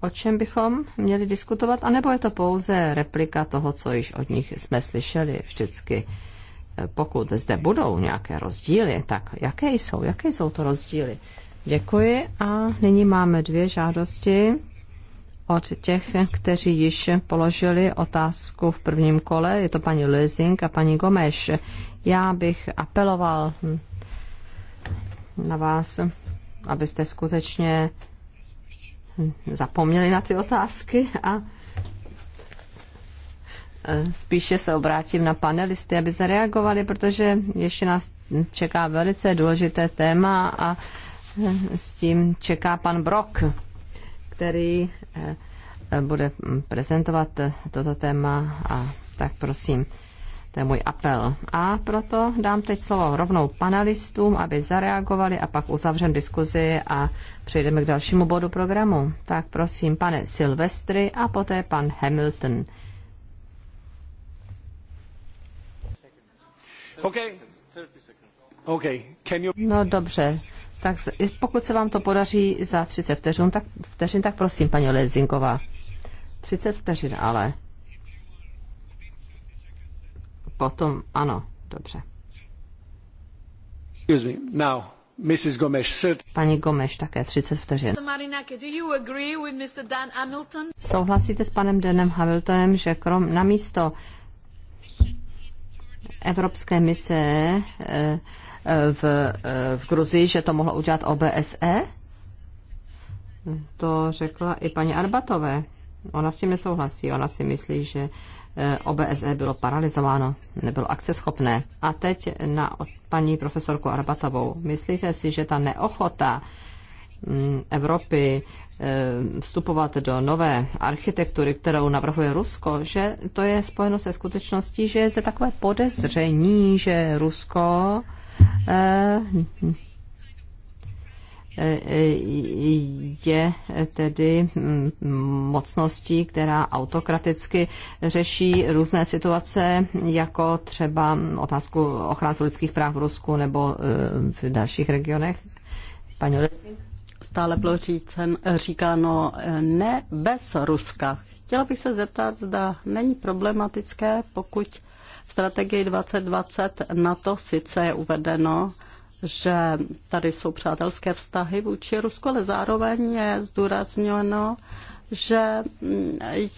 o čem bychom měli diskutovat, anebo je to pouze replika toho, co již od nich jsme slyšeli vždycky. Pokud zde budou nějaké rozdíly, tak jaké jsou? Jaké jsou to rozdíly? Děkuji a nyní máme dvě žádosti od těch, kteří již položili otázku v prvním kole. Je to paní Lezing a paní Gomeš já bych apeloval na vás, abyste skutečně zapomněli na ty otázky a e, spíše se obrátím na panelisty, aby zareagovali, protože ještě nás čeká velice důležité téma a e, s tím čeká pan Brok, který e, bude prezentovat toto téma a tak prosím. To je můj apel. A proto dám teď slovo rovnou panelistům, aby zareagovali a pak uzavřem diskuzi a přejdeme k dalšímu bodu programu. Tak prosím, pane Silvestry a poté pan Hamilton. Okay. Okay. Can you... No dobře, tak pokud se vám to podaří za 30 vteřin, tak, vteřin, tak prosím, paní Lezinková. 30 vteřin ale. Potom ano, dobře. Excuse me, now. Mrs. Gomes, Pani Gomes, také 30 vteřin. Souhlasíte s panem Danem Hamiltonem, že krom na místo evropské mise eh, eh, v, eh, v Gruzii, že to mohlo udělat OBSE? To řekla i paní Arbatové. Ona s tím nesouhlasí. Ona si myslí, že Eh, OBSE bylo paralizováno, nebylo akceschopné. A teď na paní profesorku Arbatovou. Myslíte si, že ta neochota mm, Evropy eh, vstupovat do nové architektury, kterou navrhuje Rusko, že to je spojeno se skutečností, že je zde takové podezření, že Rusko eh, je tedy mm, mocností, která autokraticky řeší různé situace, jako třeba otázku ochrany lidských práv v Rusku nebo eh, v dalších regionech. Paní Stále bylo eh, říkáno eh, ne bez Ruska. Chtěla bych se zeptat, zda není problematické, pokud v strategii 2020 to sice je uvedeno, že tady jsou přátelské vztahy vůči Rusku, ale zároveň je zdůrazněno, že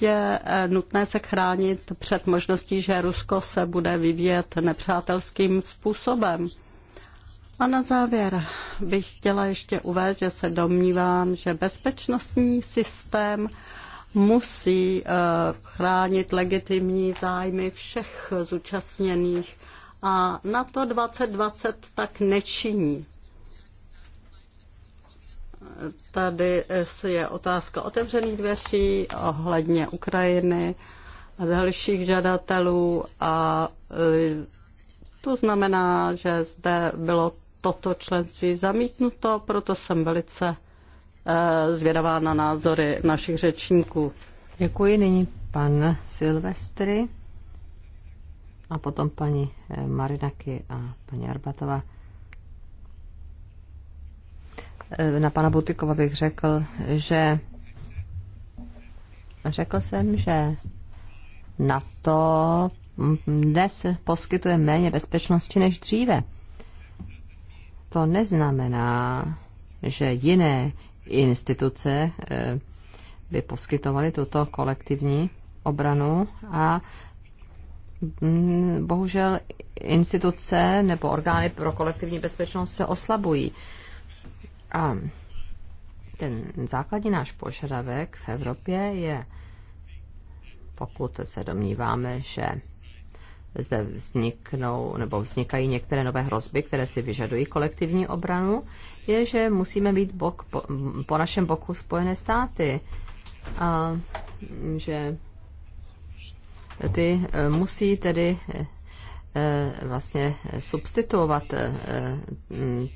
je nutné se chránit před možností, že Rusko se bude vyvíjet nepřátelským způsobem. A na závěr bych chtěla ještě uvést, že se domnívám, že bezpečnostní systém musí eh, chránit legitimní zájmy všech zúčastněných a na to 2020 tak nečiní. Tady je otázka otevřených dveří ohledně Ukrajiny a dalších žadatelů a e, to znamená, že zde bylo toto členství zamítnuto, proto jsem velice e, zvědavá na názory našich řečníků. Děkuji nyní pan Silvestry a potom paní eh, Marinaky a paní Arbatova. Eh, na pana Butikova bych řekl, že řekl jsem, že na to mm, dnes poskytuje méně bezpečnosti než dříve. To neznamená, že jiné instituce eh, by poskytovaly tuto kolektivní obranu a Mm, bohužel instituce nebo orgány pro kolektivní bezpečnost se oslabují. A ten základní náš požadavek v Evropě je, pokud se domníváme, že zde vzniknou nebo vznikají některé nové hrozby, které si vyžadují kolektivní obranu, je, že musíme být bok, po, po našem boku Spojené státy a že ty eh, musí tedy eh, eh, vlastně substituovat mm,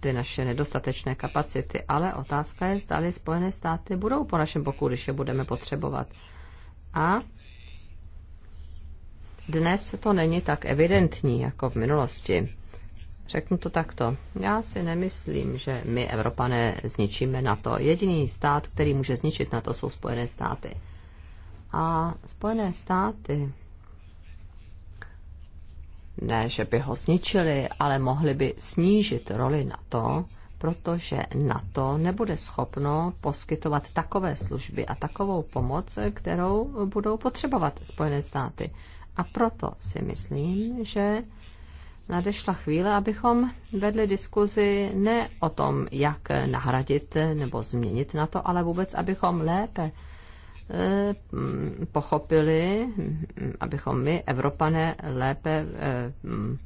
ty naše nedostatečné kapacity. Ale otázka je, zda Spojené státy budou po našem boku, když je budeme potřebovat. A dnes to není tak evidentní, jako v minulosti. Řeknu to takto. Já si nemyslím, že my, Evropané, zničíme NATO. Jediný stát, který může zničit NATO, jsou Spojené státy. A Spojené státy ne, že by ho zničili, ale mohli by snížit roli NATO, protože NATO nebude schopno poskytovat takové služby a takovou pomoc, kterou budou potřebovat Spojené státy. A proto si myslím, že nadešla chvíle, abychom vedli diskuzi ne o tom, jak nahradit nebo změnit na to, ale vůbec, abychom lépe Eh, pochopili, abychom my, Evropané, lépe eh, mm,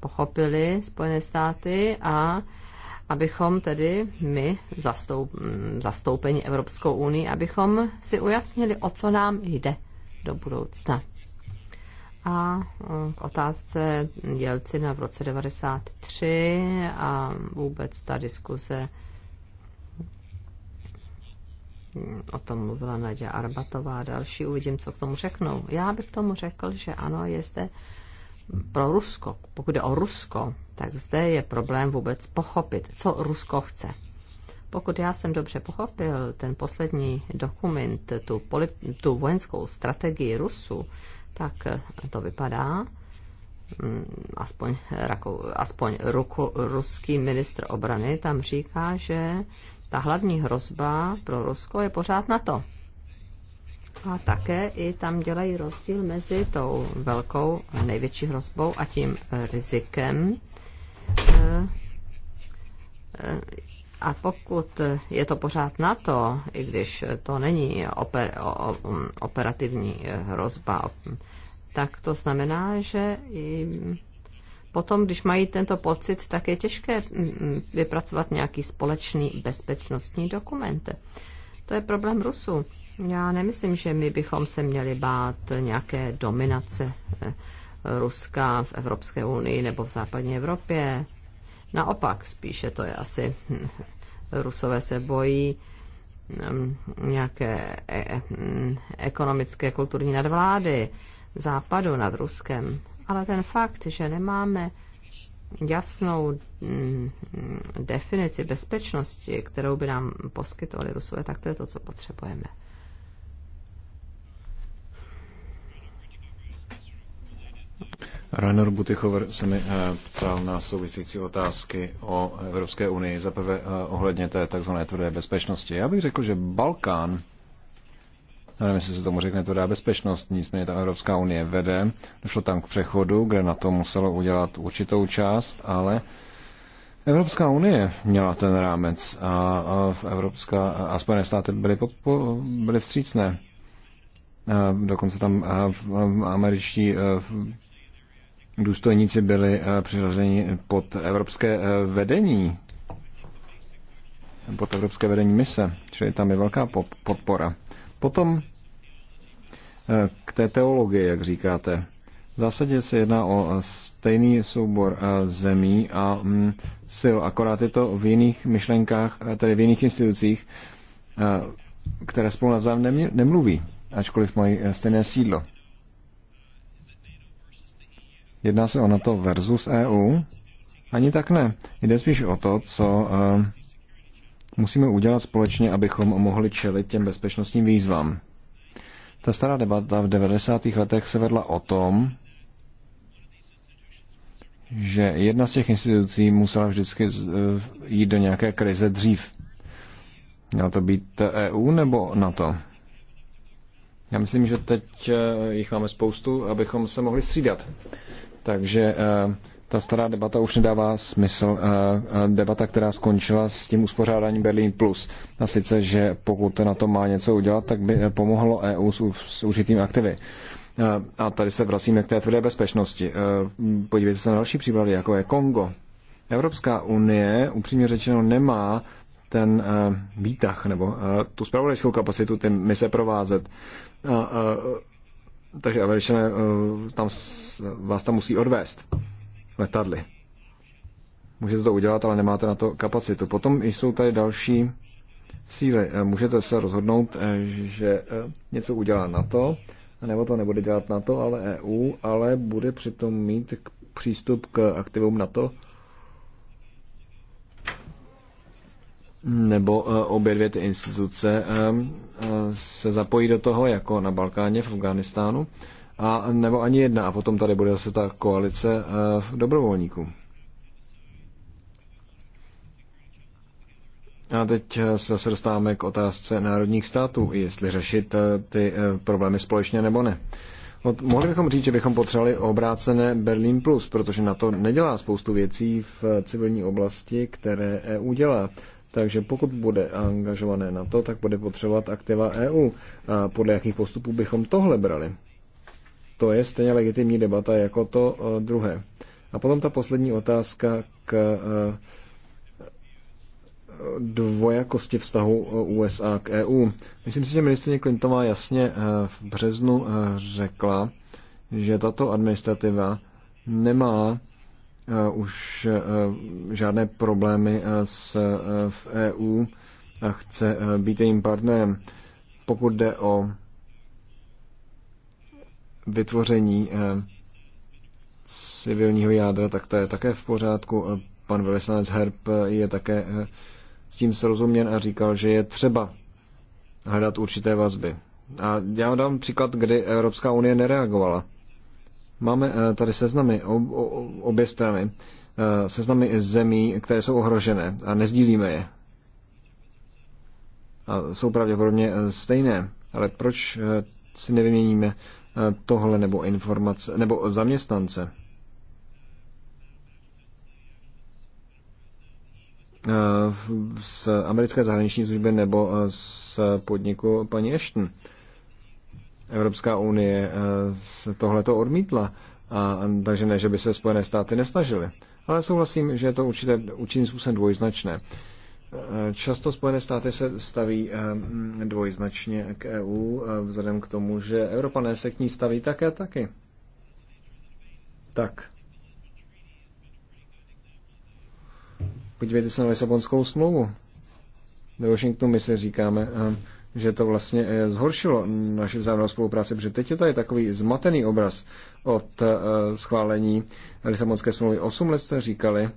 pochopili Spojené státy a abychom tedy my, zastoup, mm, zastoupení Evropskou unii, abychom si ujasnili, o co nám jde do budoucna. A eh, k otázce Jelcina v roce 93 a vůbec ta diskuze o tom mluvila Nadia Arbatová a další, uvidím, co k tomu řeknou. Já bych tomu řekl, že ano, je zde pro Rusko, pokud jde o Rusko, tak zde je problém vůbec pochopit, co Rusko chce. Pokud já jsem dobře pochopil ten poslední dokument, tu, tu vojenskou strategii Rusu, tak to vypadá, mm, aspoň, aspoň ruku, ruský ministr obrany tam říká, že ta hlavní hrozba pro Rusko je pořád na to A také i tam dělají rozdíl mezi tou velkou, největší hrozbou a tím rizikem. Eh, eh, a pokud je to pořád na to, i když to není oper, operativní hrozba, tak to znamená, že potom, když mají tento pocit, tak je těžké mm, mm, vypracovat nějaký společný bezpečnostní dokument. To je problém Rusů. Já nemyslím, že my bychom se měli bát nějaké dominace eh, Ruska v Evropské unii nebo v západní Evropě. Naopak, spíše to je asi hm, Rusové se bojí hm, nějaké eh, hm, ekonomické kulturní nadvlády západu nad Ruskem ale ten fakt, že nemáme jasnou mm, definici bezpečnosti, kterou by nám poskytovali Rusové, tak to je to, co potřebujeme. Rainer Butichover se mi eh, ptal na související otázky o Evropské unii, zaprvé eh, ohledně té tzv. tvrdé bezpečnosti. Já bych řekl, že Balkán nevím, jestli se tomu řekne, to dá bezpečnost, nicméně ta Evropská unie vede. Došlo tam k přechodu, kde na to muselo udělat určitou část, ale Evropská unie měla ten rámec a, a v Evropská a Spojené státy byly, podpo, byly vstřícné. A dokonce tam a, a, američtí a, důstojníci byli přiřazeni pod evropské vedení, pod evropské vedení mise, čili tam je velká podpora. Potom eh, k té teologii, jak říkáte. V zásadě se jedná o eh, stejný soubor eh, zemí a mm, sil, akorát je to v jiných myšlenkách, tedy v jiných institucích, které spolu navzájem nemluví, ačkoliv mají stejné sídlo. Jedná se o NATO versus EU? Ani tak ne. Jde spíš o to, co musíme udělat společně, abychom mohli čelit těm bezpečnostním výzvám. Ta stará debata v 90. letech se vedla o tom, že jedna z těch institucí musela vždycky e, jít do nějaké krize dřív. Měla to být EU nebo NATO? Já myslím, že teď e, jich máme spoustu, abychom se mohli střídat. Takže e, ta stará debata už nedává smysl. Eh, eh, debata, která skončila s tím uspořádáním Berlin Plus. A sice, že pokud na to má něco udělat, tak by eh, pomohlo EU s užitým aktivy. A tady se vracíme k té tvrdé bezpečnosti. Podívejte se na další příklady, jako je Kongo. Evropská unie, upřímně řečeno, nemá ten výtah nebo tu spravodajskou kapacitu ty mise provázet. a, takže Američané tam, vás tam musí odvést letadly. Můžete to udělat, ale nemáte na to kapacitu. Potom jsou tady další síly. Eh, můžete se rozhodnout, eh, že eh, něco udělá na to, nebo to nebude dělat na to, ale EU, ale bude přitom mít k přístup k aktivům na to, nebo obě dvě ty instituce se zapojí do toho, jako na Balkáně, v Afganistánu a nebo ani jedna. A potom tady bude zase ta koalice eh, dobrovolníků. A teď eh, se zase dostáváme k otázce národních států, jestli řešit eh, ty problémy společně nebo ne. Mohli bychom říct, že bychom potřebovali obrácené Berlin Plus, protože na to nedělá spoustu věcí v civilní oblasti, které EU dělá. Takže pokud bude angažované na to, tak bude potřebovat aktiva EU. A podle jakých postupů bychom tohle brali? to je stejně legitimní debata jako to eh, druhé. A potom ta poslední otázka k eh, dvojakosti vztahu eh, USA k EU. Myslím si, že ministrině Clintová jasně v březnu řekla, že tato administrativa nemá už žádné problémy s v EU a chce být jejím partnerem. Pokud jde o vytvoření eh, civilního jádra, tak to je také v pořádku. Eh, pan velvyslanec Herb eh, je také s tím srozuměn a říkal, že je třeba hledat určité vazby. A já dám příklad, kdy Evropská unie nereagovala. Máme tady seznamy, obě strany, seznamy zemí, které jsou ohrožené a nezdílíme je. A jsou pravděpodobně stejné, ale proč si nevyměníme tohle nebo informace, nebo zaměstnance. Eh, z americké zahraniční služby nebo eh, z podniku paní Ashton. Evropská unie eh, tohle to odmítla, a, takže ne, že by se Spojené státy nesnažily. Ale souhlasím, že je to určitě, určitým způsobem dvojznačné. Často Spojené státy se staví eh, dvojznačně k EU, eh, vzhledem k tomu, že Evropané se k ní staví také a taky. Tak. Podívejte se na Lisabonskou smlouvu. Ve Washingtonu my si říkáme, eh, že to vlastně zhoršilo naši vzájemnou spolupráci, protože teď je tady takový zmatený obraz od schválení Lisabonské smlouvy. Osm let jste říkali,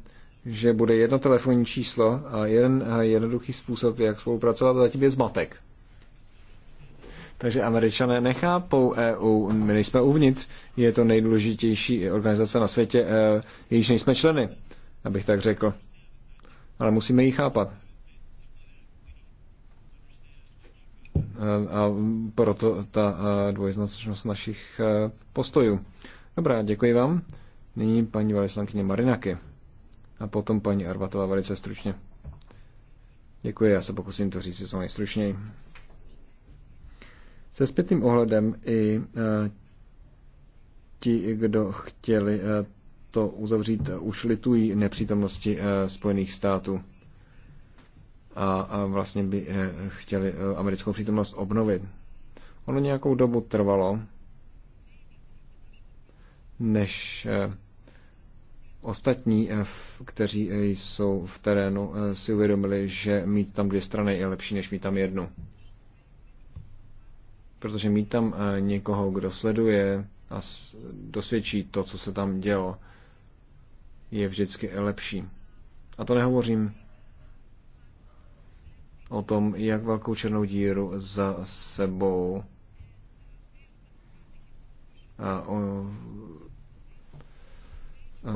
že bude jedno telefonní číslo a jeden jednoduchý způsob, jak spolupracovat, zatím je zmatek. Takže američané nechápou EU, my nejsme uvnitř, je to nejdůležitější organizace na světě, e, jejíž nejsme členy, abych tak řekl. Ale musíme ji chápat. A proto ta e, dvojznačnost našich e, postojů. Dobrá, děkuji vám. Nyní paní Valeslankyně Marinaky a potom paní Arvatová velice stručně. Děkuji, já se pokusím to říct co nejstručněji. Se zpětným ohledem i e, ti, kdo chtěli e, to uzavřít, eh, už litují nepřítomnosti e, Spojených států a, a vlastně by e, chtěli e, americkou přítomnost obnovit. Ono nějakou dobu trvalo, než e, ostatní, eh, kteří eh, jsou v terénu, eh, si uvědomili, že mít tam dvě strany je lepší, než mít tam jednu. Protože mít tam někoho, kdo sleduje a dosvědčí to, co se tam dělo, je vždycky lepší. A to nehovořím o tom, jak velkou černou díru za sebou a o, a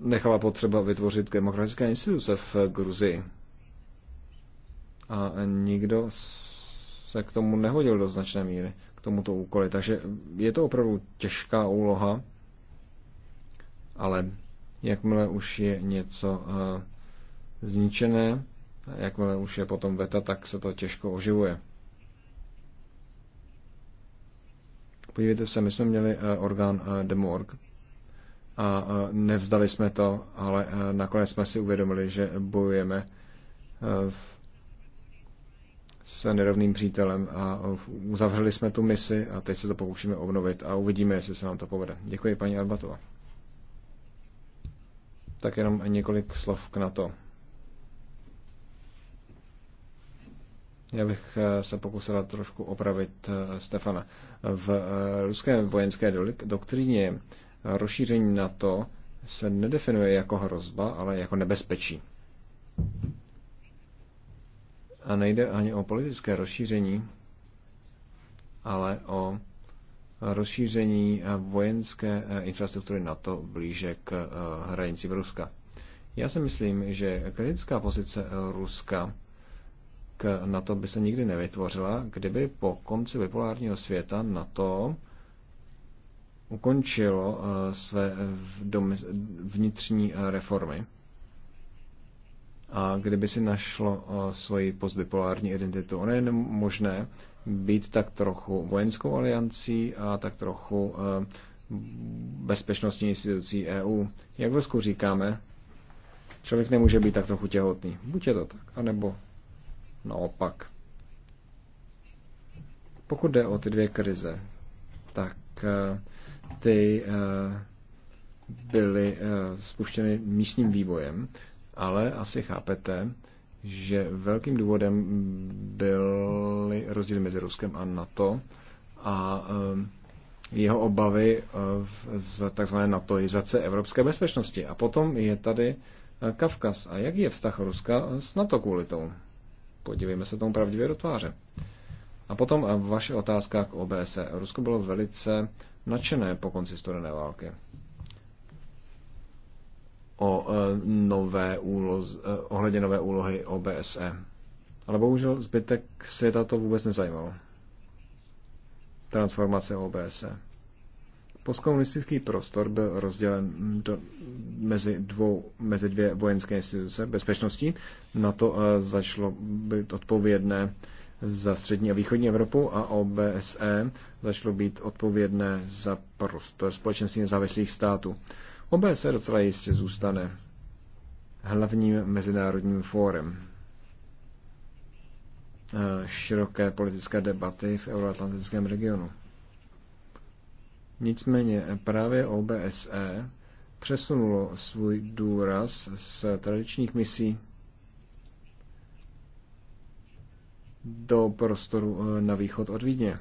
nechala potřeba vytvořit demokratické instituce v Gruzii. A nikdo se k tomu nehodil do značné míry, k tomuto úkoli. Takže je to opravdu těžká úloha, ale jakmile už je něco eh, zničené, jakmile už je potom veta, tak se to těžko oživuje. Podívejte se, my jsme měli eh, orgán eh, Demorg, a nevzdali jsme to, ale nakonec jsme si uvědomili, že bojujeme se nerovným přítelem a uzavřeli jsme tu misi a teď se to pokoušíme obnovit a uvidíme, jestli se nám to povede. Děkuji, paní Arbatova. Tak jenom několik slov k NATO. Já bych e, se pokusila trošku opravit e, Stefana. V e, ruské vojenské doktríně rozšíření NATO se nedefinuje jako hrozba, ale jako nebezpečí. A nejde ani o politické rozšíření, ale o rozšíření vojenské eh, infrastruktury NATO blíže k eh, hranicím Ruska. Já si myslím, že kritická pozice Ruska k NATO by se nikdy nevytvořila, kdyby po konci bipolárního světa NATO ukončilo eh, své eh, vnitřní eh, reformy a kdyby si našlo svoji postbipolární identitu. Ono je možné být tak trochu vojenskou aliancí a tak trochu bezpečnostní institucí EU. Jak v Rusku říkáme, člověk nemůže být tak trochu těhotný. Buď je to tak, anebo naopak. Pokud jde o ty dvě krize, tak ty eh, byly eh, spuštěny místním vývojem, ale asi chápete, že velkým důvodem byly rozdíly mezi Ruskem a NATO a eh, jeho obavy z tzv. NATOizace evropské bezpečnosti. A potom je tady Kavkaz. A jaký je vztah Ruska s NATO kvůli tomu? Podívejme se tomu pravdivě do tváře. A potom vaše otázka k OBS. Rusko bylo velice nadšené po konci studené války o eh, nové úloz, eh, ohledně nové úlohy OBSE. Ale bohužel zbytek světa to vůbec nezajímalo. Transformace OBSE. Postkomunistický prostor byl rozdělen do, mezi, dvou, mezi dvě vojenské instituce bezpečnosti. Na to eh, začalo být odpovědné za střední a východní Evropu a OBSE začalo být odpovědné za prostor společenství nezávislých států. OBSE docela jistě zůstane hlavním mezinárodním fórem široké politické debaty v euroatlantickém regionu. Nicméně právě OBSE přesunulo svůj důraz z tradičních misí do prostoru eh, na východ od Vídně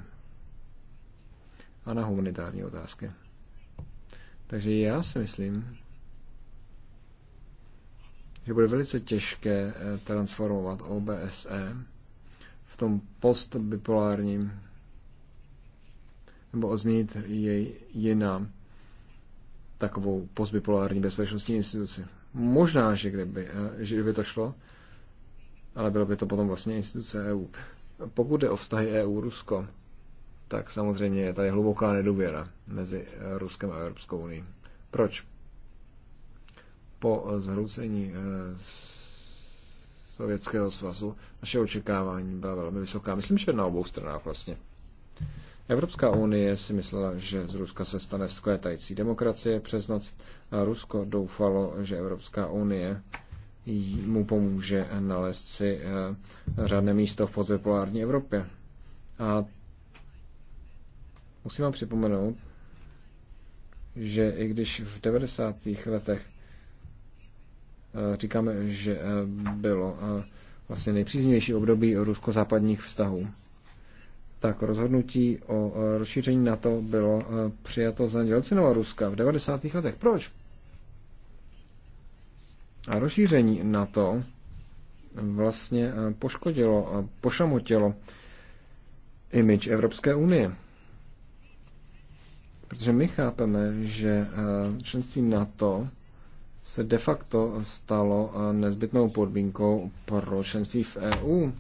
a na humanitární otázky. Takže já si myslím, že bude velice těžké eh, transformovat OBSE v tom postbipolárním nebo ozměnit jej je na takovou postbipolární bezpečnostní instituci. Možná, že kdyby, eh, že kdyby to šlo, ale bylo by to potom vlastně instituce EU. Pokud je o vztahy EU-Rusko, tak samozřejmě je tady hluboká nedůvěra mezi Ruskem a Evropskou unii. Proč? Po zhroucení eh, Sovětského svazu naše očekávání byla velmi vysoká. Myslím, že na obou stranách vlastně. Evropská unie si myslela, že z Ruska se stane vzkvétající demokracie přes noc. A Rusko doufalo, že Evropská unie mu pomůže nalézt si eh, řádné místo v postbipolární Evropě. A musím vám připomenout, že i když v 90. letech eh, říkáme, že eh, bylo vlastně nejpříznivější období rusko-západních vztahů, tak rozhodnutí o rozšíření NATO bylo přijato za Jelcinova Ruska v 90. letech. Proč? A rozšíření na to vlastně eh, poškodilo, eh, pošamotilo image Evropské unie. Protože my chápeme, že eh, členství NATO se de facto stalo nezbytnou podmínkou pro členství v EU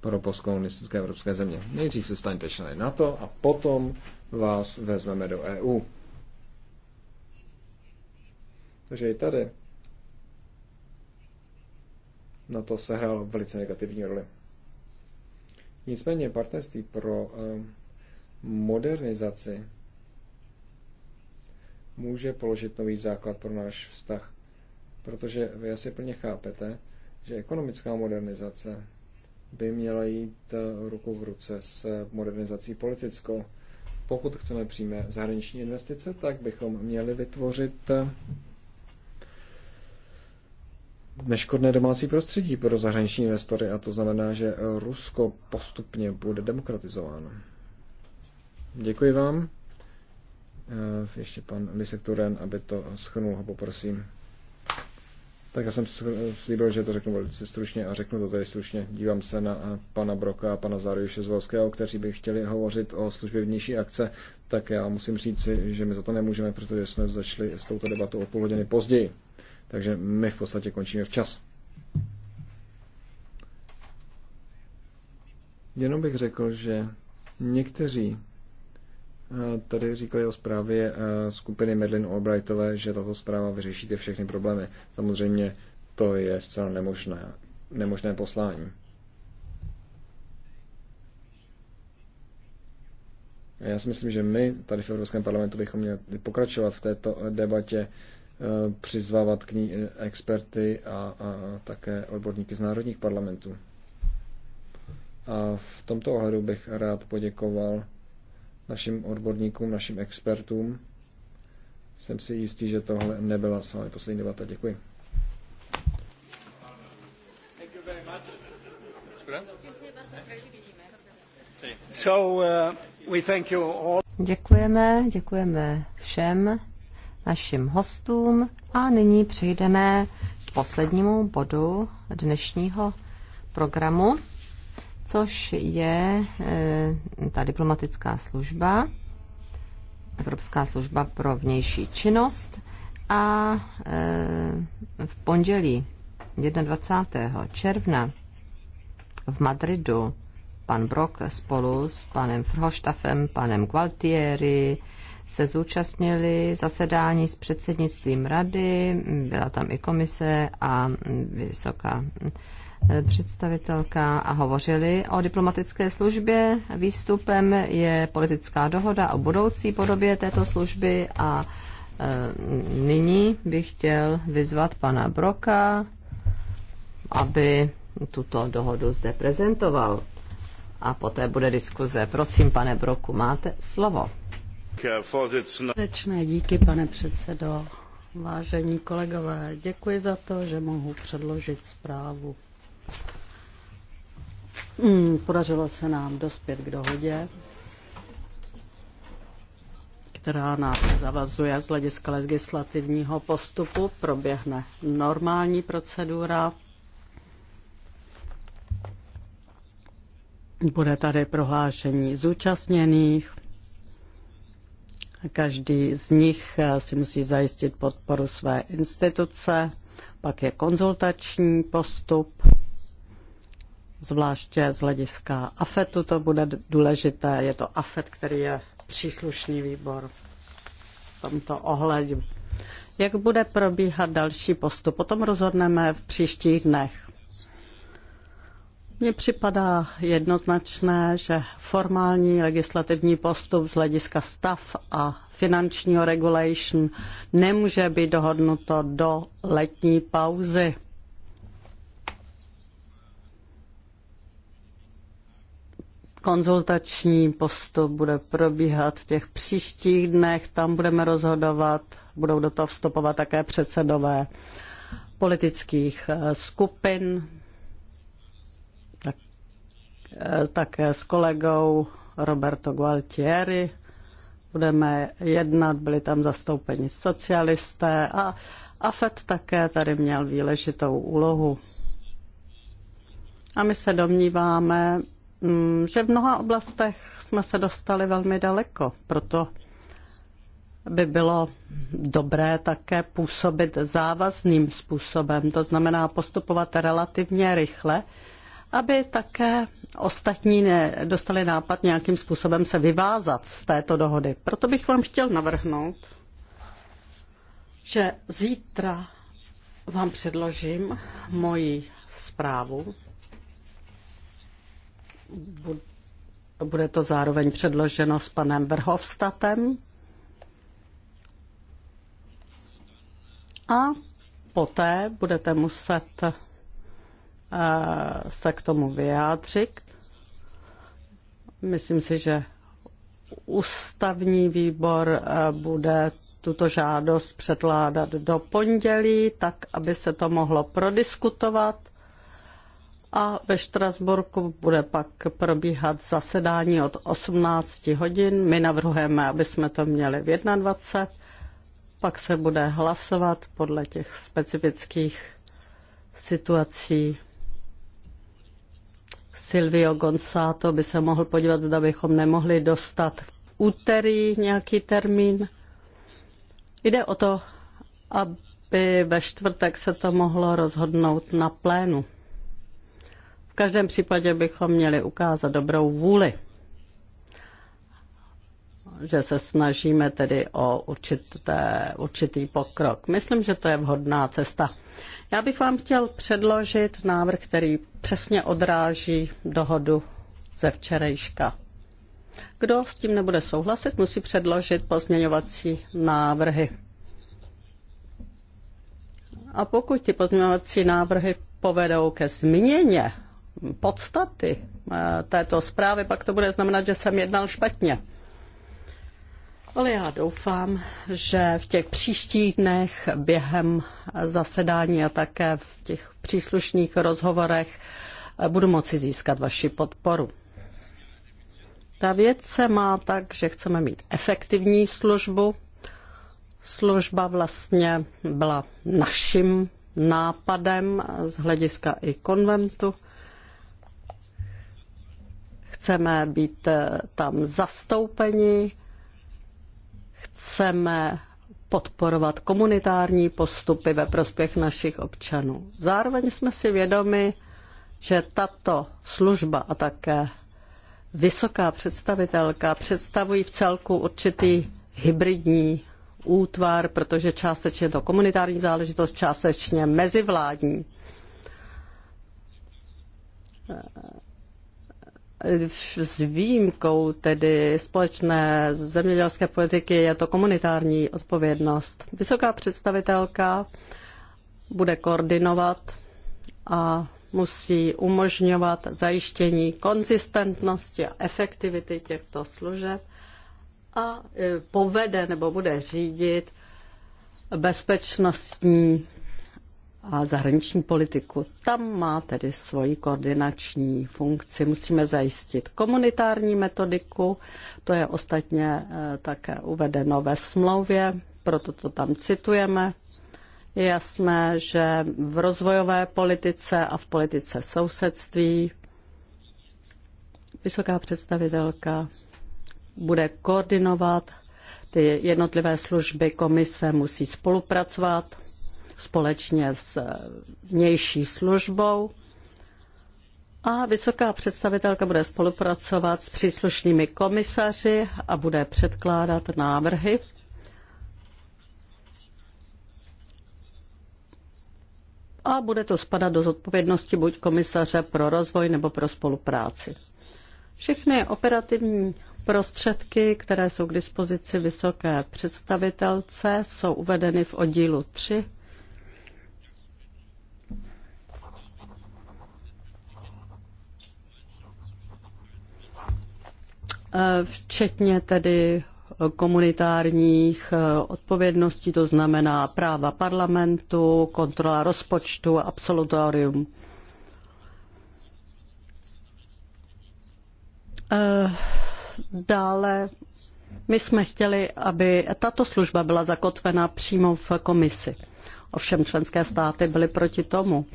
pro postkomunistické evropské země. Nejdřív se staňte členy NATO a potom vás vezmeme do EU. Takže i tady na to sehrál velice negativní roli. Nicméně partnerství pro ehm, modernizaci může položit nový základ pro náš vztah, protože vy asi plně chápete, že ekonomická modernizace by měla jít eh, ruku v ruce s modernizací politickou. Pokud chceme přímé zahraniční investice, tak bychom měli vytvořit eh, neškodné domácí prostředí pro zahraniční investory a to znamená, že Rusko postupně bude demokratizováno. Děkuji vám. Eh, ještě pan Lisek Turen, aby to schrnul, ho poprosím. Tak já jsem slíbil, že to řeknu velice stručně a řeknu to tady stručně. Dívám se na eh, pana Broka a pana Záruše Zvolského, kteří by chtěli hovořit o službě vnější akce, tak já musím říci, že my za to nemůžeme, protože jsme začali s touto debatou o půl hodiny později. Takže my v podstatě končíme včas. Jenom bych řekl, že někteří eh, tady říkali o zprávě eh, skupiny Medlin Albrightové, že tato zpráva vyřeší ty všechny problémy. Samozřejmě to je zcela nemožné, nemožné poslání. Já si myslím, že my tady v Evropském parlamentu bychom měli pokračovat v této debatě Eh, přizvávat k ní eh, experty a, a také odborníky z národních parlamentů. A v tomto ohledu bych rád poděkoval našim odborníkům, našim expertům. Jsem si jistý, že tohle nebyla s vámi poslední debata. Děkuji. So, uh, we thank you all. Děkujeme, děkujeme všem našim hostům a nyní přejdeme k poslednímu bodu dnešního programu, což je eh, ta diplomatická služba, Evropská služba pro vnější činnost a eh, v pondělí 21. června v Madridu pan Brok spolu s panem Frhoštafem, panem Gualtieri, se zúčastnili zasedání s předsednictvím rady, byla tam i komise a vysoká představitelka a hovořili o diplomatické službě. Výstupem je politická dohoda o budoucí podobě této služby a e, nyní bych chtěl vyzvat pana Broka, aby tuto dohodu zde prezentoval. A poté bude diskuze. Prosím, pane Broku, máte slovo. Konečné díky, pane předsedo. Vážení kolegové, děkuji za to, že mohu předložit zprávu. Hmm, podařilo se nám dospět k dohodě, která nás zavazuje z hlediska legislativního postupu. Proběhne normální procedura. Bude tady prohlášení zúčastněných Každý z nich eh, si musí zajistit podporu své instituce, pak je konzultační postup, zvláště z hlediska AFETu to bude důležité. Je to AFET, který je příslušný výbor v tomto ohledu. Jak bude probíhat další postup? Potom rozhodneme v příštích dnech. Mně připadá jednoznačné, že formální legislativní postup z hlediska stav a finančního regulation nemůže být dohodnuto do letní pauzy. Konzultační postup bude probíhat v těch příštích dnech, tam budeme rozhodovat, budou do toho vstupovat také předsedové politických eh, skupin, Eh, také s kolegou Roberto Gualtieri. Budeme jednat, byli tam zastoupeni socialisté a AFET také tady měl výležitou úlohu. A my se domníváme, mm, že v mnoha oblastech jsme se dostali velmi daleko, proto by bylo dobré také působit závazným způsobem, to znamená postupovat relativně rychle, aby také ostatní dostali nápad nějakým způsobem se vyvázat z této dohody. Proto bych vám chtěl navrhnout, že zítra vám předložím moji zprávu. Bude to zároveň předloženo s panem Vrhovstatem. A poté budete muset Eh, se k tomu vyjádřit. Myslím si, že ústavní výbor eh, bude tuto žádost předládat do pondělí, tak aby se to mohlo prodiskutovat. A ve Štrasburku bude pak probíhat zasedání od 18 hodin. My navrhujeme, aby jsme to měli v 21. Pak se bude hlasovat podle těch specifických situací. Silvio Gonsato by se mohl podívat, zda bychom nemohli dostat v úterý nějaký termín. Jde o to, aby ve čtvrtek se to mohlo rozhodnout na plénu. V každém případě bychom měli ukázat dobrou vůli že se snažíme tedy o určité, určitý pokrok. Myslím, že to je vhodná cesta. Já bych vám chtěl předložit návrh, který přesně odráží dohodu ze včerejška. Kdo s tím nebude souhlasit, musí předložit pozměňovací návrhy. A pokud ty pozměňovací návrhy povedou ke změně podstaty eh, této zprávy, pak to bude znamenat, že jsem jednal špatně. Ale já doufám, že v těch příštích dnech během zasedání a také v těch příslušných rozhovorech budu moci získat vaši podporu. Ta věc se má tak, že chceme mít efektivní službu. Služba vlastně byla naším nápadem z hlediska i konventu. Chceme být tam zastoupeni Chceme podporovat komunitární postupy ve prospěch našich občanů. Zároveň jsme si vědomi, že tato služba a také vysoká představitelka představují v celku určitý hybridní útvar, protože částečně je to komunitární záležitost, částečně mezivládní. Eh, s výjimkou tedy společné zemědělské politiky je to komunitární odpovědnost. Vysoká představitelka bude koordinovat a musí umožňovat zajištění konzistentnosti a efektivity těchto služeb a eh, povede nebo bude řídit bezpečnostní a zahraniční politiku. Tam má tedy svoji koordinační funkci. Musíme zajistit komunitární metodiku, to je ostatně eh, také uvedeno ve smlouvě, proto to tam citujeme. Je jasné, že v rozvojové politice a v politice sousedství vysoká představitelka bude koordinovat ty jednotlivé služby komise, musí spolupracovat společně s vnější službou. A vysoká představitelka bude spolupracovat s příslušnými komisaři a bude předkládat návrhy. A bude to spadat do zodpovědnosti buď komisaře pro rozvoj nebo pro spolupráci. Všechny operativní prostředky, které jsou k dispozici vysoké představitelce, jsou uvedeny v oddílu 3 Eh, včetně tedy eh, komunitárních eh, odpovědností, to znamená práva parlamentu, kontrola rozpočtu, absolutorium. Dále my jsme chtěli, aby tato služba byla zakotvena přímo v komisi. Ovšem členské státy byly proti tomu.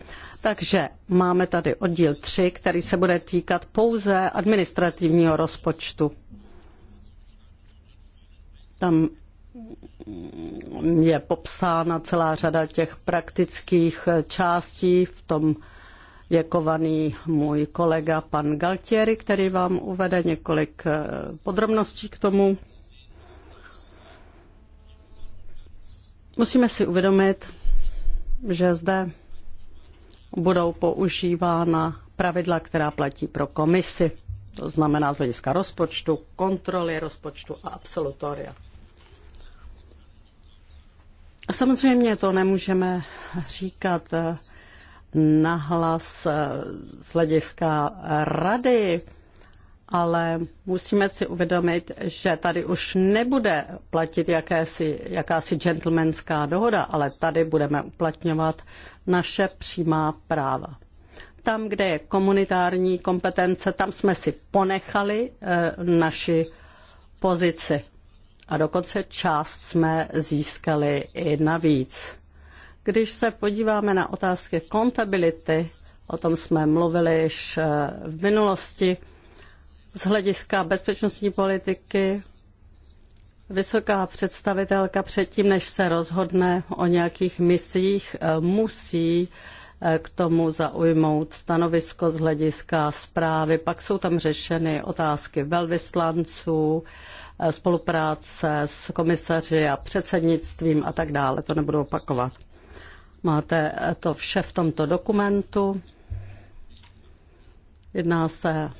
Takže máme tady oddíl 3, který se bude týkat pouze administrativního rozpočtu. Tam je popsána celá řada těch praktických částí. V tom je kovaný můj kolega pan Galtieri, který vám uvede několik eh, podrobností k tomu. Musíme si uvědomit, že zde budou používána pravidla, která platí pro komisi, to znamená z hlediska rozpočtu, kontroly rozpočtu a absolutoria. samozřejmě to nemůžeme říkat eh, nahlas eh, z hlediska rady, ale musíme si uvědomit, že tady už nebude platit jakési, jakási gentlemanská dohoda, ale tady budeme uplatňovat naše přímá práva. Tam, kde je komunitární kompetence, tam jsme si ponechali e, naši pozici. A dokonce část jsme získali i navíc. Když se podíváme na otázky kontability, o tom jsme mluvili již eh, v minulosti, z hlediska bezpečnostní politiky vysoká představitelka předtím, než se rozhodne o nějakých misích, eh, musí eh, k tomu zaujmout stanovisko z hlediska zprávy. Pak jsou tam řešeny otázky velvyslanců, eh, spolupráce s komisaři a předsednictvím a tak dále. To nebudu opakovat. Máte to vše v tomto dokumentu. Jedná se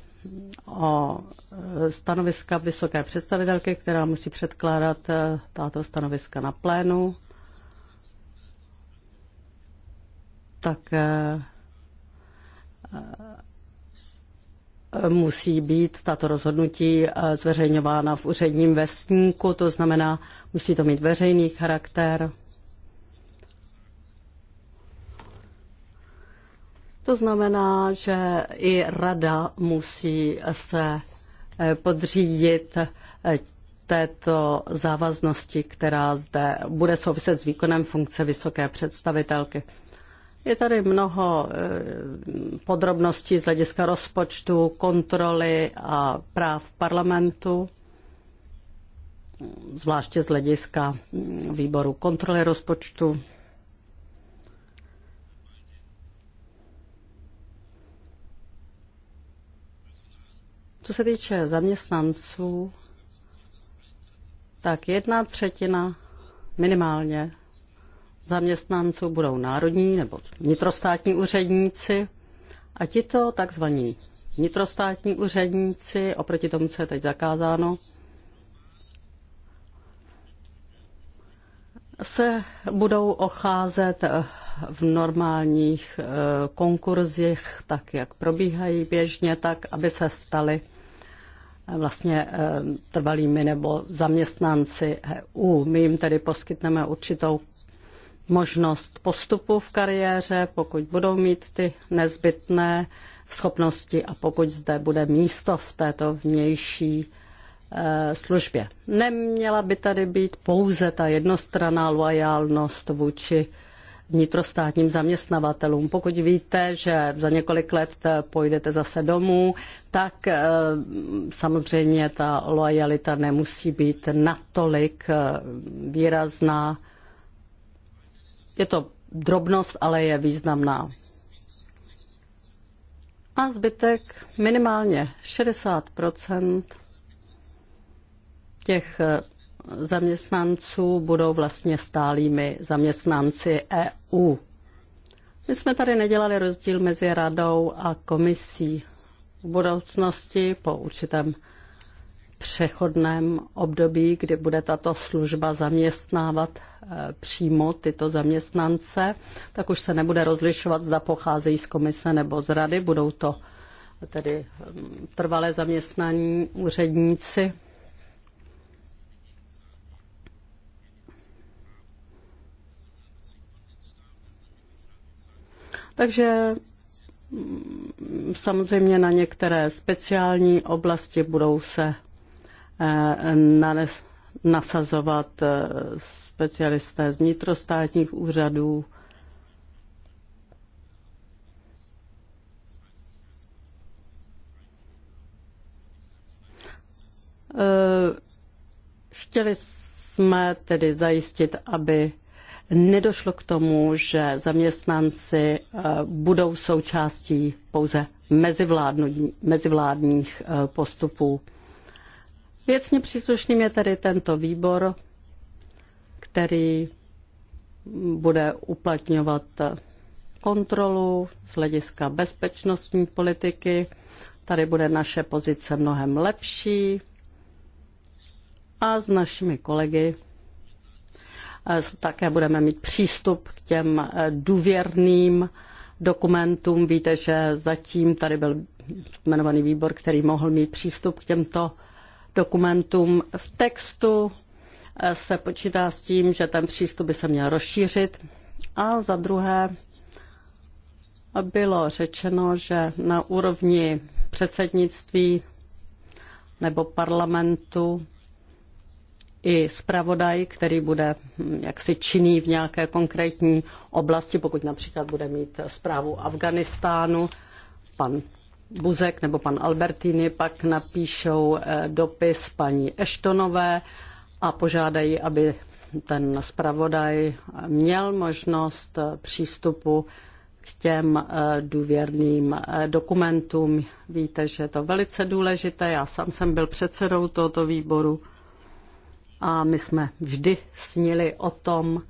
o e, stanoviska vysoké představitelky, která musí předkládat e, tato stanoviska na plénu. Tak e, musí být tato rozhodnutí zveřejňována v úředním vestníku, to znamená, musí to mít veřejný charakter. To znamená, že i rada musí se eh, podřídit eh, této závaznosti, která zde bude souviset s výkonem funkce vysoké představitelky. Je tady mnoho eh, podrobností z hlediska rozpočtu, kontroly a práv parlamentu, zvláště z hlediska mm, výboru kontroly rozpočtu. Co se týče zaměstnanců, tak jedna třetina minimálně zaměstnanců budou národní nebo vnitrostátní úředníci a tito takzvaní vnitrostátní úředníci, oproti tomu, co je teď zakázáno, se budou ocházet v normálních eh, konkurzích, tak jak probíhají běžně, tak aby se staly vlastně eh, trvalými nebo zaměstnanci EU. My jim tedy poskytneme určitou možnost postupu v kariéře, pokud budou mít ty nezbytné schopnosti a pokud zde bude místo v této vnější eh, službě. Neměla by tady být pouze ta jednostranná loajálnost vůči vnitrostátním zaměstnavatelům. Pokud víte, že za několik let půjdete zase domů, tak eh, samozřejmě ta lojalita nemusí být natolik eh, výrazná. Je to drobnost, ale je významná. A zbytek minimálně 60 těch eh, zaměstnanců budou vlastně stálými zaměstnanci EU. My jsme tady nedělali rozdíl mezi radou a komisí. V budoucnosti po určitém přechodném období, kdy bude tato služba zaměstnávat e, přímo tyto zaměstnance, tak už se nebude rozlišovat, zda pocházejí z komise nebo z rady. Budou to tedy mm, trvalé zaměstnaní úředníci Takže mm, samozřejmě na některé speciální oblasti budou se eh, nasazovat eh, specialisté z nitrostátních úřadů. Eh, chtěli jsme tedy zajistit, aby nedošlo k tomu, že zaměstnanci eh, budou součástí pouze mezivládních eh, postupů. Věcně příslušným je tedy tento výbor, který bude uplatňovat eh, kontrolu z hlediska bezpečnostní politiky. Tady bude naše pozice mnohem lepší a s našimi kolegy Eh, také budeme mít přístup k těm eh, důvěrným dokumentům. Víte, že zatím tady byl jmenovaný výbor, který mohl mít přístup k těmto dokumentům. V textu eh, se počítá s tím, že ten přístup by se měl rozšířit. A za druhé bylo řečeno, že na úrovni předsednictví nebo parlamentu i zpravodaj, který bude jaksi činný v nějaké konkrétní oblasti, pokud například bude mít zprávu Afganistánu, pan Buzek nebo pan Albertini pak napíšou eh, dopis paní Eštonové a požádají, aby ten zpravodaj měl možnost eh, přístupu k těm eh, důvěrným dokumentům. Víte, že je to velice důležité. Já sám jsem byl předsedou tohoto výboru a my jsme vždy snili o tom,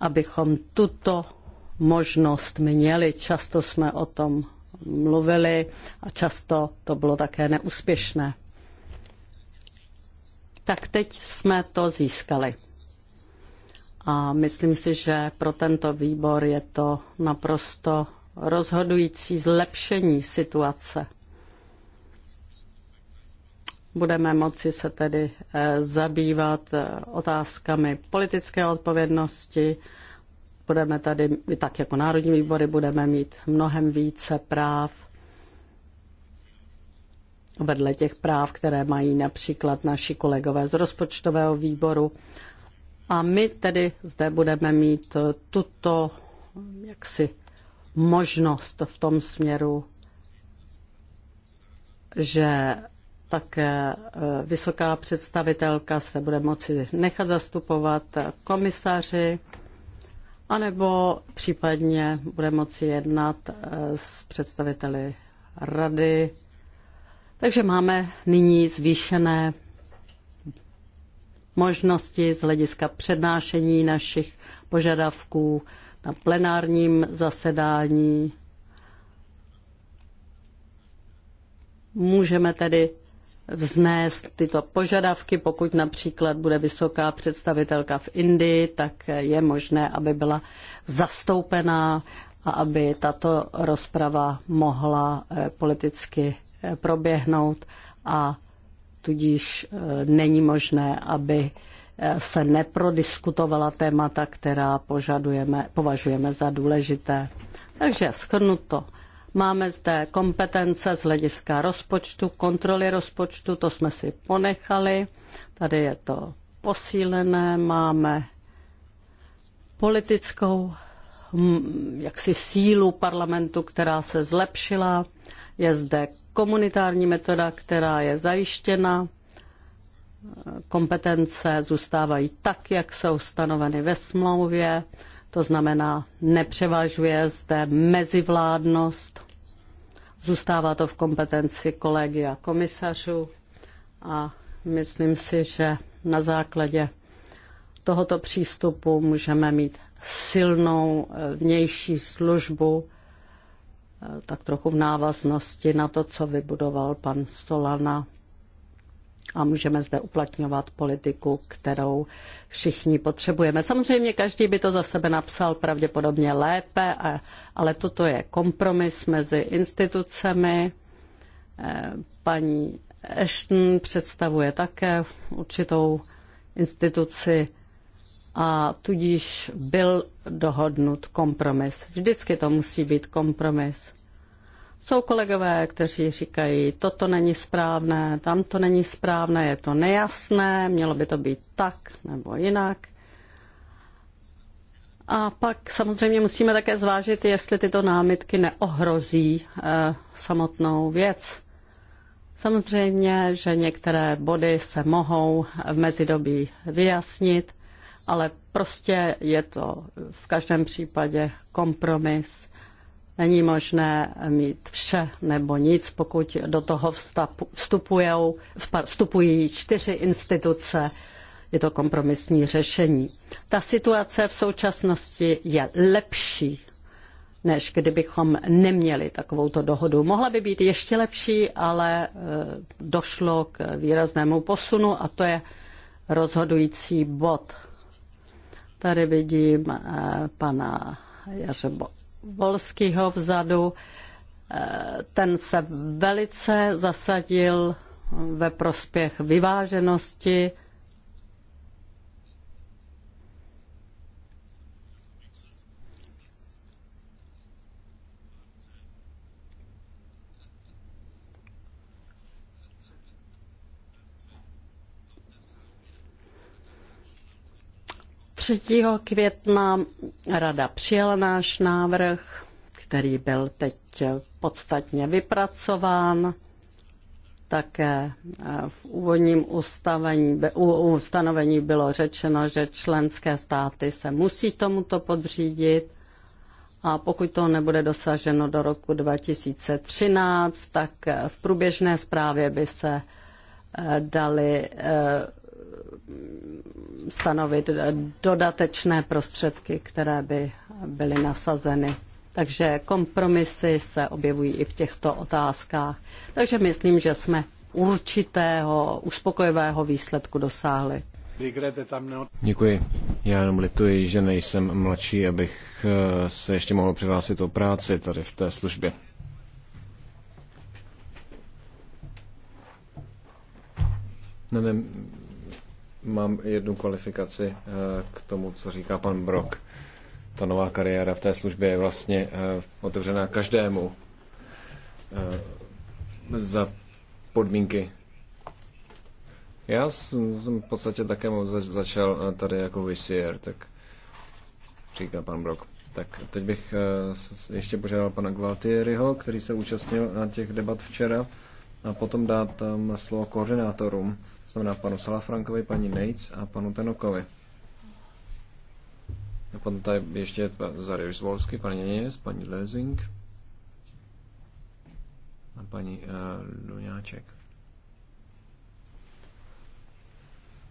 abychom tuto možnost měli. Často jsme o tom mluvili a často to bylo také neúspěšné. Tak teď jsme to získali. A myslím si, že pro tento výbor je to naprosto rozhodující zlepšení situace. Budeme moci se tedy eh, zabývat eh, otázkami politické odpovědnosti. Budeme tady, tak jako národní výbory, budeme mít mnohem více práv vedle těch práv, které mají například naši kolegové z rozpočtového výboru. A my tedy zde budeme mít eh, tuto jaksi možnost v tom směru, že také eh, vysoká představitelka se bude moci nechat zastupovat komisaři, anebo případně bude moci jednat eh, s představiteli rady. Takže máme nyní zvýšené možnosti z hlediska přednášení našich požadavků na plenárním zasedání. Můžeme tedy vznést tyto požadavky, pokud například bude vysoká představitelka v Indii, tak je možné, aby byla zastoupená a aby tato rozprava mohla eh, politicky eh, proběhnout a tudíž eh, není možné, aby se neprodiskutovala témata, která požadujeme, považujeme za důležité. Takže shrnuto. Máme zde kompetence z hlediska rozpočtu, kontroly rozpočtu, to jsme si ponechali. Tady je to posílené, máme politickou hm, jaksi sílu parlamentu, která se zlepšila. Je zde komunitární metoda, která je zajištěna. Kompetence zůstávají tak, jak jsou stanoveny ve smlouvě to znamená, nepřevažuje zde mezivládnost, zůstává to v kompetenci kolegia komisařů a myslím si, že na základě tohoto přístupu můžeme mít silnou eh, vnější službu, eh, tak trochu v návaznosti na to, co vybudoval pan Solana a můžeme zde uplatňovat politiku, kterou všichni potřebujeme. Samozřejmě každý by to za sebe napsal pravděpodobně lépe, ale toto je kompromis mezi institucemi. E, paní Ashton představuje také určitou instituci a tudíž byl dohodnut kompromis. Vždycky to musí být kompromis. Jsou kolegové, kteří říkají, toto není správné, tam to není správné, je to nejasné, mělo by to být tak nebo jinak. A pak samozřejmě musíme také zvážit, jestli tyto námitky neohrozí e, samotnou věc. Samozřejmě, že některé body se mohou v mezidobí vyjasnit, ale prostě je to v každém případě kompromis Není možné mít vše nebo nic, pokud do toho vstupují čtyři instituce. Je to kompromisní řešení. Ta situace v současnosti je lepší, než kdybychom neměli takovouto dohodu. Mohla by být ještě lepší, ale e, došlo k výraznému posunu a to je rozhodující bod. Tady vidím e, pana Jařebo Volského vzadu. Eh, ten se velice zasadil ve prospěch vyváženosti 3. května rada přijala náš návrh, který byl teď podstatně vypracován. Také eh, v úvodním ustavení, ustanovení bylo řečeno, že členské státy se musí tomuto podřídit a pokud to nebude dosaženo do roku 2013, tak eh, v průběžné zprávě by se eh, dali stanovit dodatečné prostředky, které by byly nasazeny. Takže kompromisy se objevují i v těchto otázkách. Takže myslím, že jsme určitého uspokojivého výsledku dosáhli. Děkuji. Já jenom lituji, že nejsem mladší, abych eh, se ještě mohl přihlásit o práci tady v té službě. Ne, ne, Mám jednu kvalifikaci eh, k tomu, co říká pan Brok. Ta nová kariéra v té službě je vlastně eh, otevřená každému eh, za podmínky. Já jsem v podstatě také začal tady jako visier, tak říká pan Brok. Tak teď bych ještě požádal pana Gualtieriho, který se účastnil na těch debat včera, a potom dát tam slovo koordinátorům znamená panu Salafrankovi, paní Nates a panu Tenokovi. A potom tady ještě Zarež Zvolsky, paní Něněz, paní Lezing a paní uh, Luňáček.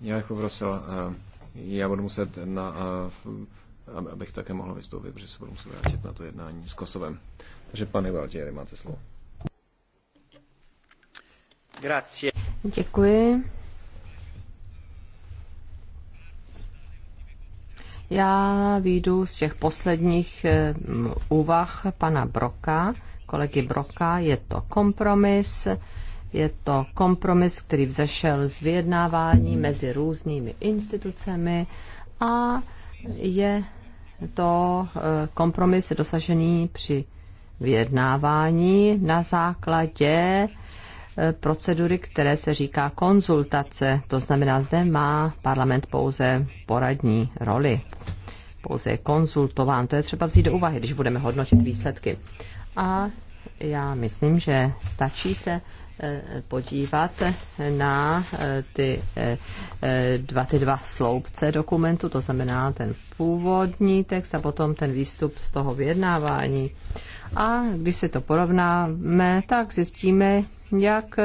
Já bych poprosil, uh, já budu muset na, uh, abych také mohl vystoupit, protože se budu muset vrátit na to jednání s Kosovem. Takže pane Valtieri, máte slovo. Grazie. Děkuji. Já výjdu z těch posledních eh, úvah pana Broka, kolegy Broka. Je to kompromis, je to kompromis, který vzešel z vyjednávání mezi různými institucemi a je to eh, kompromis dosažený při vyjednávání na základě Eh, procedury, které se říká konzultace. To znamená, zde má parlament pouze poradní roli. Pouze je konzultován. To je třeba vzít do úvahy, když budeme hodnotit výsledky. A já myslím, že stačí se podívat na eh, ty eh, eh, dva, ty dva sloupce dokumentu, to znamená ten původní text a potom ten výstup z toho vyjednávání. A když se to porovnáme, tak zjistíme, jak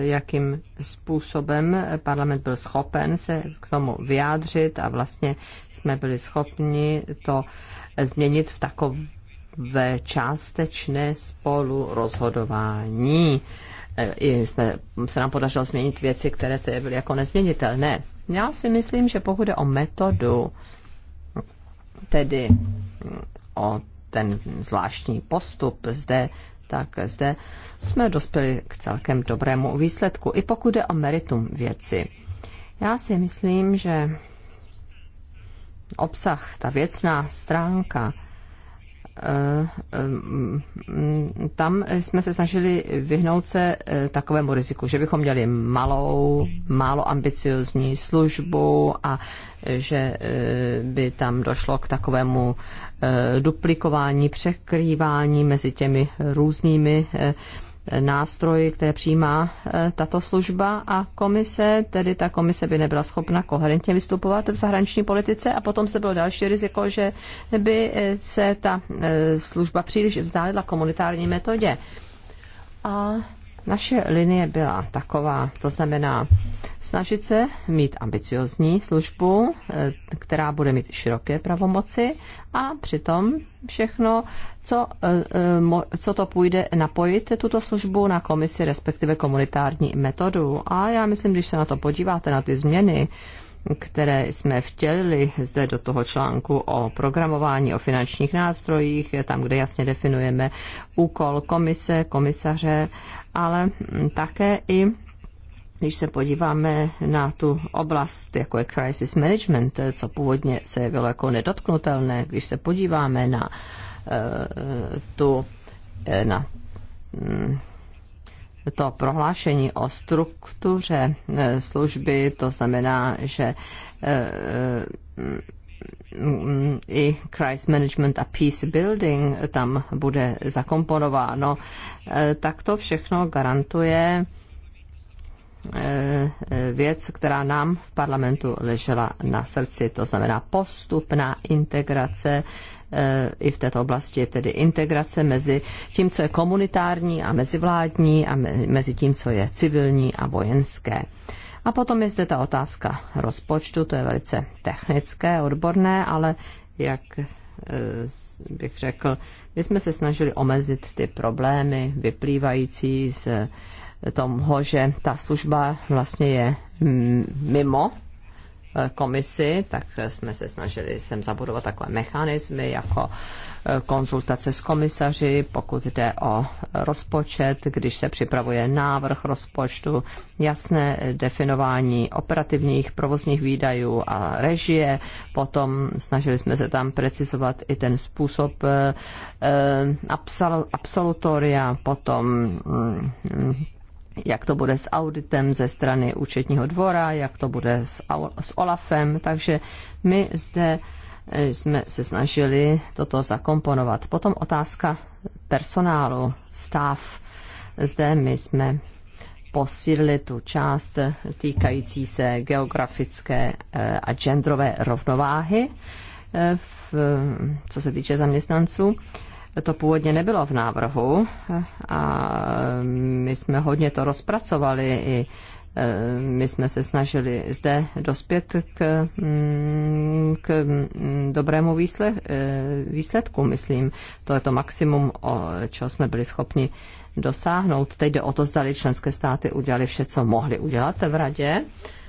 jakým způsobem parlament byl schopen se k tomu vyjádřit a vlastně jsme byli schopni to změnit v takové v částečné spolu rozhodování. E, I jsme, se nám podařilo změnit věci, které se jevily jako nezměnitelné. Já si myslím, že pokud je o metodu, tedy mm, o ten zvláštní postup zde, tak zde jsme dospěli k celkem dobrému výsledku, i pokud je o meritum věci. Já si myslím, že obsah, ta věcná stránka, Eh, eh, mm, mm, tam jsme se snažili vyhnout se eh, takovému riziku, že bychom měli malou, málo ambiciozní službu a že by tam došlo k takovému duplikování, překrývání mezi těmi různými nástroj, které přijímá e, tato služba a komise, tedy ta komise by nebyla schopna koherentně vystupovat v zahraniční politice a potom se bylo další riziko, že by e, se ta e, služba příliš vzdálila komunitární metodě. A naše linie byla taková, to znamená snažit se mít ambiciozní službu, eh, která bude mít široké pravomoci a přitom všechno, co, eh, eh, co to půjde napojit tuto službu na komisi, respektive komunitární metodu. A já myslím, když se na to podíváte, na ty změny, které jsme vtělili zde do toho článku o programování, o finančních nástrojích, tam, kde jasně definujeme úkol komise, komisaře, ale také i když se podíváme na tu oblast, jako je crisis management, co původně se jevilo jako nedotknutelné, když se podíváme na eh, tu eh, na mm, to prohlášení o struktuře e, služby, to znamená, že e, e, i Christ Management a Peace Building tam bude zakomponováno, tak to všechno garantuje věc, která nám v parlamentu ležela na srdci, to znamená postupná integrace i v této oblasti, tedy integrace mezi tím, co je komunitární a mezivládní a mezi tím, co je civilní a vojenské. A potom je zde ta otázka rozpočtu, to je velice technické, odborné, ale jak e, bych řekl, my jsme se snažili omezit ty problémy vyplývající z toho, že ta služba vlastně je mimo Eh, komisi, tak jsme se snažili sem zabudovat takové mechanismy jako eh, konzultace s komisaři, pokud jde o rozpočet, když se připravuje návrh rozpočtu, jasné definování operativních provozních výdajů a režie, potom snažili jsme se tam precizovat i ten způsob eh, absolutoria, potom mm, jak to bude s auditem ze strany účetního dvora, jak to bude s, s OLAFem. Takže my zde e, jsme se snažili toto zakomponovat. Potom otázka personálu, stav. Zde my jsme posílili tu část týkající se geografické e, a genderové rovnováhy, e, v, co se týče zaměstnanců to původně nebylo v návrhu a my jsme hodně to rozpracovali i e, my jsme se snažili zde dospět k, mm, k mm, dobrému e, výsledku, myslím. To je to maximum, o čeho jsme byli schopni dosáhnout. Teď jde o to, zdali členské státy udělali vše, co mohli udělat v radě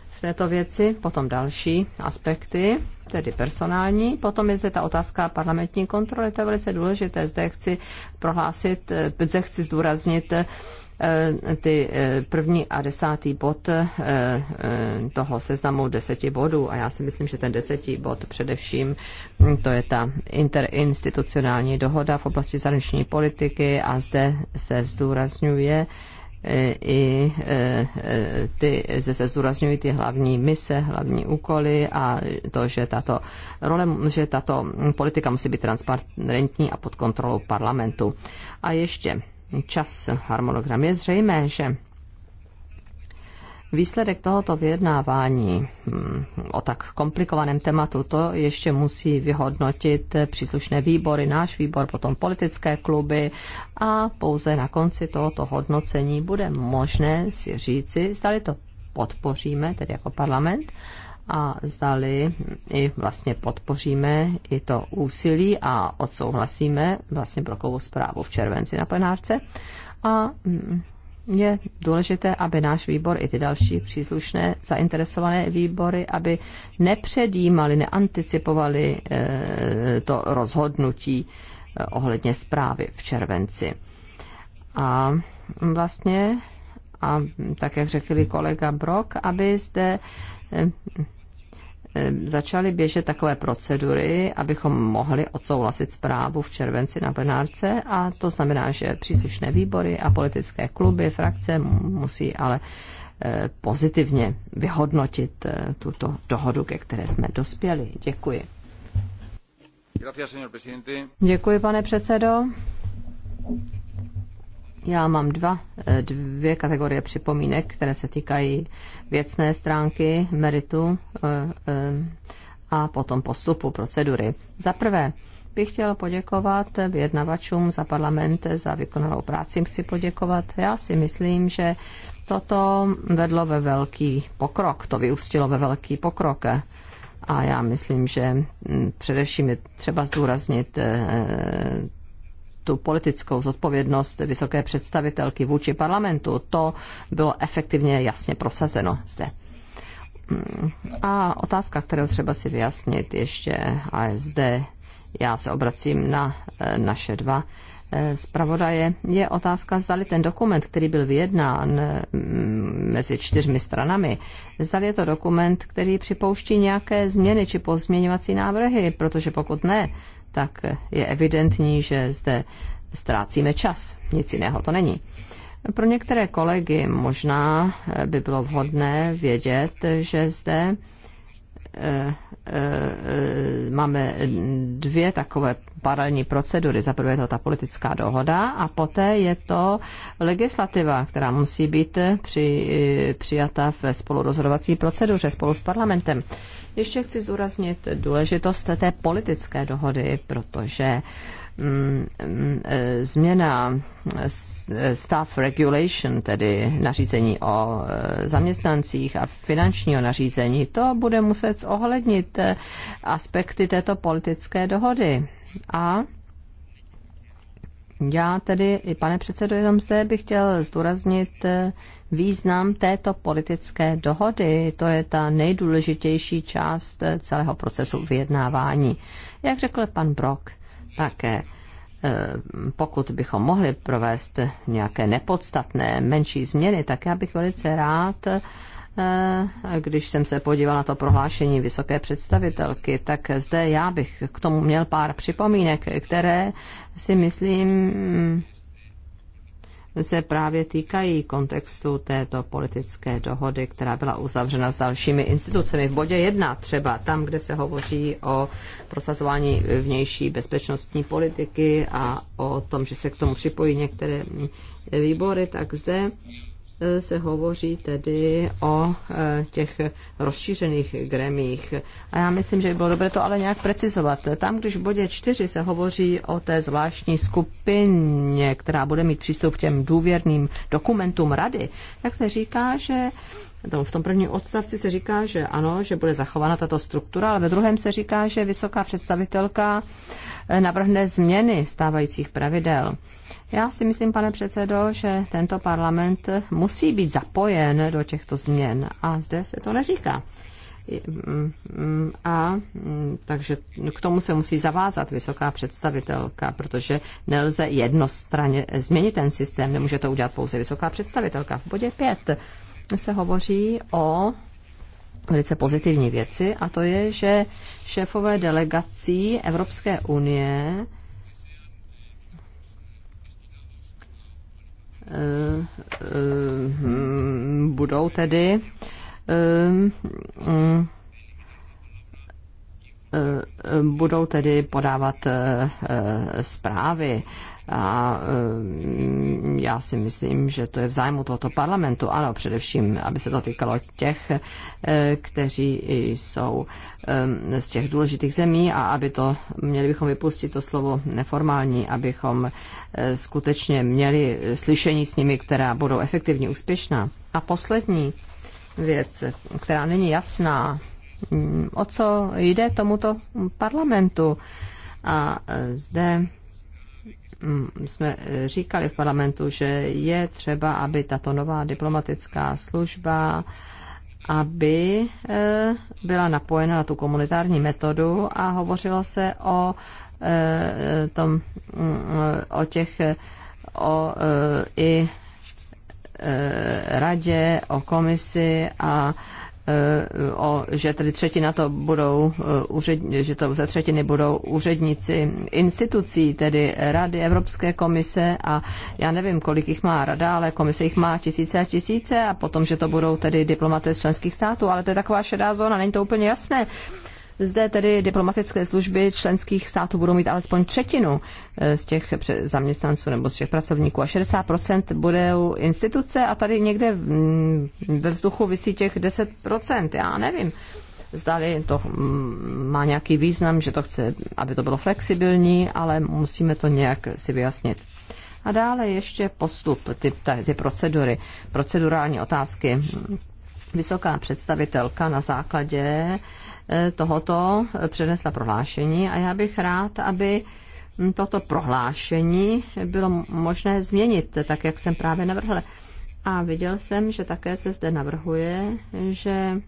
v této věci. Potom další aspekty tedy personální. Potom je zde ta otázka parlamentní kontroly, to je velice důležité. Zde chci prohlásit, zde chci zdůraznit eh, ty eh, první a desátý bod eh, toho seznamu deseti bodů a já si myslím, že ten desetý bod především hm, to je ta interinstitucionální dohoda v oblasti zahraniční politiky a zde se zdůrazňuje, i e, ty, zde se zdůrazňují ty hlavní mise, hlavní úkoly a to, že tato, role, že tato politika musí být transparentní a pod kontrolou parlamentu. A ještě čas harmonogram je zřejmé, že Výsledek tohoto vyjednávání hmm, o tak komplikovaném tématu, to ještě musí vyhodnotit příslušné výbory, náš výbor, potom politické kluby a pouze na konci tohoto hodnocení bude možné si říci, zdali to podpoříme, tedy jako parlament, a zdali i vlastně podpoříme i to úsilí a odsouhlasíme vlastně brokovou zprávu v červenci na plenárce. A hmm, je důležité, aby náš výbor i ty další příslušné zainteresované výbory, aby nepředjímali, neanticipovali eh, to rozhodnutí eh, ohledně zprávy v červenci. A vlastně, a tak jak řekli kolega Brok, aby zde eh, Ehm, začaly běžet takové procedury, abychom mohli odsouhlasit zprávu v červenci na plenárce a to znamená, že příslušné výbory a politické kluby, frakce musí ale eh, pozitivně vyhodnotit eh, tuto dohodu, ke které jsme dospěli. Děkuji. Děkuji, pane předsedo. Já mám dva, eh, dvě kategorie připomínek, které se týkají věcné stránky, meritu eh, eh, a potom postupu procedury. Za prvé, bych chtěl poděkovat vyjednavačům za parlament za vykonanou práci. Chci poděkovat. Já si myslím, že toto vedlo ve velký pokrok, to vyústilo ve velký pokrok. A já myslím, že mm, především je třeba zdůraznit tu politickou zodpovědnost vysoké představitelky vůči parlamentu, to bylo efektivně jasně prosazeno zde. A otázka, kterou třeba si vyjasnit ještě, a zde já se obracím na eh, naše dva eh, zpravodaje, je otázka, zdali ten dokument, který byl vyjednán eh, mezi čtyřmi stranami, zdali je to dokument, který připouští nějaké změny či pozměňovací návrhy, protože pokud ne, tak je evidentní, že zde ztrácíme čas. Nic jiného to není. Pro některé kolegy možná by bylo vhodné vědět, že zde máme dvě takové paralelní procedury. Za prvé je to ta politická dohoda a poté je to legislativa, která musí být při, přijata ve spolurozhodovací proceduře spolu s parlamentem. Ještě chci zúraznit důležitost té politické dohody, protože uh, změna staff regulation, tedy nařízení o e, zaměstnancích a finančního nařízení, to bude muset zohlednit e, aspekty této politické dohody. A já tedy, i pane předsedo, jenom zde bych chtěl zdůraznit e, význam této politické dohody. To je ta nejdůležitější část celého procesu vyjednávání. Jak řekl pan Brock také eh, pokud bychom mohli provést nějaké nepodstatné menší změny, tak já bych velice rád, eh, když jsem se podíval na to prohlášení vysoké představitelky, tak zde já bych k tomu měl pár připomínek, které si myslím se právě týkají kontextu této politické dohody, která byla uzavřena s dalšími institucemi. V bodě jedna třeba tam, kde se hovoří o prosazování vnější bezpečnostní politiky a o tom, že se k tomu připojí některé výbory, tak zde Eh, se hovoří tedy o eh, těch rozšířených gremích. A já myslím, že by bylo dobré to ale nějak precizovat. Tam, když v bodě 4 se hovoří o té zvláštní skupině, která bude mít přístup k těm důvěrným dokumentům rady, tak se říká, že v tom prvním odstavci se říká, že ano, že bude zachována tato struktura, ale ve druhém se říká, že vysoká představitelka eh, navrhne změny stávajících pravidel. Já si myslím, pane předsedo, že tento parlament musí být zapojen do těchto změn a zde se to neříká. Mm, mm, a mm, takže k tomu se musí zavázat vysoká představitelka, protože nelze jednostranně změnit ten systém, nemůže to udělat pouze vysoká představitelka. V bodě 5 se hovoří o velice pozitivní věci a to je, že šéfové delegací Evropské unie budou tedy eh, eh, budou tedy podávat eh, zprávy a mm, já si myslím, že to je v zájmu tohoto parlamentu, ano, především, aby se to týkalo těch, eh, kteří jsou ehm, z těch důležitých zemí a aby to, měli bychom vypustit to slovo neformální, abychom eh, skutečně měli slyšení s nimi, která budou efektivně úspěšná. A poslední věc, která není jasná, mm, o co jde tomuto parlamentu. A eh, zde Mm, jsme eh, říkali v parlamentu, že je třeba, aby tato nová diplomatická služba aby eh, byla napojena na tu komunitární metodu a hovořilo se o eh, tom, mm, o těch, o i radě, o komisi a Eh, o, že tedy třetina to budou, eh, že to ze třetiny budou úředníci institucí, tedy Rady Evropské komise a já nevím, kolik jich má rada, ale komise jich má tisíce a tisíce a potom, že to budou tedy diplomaté z členských států, ale to je taková šedá zóna, není to úplně jasné. Zde tedy diplomatické služby členských států budou mít alespoň třetinu eh, z těch zaměstnanců nebo z těch pracovníků a 60% budou instituce a tady někde mm, ve vzduchu vysí těch 10%, já nevím. Zdali to mm, má nějaký význam, že to chce, aby to bylo flexibilní, ale musíme to nějak si vyjasnit. A dále ještě postup, ty, ty procedury, procedurální otázky. Vysoká představitelka na základě tohoto přednesla prohlášení a já bych rád, aby toto prohlášení bylo možné změnit, tak jak jsem právě navrhl. A viděl jsem, že také se zde navrhuje, že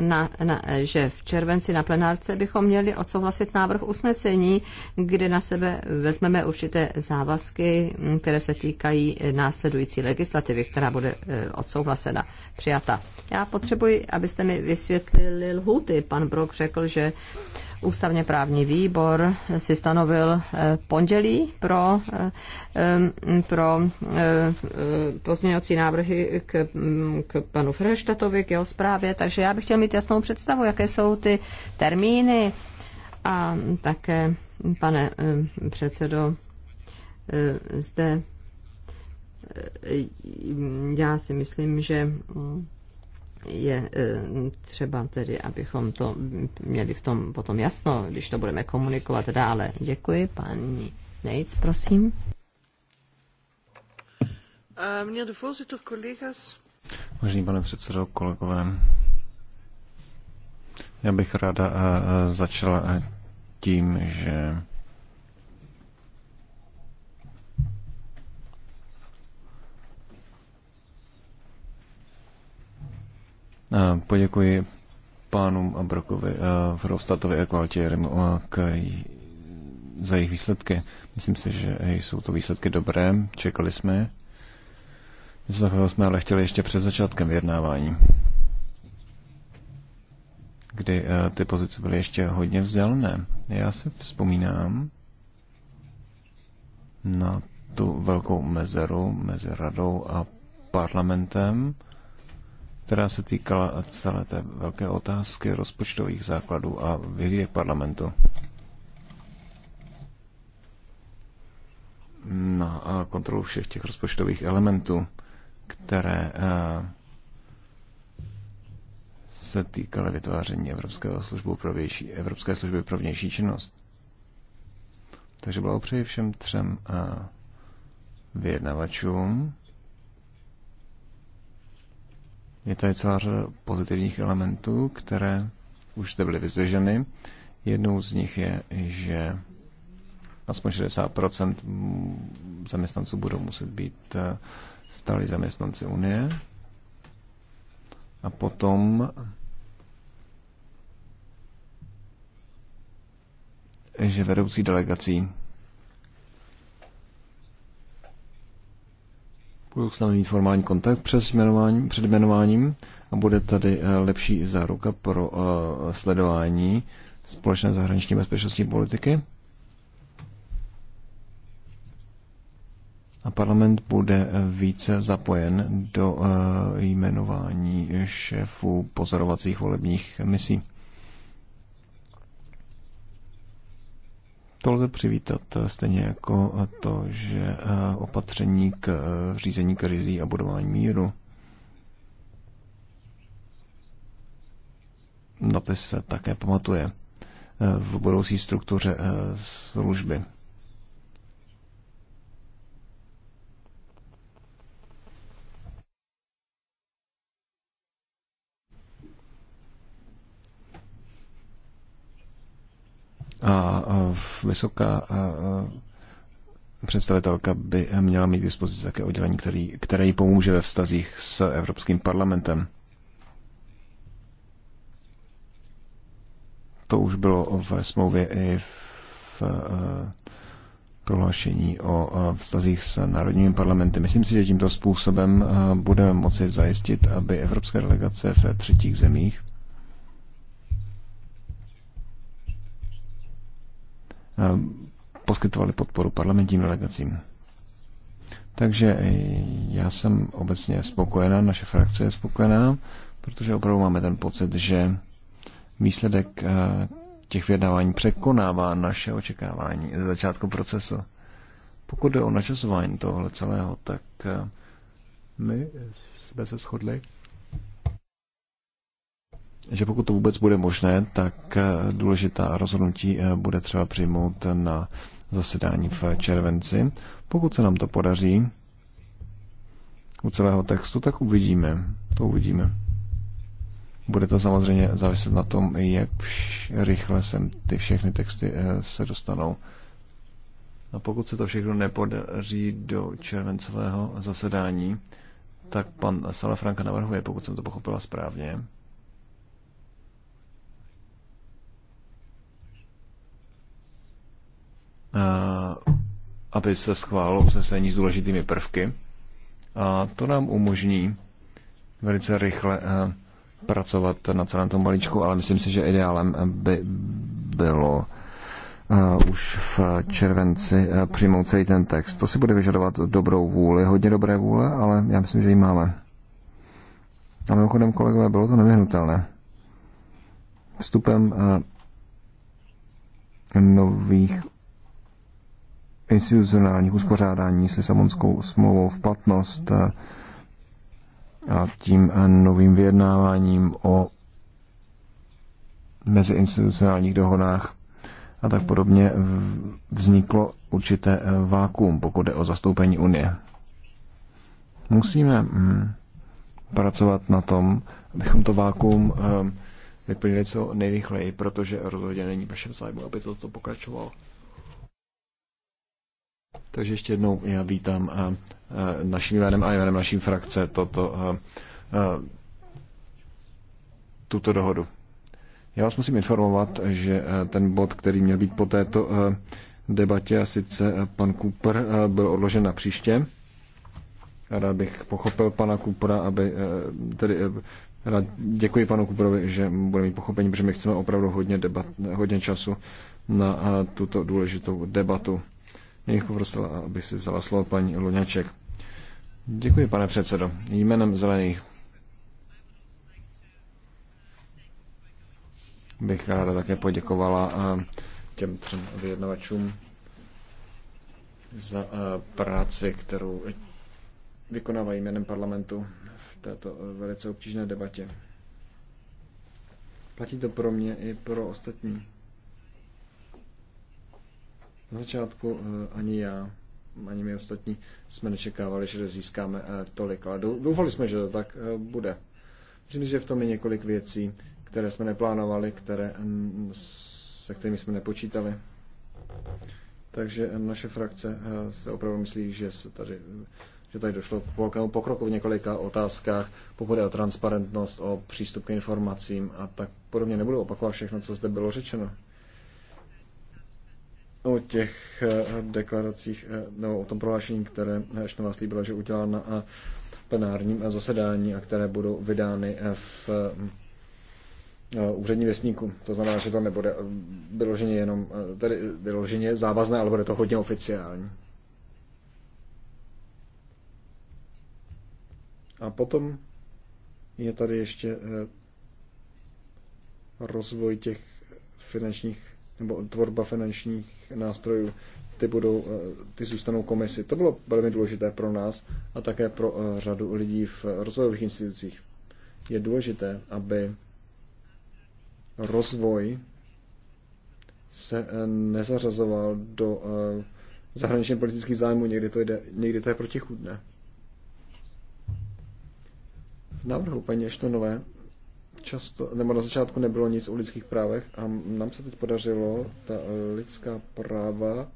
na, na, že v červenci na plenárce bychom měli odsouhlasit návrh usnesení, kde na sebe vezmeme určité závazky, které se týkají následující legislativy, která bude eh, odsouhlasena, přijata. Já potřebuji, abyste mi vysvětlili lhuty. Pan Brok řekl, že Ústavně právní výbor si stanovil eh, pondělí pro, eh, pro eh, pozměňovací návrhy k, mm, k panu Freštatovi, k jeho zprávě, takže já bych chtěl mít jasnou představu, jaké jsou ty termíny a také, pane předsedo, zde já si myslím, že mm, je e, třeba tedy, abychom to měli v tom potom jasno, když to budeme komunikovat dále. Děkuji, paní Nejc, prosím. Meneer de voorzitter, collega's. Vážený pane předsedo, kolegové, já bych ráda e, e, začala tím, že Poděkuji pánům Abrokovi, eh, Frostatovi a Kvaltierimu eh, k za jejich výsledky. Myslím si, že jsou to výsledky dobré, čekali jsme. Něco takového jsme ale chtěli ještě před začátkem vyjednávání, kdy eh, ty pozice byly ještě hodně vzdálené. Já si vzpomínám na tu velkou mezeru mezi radou a parlamentem, která se týkala celé té velké otázky rozpočtových základů a vyhlídek parlamentu. na kontrolu všech těch rozpočtových elementů, které eh, se týkaly vytváření Evropského službu pro vější, Evropské služby pro vnější činnost. Takže opřeji všem třem eh, vyjednavačům je tady celá řada pozitivních elementů, které už zde byly vyzvěženy. Jednou z nich je, že aspoň 60% zaměstnanců budou muset být eh, stálí zaměstnanci Unie. A potom že vedoucí delegací budou s námi mít formální kontakt přes jmenování, před jmenováním a bude tady eh, lepší záruka pro eh, sledování společné zahraniční bezpečnostní politiky. A parlament bude eh, více zapojen do jmenování šéfů pozorovacích volebních misí. To lze přivítat eh, stejně jako eh, to, že eh, opatření k řízení krizí a budování míru na to se také pamatuje v budoucí struktuře služby. a vysoká představitelka by měla mít k dispozici také oddělení, který, které jí pomůže ve vztazích s Evropským parlamentem. To už bylo ve smlouvě i v prohlášení o vztazích s národními parlamenty. Myslím si, že tímto způsobem budeme moci zajistit, aby evropské delegace v třetích zemích Eh, poskytovali podporu parlamentním delegacím. Takže já jsem obecně spokojená, naše frakce je spokojená, protože opravdu máme ten pocit, že výsledek eh, těch vyjednávání překonává naše očekávání ze začátku procesu. Pokud jde o načasování tohle celého, tak eh, my jsme se shodli že pokud to vůbec bude možné, tak eh, důležitá rozhodnutí eh, bude třeba přijmout na zasedání v červenci. Pokud se nám to podaří u celého textu, tak uvidíme. To uvidíme. Bude to samozřejmě záviset na tom, jak rychle sem ty všechny texty eh, se dostanou. A pokud se to všechno nepodaří do červencového zasedání, tak pan Salafranka navrhuje, pokud jsem to pochopila správně, Eh, aby se schválilo usnesení s důležitými prvky. A to nám umožní velice rychle eh, pracovat na celém tom balíčku, ale myslím si, že ideálem eh, by bylo už v červenci přijmout celý ten text. To si bude vyžadovat dobrou vůli, hodně dobré vůle, ale já myslím, že ji máme. A mimochodem, kolegové, bylo to nevyhnutelné. Vstupem nových institucionálních uspořádání s Lisabonskou smlouvou v platnost eh, a tím eh, novým vyjednáváním o meziinstitucionálních dohodách a tak podobně vzniklo určité eh, vákuum, pokud jde o zastoupení Unie. Musíme hm, pracovat na tom, abychom to vákuum vyplnili co nejrychleji, protože rozhodně není vaše zájmu, aby toto pokračovalo. Takže ještě jednou já vítám eh, eh, naším jménem a jménem naší frakce toto, eh, tuto dohodu. Já vás musím informovat, že ten bod, který měl být po této debatě, a sice pan Cooper, byl odložen na příště. Rád bych pochopil pana Coopera, aby tedy rád děkuji panu Cooperovi, že bude mít pochopení, protože my chceme opravdu hodně, debat, hodně času na tuto důležitou debatu. Já bych poprosil, aby si vzala slovo paní Luňaček. Děkuji, pane předsedo. Jménem Zelených bych ráda také poděkovala eh, těm třem vyjednavačům za eh, práci, kterou vykonávají jménem parlamentu v této eh, velice obtížné debatě. Platí to pro mě i pro ostatní na začátku eh, ani já, ani my ostatní jsme nečekávali, že získáme eh, tolik, ale doufali jsme, že to tak eh, bude. Myslím si, že v tom je několik věcí, které jsme neplánovali, které, se kterými jsme nepočítali. Takže naše frakce se opravdu myslí, že se tady že tady došlo k velkému pokroku v několika otázkách, pokud je o transparentnost, o přístup k informacím a tak podobně. Nebudu opakovat všechno, co zde bylo řečeno o těch eh, deklaracích eh, nebo o tom prohlášení, které ještě vás líbila, že udělá na eh, plenárním zasedání a které budou vydány v úřední věstníku. To znamená, že to nebude vyloženě jenom, tedy vyloženě závazné, ale bude to hodně oficiální. A potom je tady ještě rozvoj těch finančních nebo tvorba finančních nástrojů, ty, budou, eh, ty zůstanou komisi. To bylo velmi důležité pro nás a také pro eh, řadu lidí v rozvojových institucích. Je důležité, aby rozvoj se eh, nezařazoval do zahraničně politických zájmů, někdy to, jde, někdy to je protichudné. V návrhu paní Eštonové často, nebo na začátku nebylo nic o lidských právech a nám se teď podařilo ta eh, lidská práva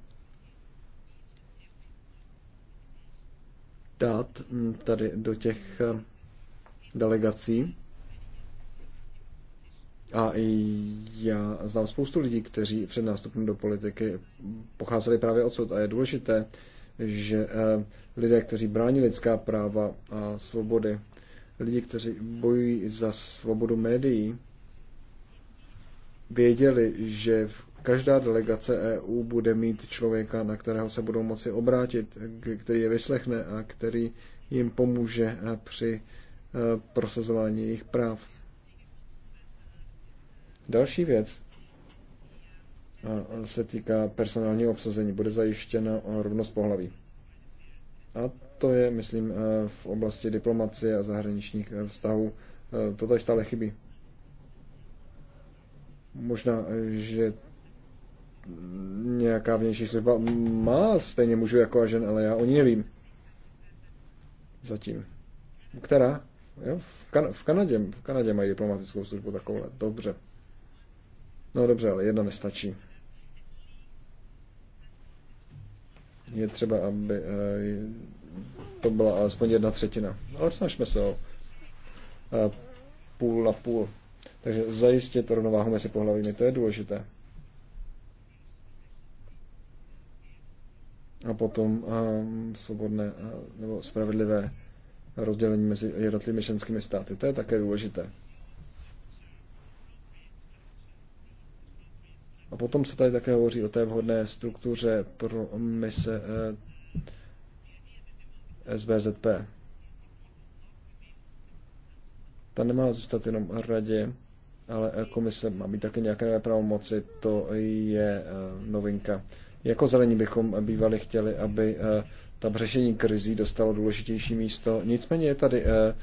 dát mm, tady do těch eh, delegací. A já znám spoustu lidí, kteří před nástupem do politiky pocházeli právě odsud. A je důležité, že eh, lidé, kteří brání lidská práva a svobody, lidi, kteří bojují za svobodu médií, věděli, že každá delegace EU bude mít člověka, na kterého se budou moci obrátit, který je vyslechne a který jim pomůže při e, prosazování jejich práv. Další věc se týká personálního obsazení. Bude zajištěna rovnost pohlaví. A to je, myslím, eh, v oblasti diplomacie a zahraničních eh, vztahů. Eh, to tady stále chybí. Možná, že nějaká vnější služba má stejně mužů jako a žen, ale já o ní nevím. Zatím. Která? Jo? V, kan- v, Kanadě, v Kanadě mají diplomatickou službu takovouhle. Dobře. No dobře, ale jedna nestačí. Je třeba, aby to byla alespoň jedna třetina. No, ale snažme se o e, půl na půl. Takže zajistit rovnováhu mezi pohlavími, to je důležité. A potom um, svobodné e, nebo spravedlivé rozdělení mezi jednotlivými ženskými státy. To je také důležité. A potom se tady také hovoří o té vhodné struktuře pro mise SBZP. Ta nemá zůstat jenom radě, ale komise má mít také nějaké nové pravomoci, to je eh, novinka. Jako zelení bychom bývali chtěli, aby eh, ta řešení krizí dostalo důležitější místo. Nicméně je tady eh,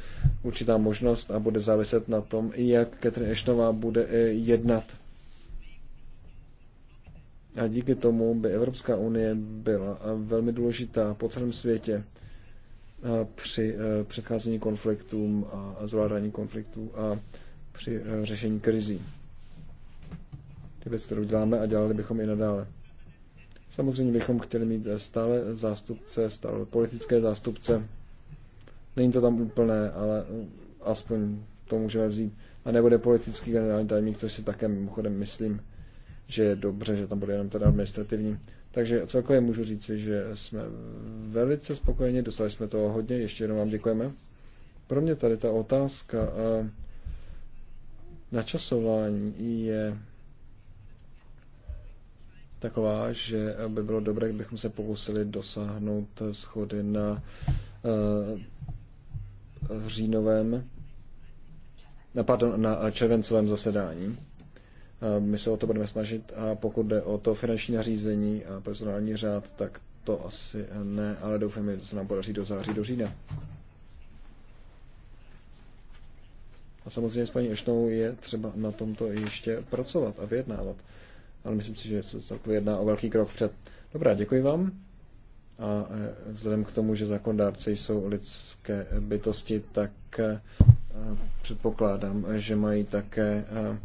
určitá možnost a bude záviset na tom, jak Catherine Ashtonová bude jednat. A díky tomu by Evropská unie byla velmi důležitá po celém světě. Eh, při eh, předcházení konfliktům a zvládání konfliktů a při eh, řešení krizí. Ty věci, kterou děláme a dělali bychom i nadále. Samozřejmě bychom chtěli mít stále zástupce, stále politické zástupce. Není to tam úplné, ale aspoň to můžeme vzít. A nebude politický generální tajemník, což si také mimochodem myslím, že je dobře, že tam bude jenom ten administrativní. Takže celkově můžu říci, že jsme velice spokojeni, dostali jsme toho hodně, ještě jednou vám děkujeme. Pro mě tady ta otázka a eh, načasování je taková, že by bylo dobré, kdybychom se pokusili dosáhnout schody na uh, říjnovém, pardon, na červencovém zasedání my se o to budeme snažit a pokud jde o to finanční nařízení a personální řád, tak to asi ne, ale doufám, že se nám podaří do září, do října. A samozřejmě s paní Ešnou je třeba na tomto ještě pracovat a vyjednávat. Ale myslím si, že se celkově jedná o velký krok před. Dobrá, děkuji vám. A e, vzhledem k tomu, že zákondárci jsou lidské bytosti, tak e, předpokládám, že mají také e,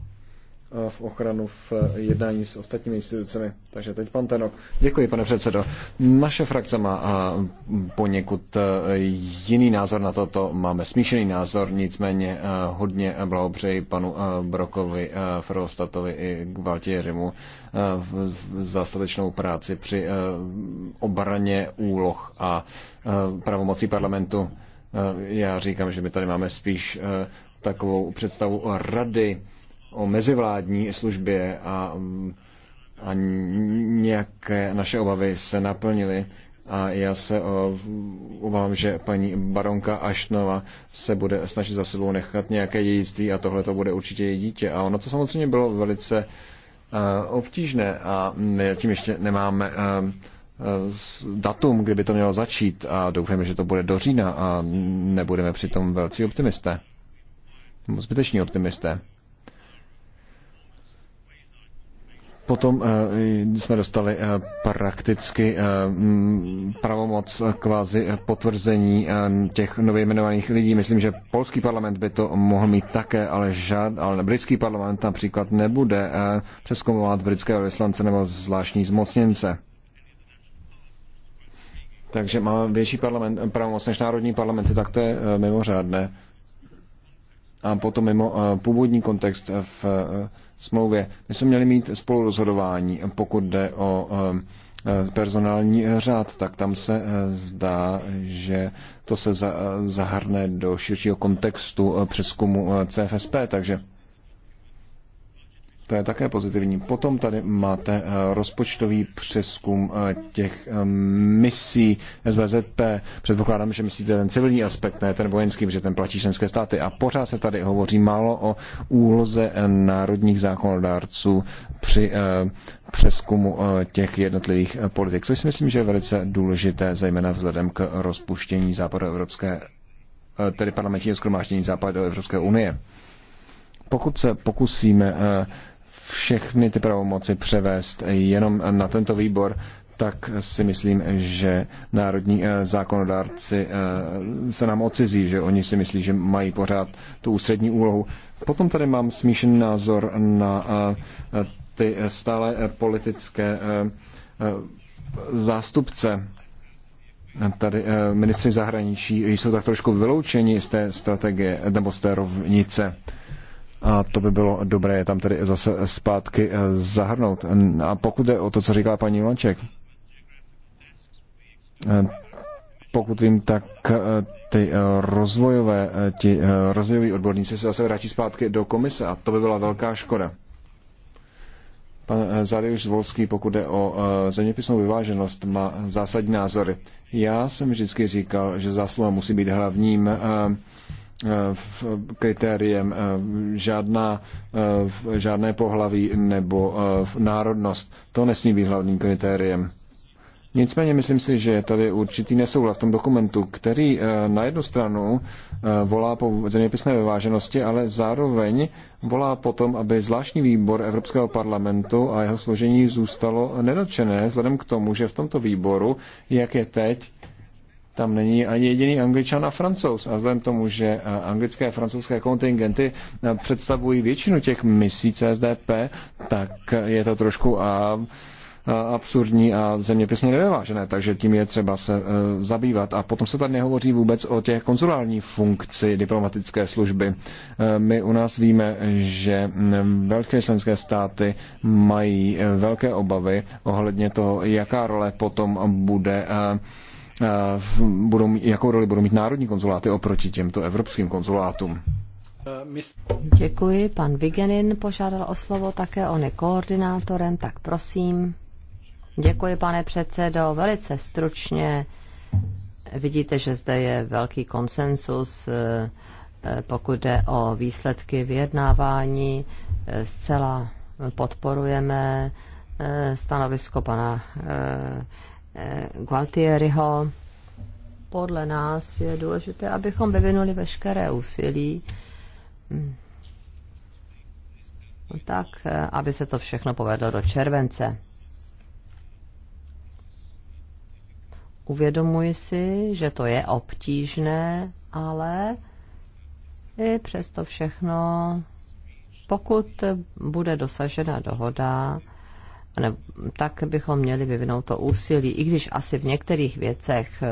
Eh, v ochranu v eh, jednání s ostatními institucemi. Takže teď pan Tenok. Děkuji, pane předsedo. Naše frakce má eh, poněkud jiný názor na toto. Máme smíšený názor, nicméně hodně blahopřeji panu Brokovi, Ferostatovi i Gvaltierimu za statečnou práci při obraně úloh a pravomocí parlamentu. Já říkám, že my tady máme spíš takovou představu rady, o mezivládní službě a, a nějaké naše obavy se naplnily. A já se obávám, že paní baronka Ašnova se bude snažit za sebou nechat nějaké dědictví a tohle to bude určitě její dítě. A ono to samozřejmě bylo velice e, obtížné a my tím ještě nemáme e, e, datum, kdyby to mělo začít a doufáme, že to bude do října a nebudeme přitom velcí optimisté. Zbyteční optimisté. Potom eh, jsme dostali eh, prakticky eh, mm, pravomoc kvázi potvrzení těch nově jmenovaných lidí. Myslím, že polský parlament by to mohl mít také, ale, žád, ale britský parlament například nebude přeskomovat britského vyslance nebo zvláštní zmocněnce. Takže máme větší parlament, pravomoc než národní parlamenty, tak to je mimořádné. A potom mimo původní kontext v smlouvě. My jsme měli mít spolurozhodování, pokud jde o um, eh, personální řád, tak tam se eh, zdá, že to se eh, zahrne do širšího kontextu přeskumu CFSP, takže to je také pozitivní. Potom tady máte eh, rozpočtový přeskum eh, těch eh, misí SBZP. Předpokládám, že myslíte ten civilní aspekt, ne ten vojenský, protože ten platí členské státy. A pořád se tady hovoří málo o úloze národních zákonodárců při přeskumu těch jednotlivých politik, což si myslím, že je velice důležité, zejména vzhledem k rozpuštění západoevropské, tedy parlamentního schromáždění západoevropské unie pokud se pokusíme všechny ty pravomoci převést jenom na tento výbor, tak si myslím, že národní eh, zákonodárci eh, se nám ocizí, že oni si myslí, že mají pořád tu ústřední úlohu. Potom tady mám smíšený názor na eh, ty stále politické zástupce. Tady ministři zahraničí jsou tak trošku vyloučeni z té strategie nebo z té rovnice. A to by bylo dobré je tam tedy zase zpátky eh, zahrnout. A pokud je o to, co říká paní Lanček, eh, pokud vím, tak eh, ty rozvojové, ti rozvojoví odborníci se zase vrátí zpátky do komise a to by byla velká škoda. Pan Zadejuš Zvolský, pokud jde o zeměpisnou vyváženost, má zásadní názory. Já jsem vždycky říkal, že zásluha musí být hlavním Eh, kritériem eh, žádná, eh, žádné pohlaví nebo národnost. To nesmí být hlavním kritériem. Nicméně myslím si, že tady je určitý nesouhlas v tom dokumentu, který na jednu stranu volá po zeměpisné vyváženosti, ale zároveň volá potom, aby zvláštní výbor Evropského parlamentu a jeho složení zůstalo nedotčené, vzhledem k tomu, že v tomto výboru, jak je teď, tam není ani jediný angličan a francouz. A vzhledem tomu, že eh, anglické a francouzské kontingenty eh, představují většinu těch misí CSDP, tak eh, je to trošku a absurdní a zeměpisně nevyvážené, takže tím je třeba se zabývat. A potom se tady nehovoří vůbec o těch konzulární funkci diplomatické služby. My u nás víme, že mm, velké členské státy mají velké obavy ohledně toho, jaká role potom bude budou mít, jakou roli budou mít národní konzuláty oproti těmto evropským konzulátům. Děkuji. Pan Vigenin požádal o slovo také, on je koordinátorem, tak prosím. Děkuji, pane předsedo. Velice stručně vidíte, že zde je velký konsensus, eh, eh, pokud jde o výsledky vyjednávání. Eh, zcela podporujeme stanovisko pana Eh, Gualtieriho. Podle nás je důležité, abychom vyvinuli veškeré úsilí hm, no tak, eh, aby se to všechno povedlo do července. Uvědomuji si, že to je obtížné, ale i přesto všechno, pokud bude dosažena dohoda, ne, tak bychom měli vyvinout to úsilí, i když asi v některých věcech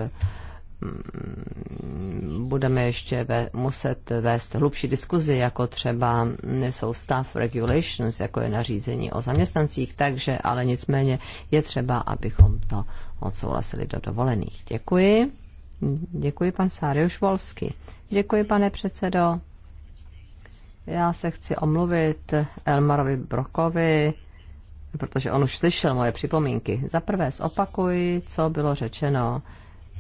mm, budeme ještě ve, muset vést hlubší diskuzi, jako třeba nesou staff regulations, jako je nařízení o zaměstnancích, takže ale nicméně je třeba, abychom to odsouhlasili do dovolených. Děkuji. Děkuji pan Sáriuš Volsky. Děkuji, pane předsedo. Já se chci omluvit Elmarovi Brokovi, protože on už slyšel moje připomínky. Za prvé zopakuji, co bylo řečeno.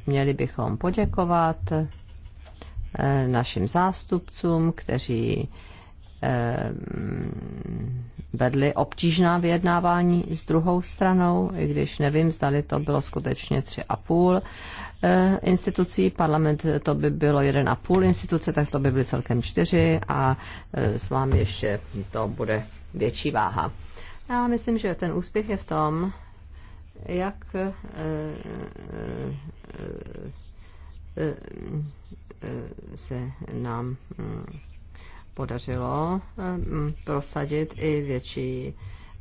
Měli bychom poděkovat eh, našim zástupcům, kteří eh, vedli obtížná vyjednávání s druhou stranou, i když nevím, zdali to bylo skutečně tři a půl eh, institucí, parlament to by bylo jeden a půl instituce, tak to by byly celkem čtyři a s vámi ještě to bude větší váha. Já myslím, že ten úspěch je v tom, jak eh, eh, eh, se nám hm, podařilo hm, prosadit i větší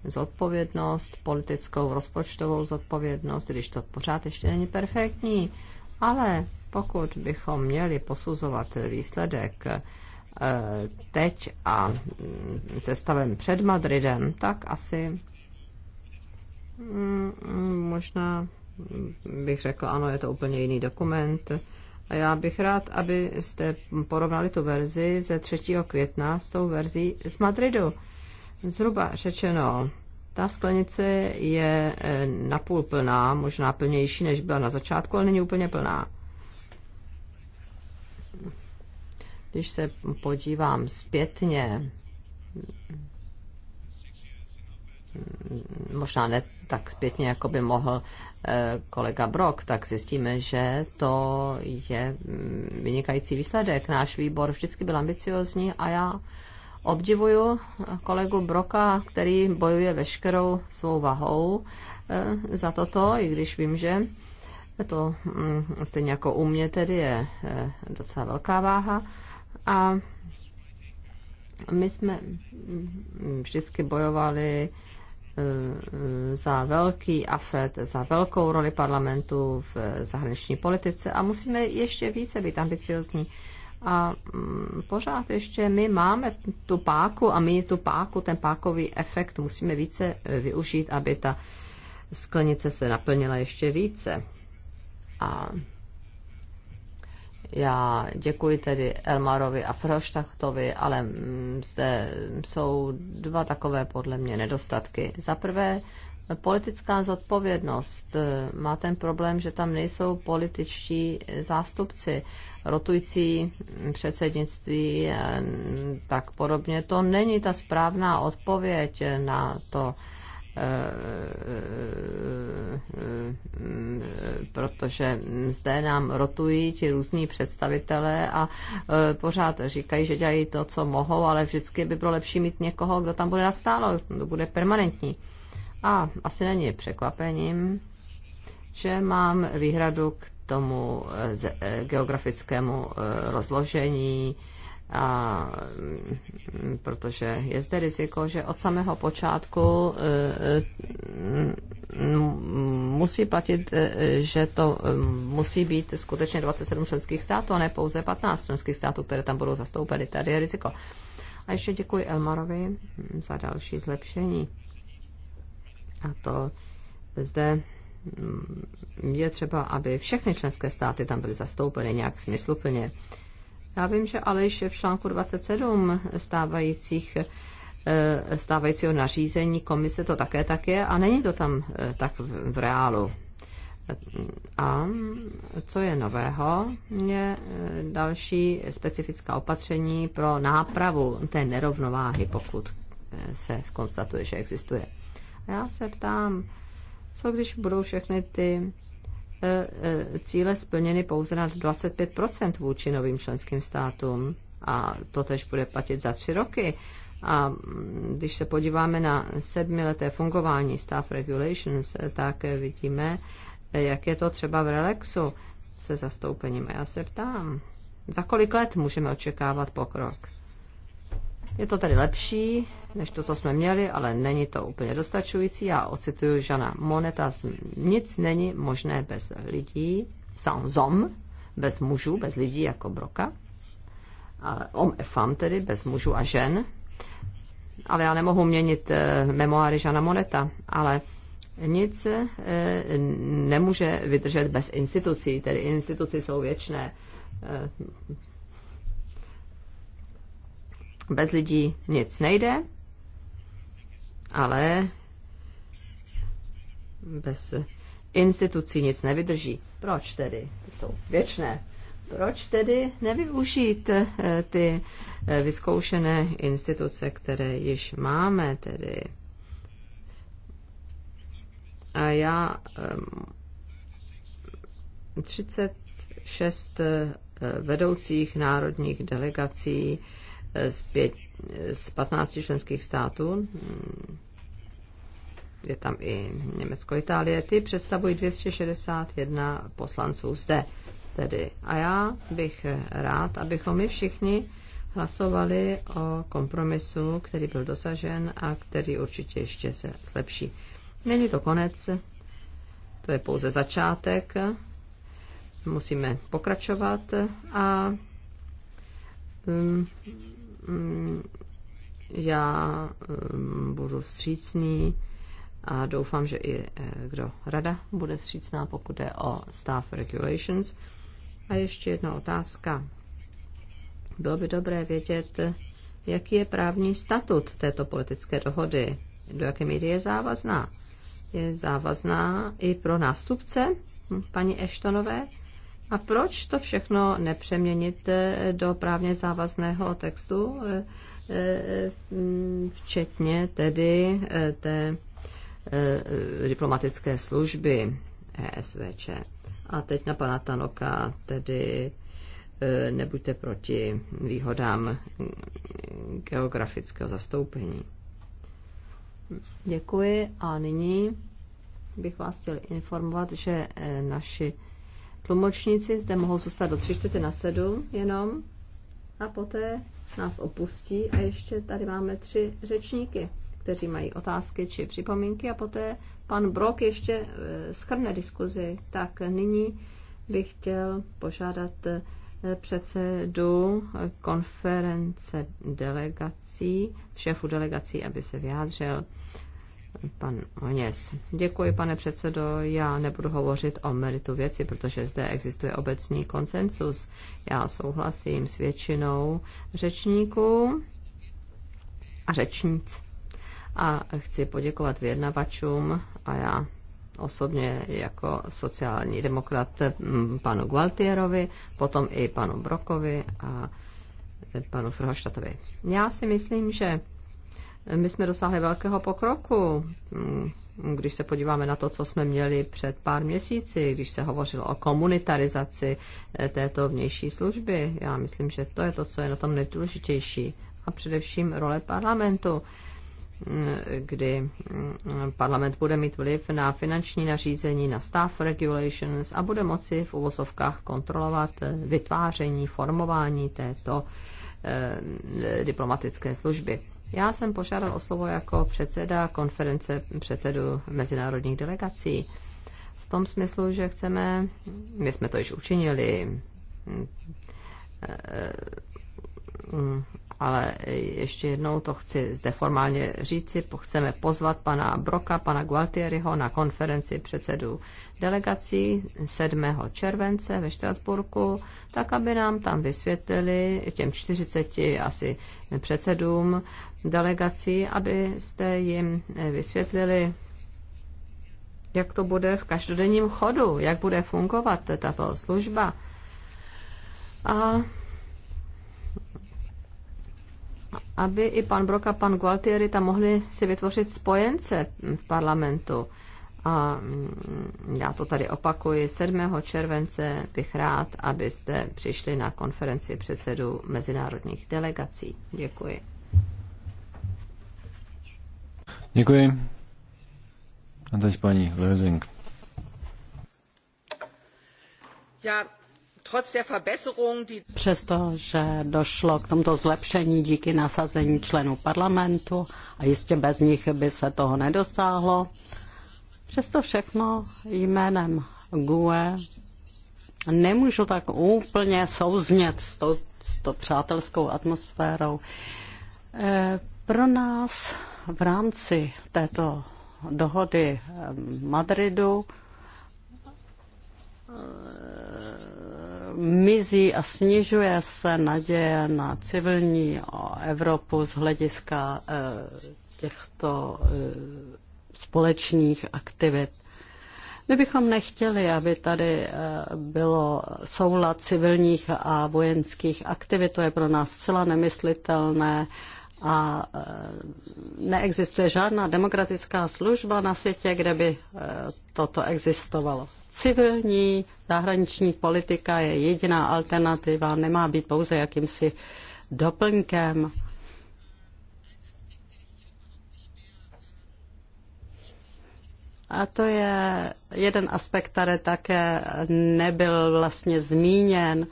zodpovědnost, politickou, rozpočtovou zodpovědnost, když to pořád ještě není perfektní. Ale pokud bychom měli posuzovat výsledek E, teď a mm, se stavem před Madridem, tak asi mm, možná bych řekl, ano, je to úplně jiný dokument. A já bych rád, abyste porovnali tu verzi ze 3. května s tou verzí z Madridu. Zhruba řečeno, ta sklenice je e, napůl plná, možná plnější, než byla na začátku, ale není úplně plná. Když se podívám zpětně, možná ne tak zpětně, jako by mohl eh, kolega Brok, tak zjistíme, že to je mm, vynikající výsledek. Náš výbor vždycky byl ambiciozní a já obdivuju kolegu Broka, který bojuje veškerou svou vahou eh, za toto, i když vím, že to mm, stejně jako u mě tedy je eh, docela velká váha. A my jsme vždycky bojovali eh, za velký afet, za velkou roli parlamentu v zahraniční politice a musíme ještě více být ambiciozní. A mm, pořád ještě my máme tu páku a my tu páku, ten pákový efekt musíme více eh, využít, aby ta sklenice se naplnila ještě více. A já děkuji tedy Elmarovi a Froštachtovi, ale mm, zde jsou dva takové podle mě nedostatky. Za prvé, politická zodpovědnost má ten problém, že tam nejsou političtí zástupci. Rotující předsednictví eh, tak podobně. To není ta správná odpověď na to, protože zde nám rotují ti různí představitelé a e, pořád říkají, že dělají to, co mohou, ale vždycky by bylo lepší mít někoho, kdo tam bude nastálo, kdo bude permanentní. A asi není překvapením, že mám výhradu k tomu e, e, geografickému rozložení, a mm, protože je zde riziko, že od samého počátku e, e, musí platit, e, že to musí být skutečně 27 členských států a ne pouze 15 členských států, které tam budou zastoupeny. Tady je riziko. A ještě děkuji Elmarovi za další zlepšení. A to zde mm, je třeba, aby všechny členské státy tam byly zastoupeny nějak smysluplně. Já vím, že ale již v článku 27 stávajících eh, stávajícího nařízení komise to také tak je a není to tam eh, tak v, v reálu. A co je nového, je eh, další specifická opatření pro nápravu té nerovnováhy, pokud se skonstatuje, že existuje. A já se ptám, co když budou všechny ty Eh, cíle splněny pouze na 25 vůči novým členským státům a to tež bude platit za tři roky. A mm, když se podíváme na sedmileté fungování staff regulations, eh, tak vidíme, eh, jak je to třeba v relaxu se zastoupením. A já se ptám, za kolik let můžeme očekávat pokrok? Je to tedy lepší než to, co jsme měli, ale není to úplně dostačující. Já ocituju Žana Moneta, nic není možné bez lidí, sans homme, bez mužů, bez lidí jako Broka, ale om e femme tedy, bez mužů a žen. Ale já nemohu měnit eh, memoáry Žana Moneta, ale nic eh, nemůže vydržet bez institucí, tedy instituci jsou věčné eh, bez lidí nic nejde, ale bez institucí nic nevydrží. Proč tedy? Ty jsou věčné. Proč tedy nevyužít eh, ty eh, vyzkoušené instituce, které již máme tedy? A já 36 ehm, eh, vedoucích národních delegací z, pět, z 15 členských států, je tam i Německo, Itálie, ty představují 261 poslanců zde. Tedy. A já bych rád, abychom my všichni hlasovali o kompromisu, který byl dosažen a který určitě ještě se zlepší. Není to konec, to je pouze začátek, musíme pokračovat a mm, Mm, já mm, budu střícný a doufám, že i eh, kdo rada bude střícná, pokud jde o staff regulations. A ještě jedna otázka. Bylo by dobré vědět, jaký je právní statut této politické dohody, do jaké míry je závazná. Je závazná i pro nástupce hm, paní Eštonové, a proč to všechno nepřeměnit eh, do právně závazného textu, eh, eh, mm, včetně tedy té diplomatické služby ESVČ. A teď na pana Tanoka, tedy nebuďte proti výhodám geografického zastoupení. Děkuji a nyní bych vás chtěl informovat, že naši Tlumočníci zde mohou zůstat do tři čtvrtě na sedm jenom a poté nás opustí a ještě tady máme tři řečníky, kteří mají otázky či připomínky a poté pan Brok ještě eh, schrne diskuzi. Tak nyní bych chtěl požádat eh, předsedu konference delegací, šéfu delegací, aby se vyjádřil. Pan Oněs. Děkuji, pane předsedo. Já nebudu hovořit o meritu věci, protože zde existuje obecný konsensus. Já souhlasím s většinou řečníků a řečnic. A chci poděkovat vyjednavačům a já osobně jako sociální demokrat mm, panu Gualtierovi, potom i panu Brokovi a panu Frohoštatovi. Já si myslím, že my jsme dosáhli velkého pokroku, hmm, když se podíváme na to, co jsme měli před pár měsíci, když se hovořilo o komunitarizaci eh, této vnější služby. Já myslím, že to je to, co je na tom nejdůležitější. A především role parlamentu, hmm, kdy hmm, parlament bude mít vliv na finanční nařízení, na staff regulations a bude moci v uvozovkách kontrolovat eh, vytváření, formování této eh, diplomatické služby. Já jsem požádal o slovo jako předseda konference předsedu mezinárodních delegací. V tom smyslu, že chceme, my jsme to již učinili, ale ještě jednou to chci zde formálně říci. Chceme pozvat pana Broka, pana Gualtieriho na konferenci předsedů delegací 7. července ve Štrasburku, tak aby nám tam vysvětlili těm 40 asi předsedům delegací, abyste jim eh, vysvětlili, jak to bude v každodenním chodu, jak bude fungovat tato služba. A aby i pan Brok a pan Gualtieri tam mohli si vytvořit spojence v parlamentu. A mm, já to tady opakuji, 7. července bych rád, abyste přišli na konferenci předsedů mezinárodních delegací. Děkuji. Děkuji. A teď paní Lezing. Já Přestože došlo k tomto zlepšení díky nasazení členů parlamentu a jistě bez nich by se toho nedosáhlo, přesto všechno jménem GUE nemůžu tak úplně souznět s s tou přátelskou atmosférou. E, pro nás v rámci této dohody eh, Madridu eh, mizí a snižuje se naděje na civilní Evropu z hlediska eh, těchto společných aktivit. My bychom nechtěli, aby tady bylo soulad civilních a vojenských aktivit, to je pro nás zcela nemyslitelné a e, neexistuje žádná demokratická služba na světě, kde by e, toto existovalo. Civilní zahraniční politika je jediná alternativa, nemá být pouze jakýmsi doplňkem. A to je jeden aspekt, který také nebyl vlastně zmíněn. Uh,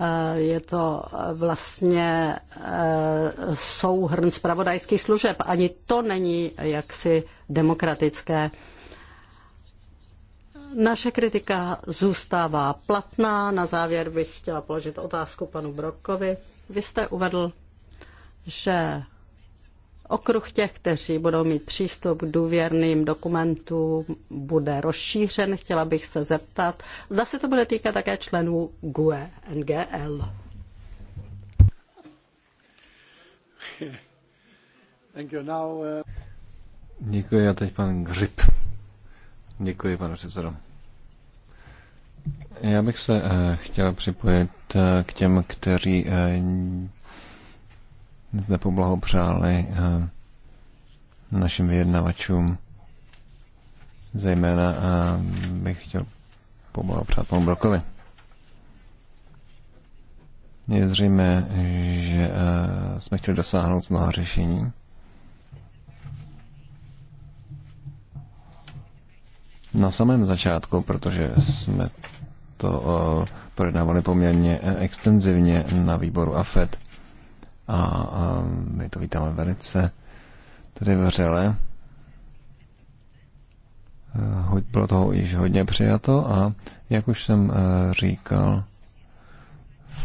Eh, je to eh, vlastně eh, souhrn zpravodajských služeb. Ani to není jaksi demokratické. Naše kritika zůstává platná. Na závěr bych chtěla položit otázku panu Brokovi. Vy jste uvedl, že Okruh těch, kteří budou mít přístup k důvěrným dokumentům, bude rozšířen. Chtěla bych se zeptat, zda se to bude týkat také členů GUE NGL. Uh, Děkuji a teď pan Grip. Děkuji, pane předsedo. Já bych se eh, chtěl připojit eh, k těm, kteří eh, zde poblahopřáli eh, našim vyjednavačům. Zejména eh, bych chtěl poblahopřát panu Brokovi. Je zřejmé, že eh, jsme chtěli dosáhnout mnoha řešení. Na samém začátku, protože jsme to projednávali poměrně extenzivně na výboru AFED, a, a my to vítáme velice tady vřele. Eh, Hoď bylo toho již hodně přijato a jak už jsem eh, říkal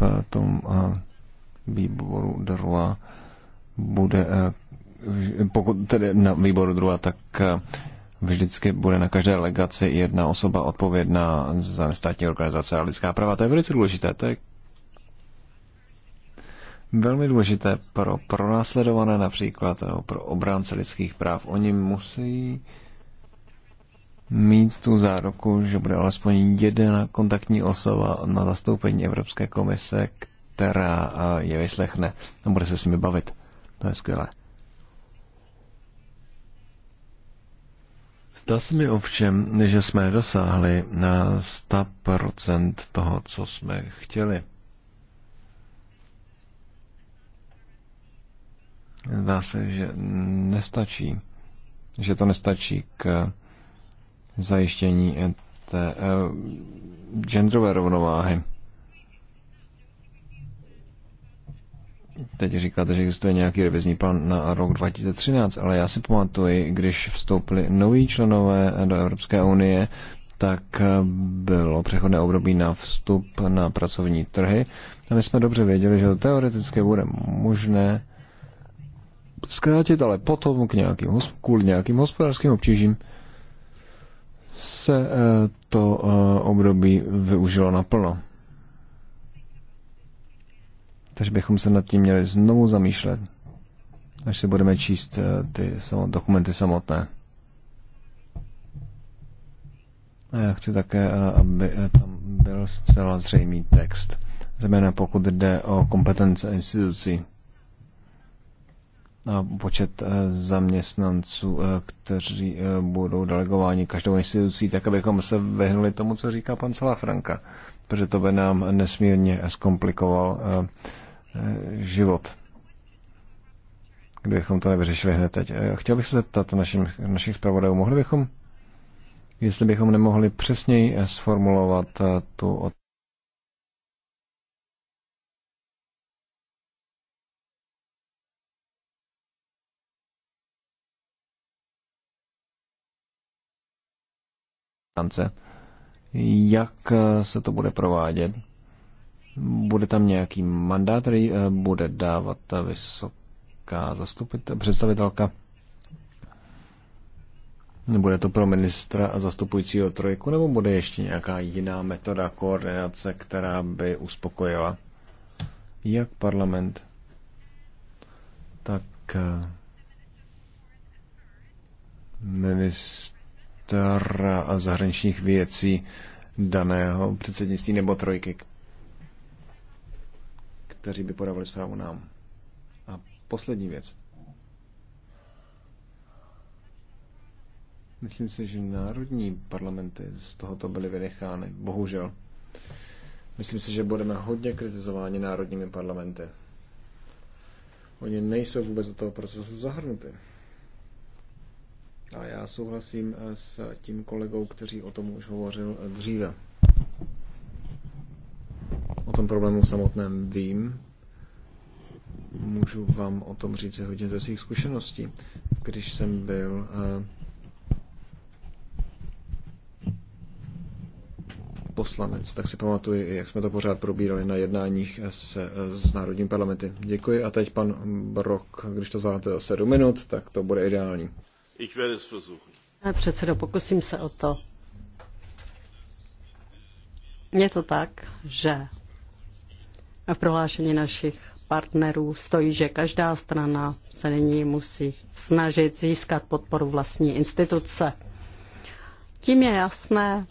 v tom eh, výboru druhá bude, pokud tedy na výboru druhá, tak vždycky bude na každé legaci jedna osoba odpovědná za státní organizace a lidská práva. To je velice důležité, to je velmi důležité pro pronásledované například nebo pro obránce lidských práv. Oni musí mít tu záruku, že bude alespoň jedna kontaktní osoba na zastoupení Evropské komise, která eh, je vyslechne a bude se s nimi bavit. To je skvělé. Zdá se mi ovšem, že jsme dosáhli na 100% toho, co jsme chtěli. Zdá se, že nestačí, že to nestačí k zajištění té uh, genderové rovnováhy. Teď říkáte, že existuje nějaký revizní plán na rok 2013, ale já si pamatuji, když vstoupili noví členové do Evropské unie, tak bylo přechodné období na vstup na pracovní trhy. A my jsme dobře věděli, že to teoreticky bude možné zkrátit, ale potom k nějakým, kvůli nějakým hospodářským obtížím se eh, to eh, období využilo naplno. Takže bychom se nad tím měli znovu zamýšlet, až se budeme číst eh, ty dokumenty samotné. A já chci také, aby tam byl zcela zřejmý text, zejména pokud jde o kompetence institucí počet e, zaměstnanců, e, kteří e, budou delegováni každou institucí, tak abychom se vyhnuli tomu, co říká pan Salafranka, protože to by nám nesmírně zkomplikoval život, kdybychom to nevyřešili hned teď. Chtěl bych se zeptat našim, našich zpravodajů, mohli bychom, jestli bychom nemohli přesněji sformulovat tu otázku, stránce. Jak eh, se to bude provádět? Bude tam nějaký mandát, který eh, bude dávat eh, vysoká zastupitel, představitelka? Bude to pro ministra a zastupujícího trojku, nebo bude ještě nějaká jiná metoda koordinace, která by uspokojila jak parlament, tak ministr ministr zahraničních věcí daného předsednictví nebo trojky, kteří by podávali zprávu nám. A poslední věc. Myslím si, že národní parlamenty z tohoto byly vynechány. Bohužel. Myslím si, že budeme hodně kritizováni národními parlamenty. Oni nejsou vůbec do toho procesu zahrnuty. A já souhlasím eh, s tím kolegou, který o tom už hovořil eh, dříve. O tom problému samotném vím. Můžu vám o tom říct hodně ze svých zkušeností. Když jsem byl eh, poslanec, tak si pamatuju, jak jsme to pořád probírali na jednáních s, s národním parlamenty. Děkuji a teď pan Brok, když to zvládnete o 7 minut, tak to bude ideální. Ich werde es versuchen. Pane předsedo, pokusím se o to. Je to tak, že v prohlášení našich partnerů stojí, že každá strana se nyní musí snažit získat podporu vlastní instituce. Tím je jasné,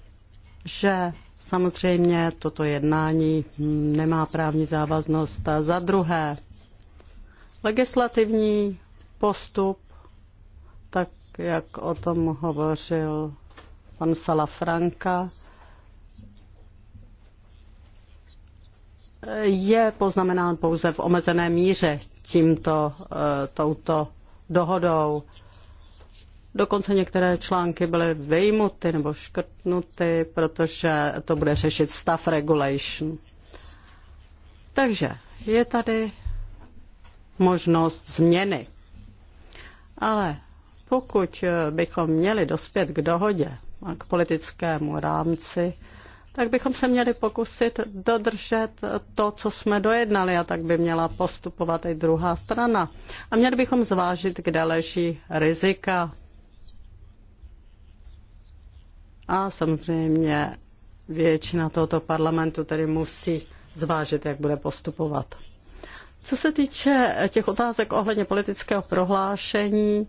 že samozřejmě toto jednání nemá právní závaznost. Za druhé, legislativní postup tak jak o tom hovořil pan Salafranka, je poznamenán pouze v omezené míře tímto, eh, touto dohodou. Dokonce některé články byly vyjmuty nebo škrtnuty, protože to bude řešit staff regulation. Takže je tady možnost změny. Ale pokud eh, bychom měli dospět k dohodě a k politickému rámci, tak bychom se měli pokusit dodržet to, co jsme dojednali a tak by měla postupovat i druhá strana. A měli bychom zvážit, kde leží rizika. A samozřejmě většina tohoto parlamentu tedy musí zvážit, jak bude postupovat. Co se týče těch otázek ohledně politického prohlášení,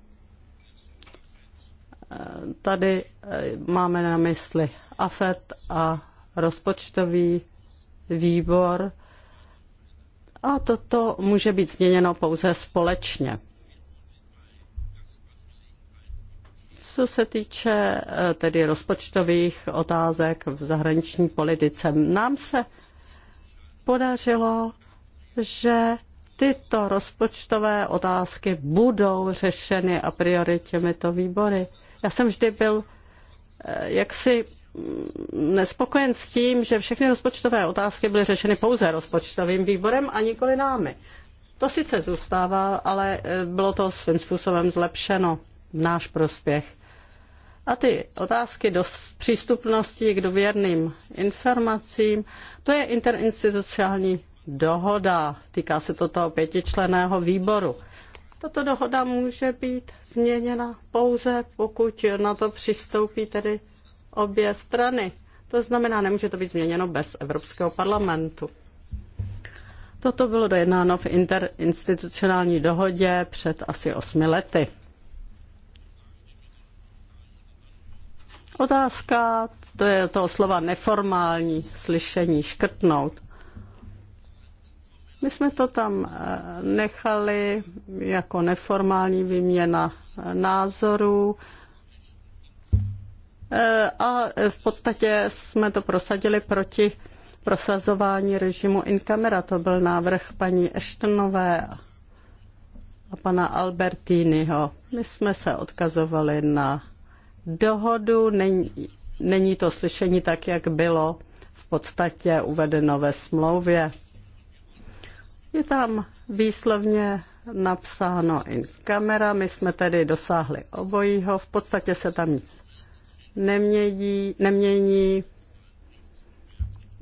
Tady eh, máme na mysli AFET a rozpočtový výbor a toto může být změněno pouze společně. Co se týče eh, tedy rozpočtových otázek v zahraniční politice, nám se podařilo, že tyto rozpočtové otázky budou řešeny a priori těmito výbory. Já jsem vždy byl eh, jaksi mm, nespokojen s tím, že všechny rozpočtové otázky byly řešeny pouze rozpočtovým výborem a nikoli námi. To sice zůstává, ale eh, bylo to svým způsobem zlepšeno v náš prospěch. A ty otázky do přístupnosti k důvěrným informacím, to je interinstitucionální dohoda, týká se to toho pětičleného výboru. Tato dohoda může být změněna pouze, pokud na to přistoupí tedy obě strany. To znamená, nemůže to být změněno bez Evropského parlamentu. Toto bylo dojednáno v interinstitucionální dohodě před asi osmi lety. Otázka, to je toho slova neformální slyšení, škrtnout. My jsme to tam eh, nechali jako neformální výměna eh, názorů eh, a v podstatě jsme to prosadili proti prosazování režimu in camera. To byl návrh paní Eštonové a pana Albertiniho. My jsme se odkazovali na dohodu, není, není to slyšení tak, jak bylo v podstatě uvedeno ve smlouvě. Je tam výslovně napsáno in camera, my jsme tedy dosáhli obojího, v podstatě se tam nic nemění, nemění.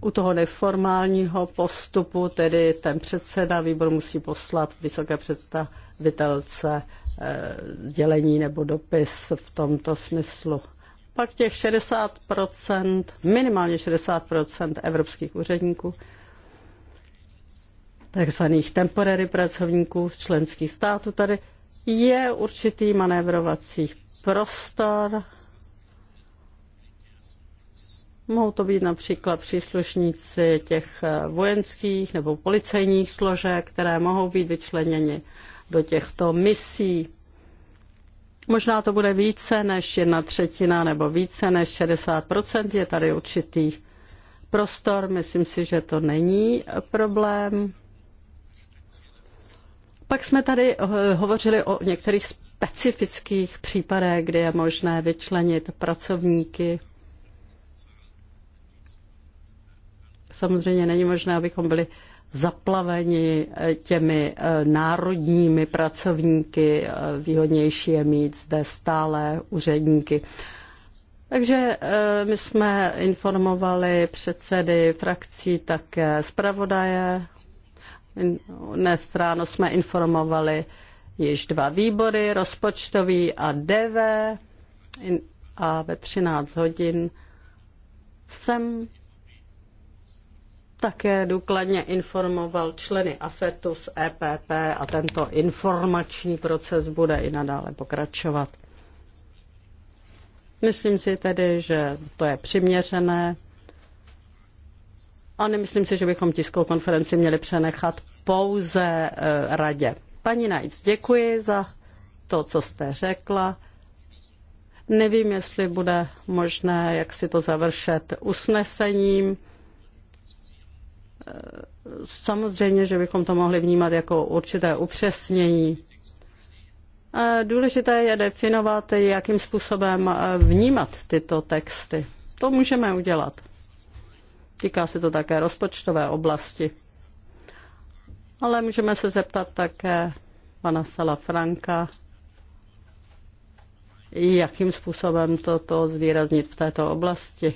U toho neformálního postupu tedy ten předseda výbor musí poslat vysoké představitelce e, nebo dopis v tomto smyslu. Pak těch 60%, minimálně 60% evropských úředníků takzvaných temporary pracovníků z členských států. Tady je určitý manévrovací prostor. Mohou to být například příslušníci těch eh, vojenských nebo policejních složek, které mohou být vyčleněni do těchto misí. Možná to bude více než jedna třetina nebo více než 60%. Je tady určitý prostor. Myslím si, že to není problém. Pak jsme tady eh, hovořili o některých specifických případech, kdy je možné vyčlenit pracovníky. Samozřejmě není možné, abychom byli zaplaveni eh, těmi eh, národními pracovníky, výhodnější je mít zde stále úředníky. Takže my jsme informovali předsedy frakcí také zpravodaje dnes ráno jsme informovali již dva výbory, rozpočtový a DV. A ve 13 hodin jsem také důkladně informoval členy AFETu z EPP a tento informační proces bude i nadále pokračovat. Myslím si tedy, že to je přiměřené, a nemyslím si, že bychom tiskovou konferenci měli přenechat pouze eh, radě. Paní Najc, děkuji za to, co jste řekla. Nevím, jestli bude možné, jak si to završet usnesením. Eh, samozřejmě, že bychom to mohli vnímat jako určité upřesnění. Eh, důležité je definovat, jakým způsobem vnímat tyto texty. To můžeme udělat. Týká se to také rozpočtové oblasti. Ale můžeme se zeptat také pana Sala Franka, jakým způsobem toto zvýraznit v této oblasti.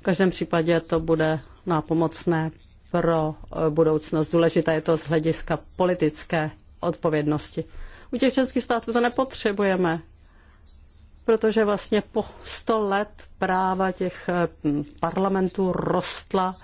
V každém případě to bude nápomocné pro budoucnost. Důležité je to z hlediska politické odpovědnosti. U těch členských států to nepotřebujeme protože vlastně po 100 let práva těch eh, parlamentů rostla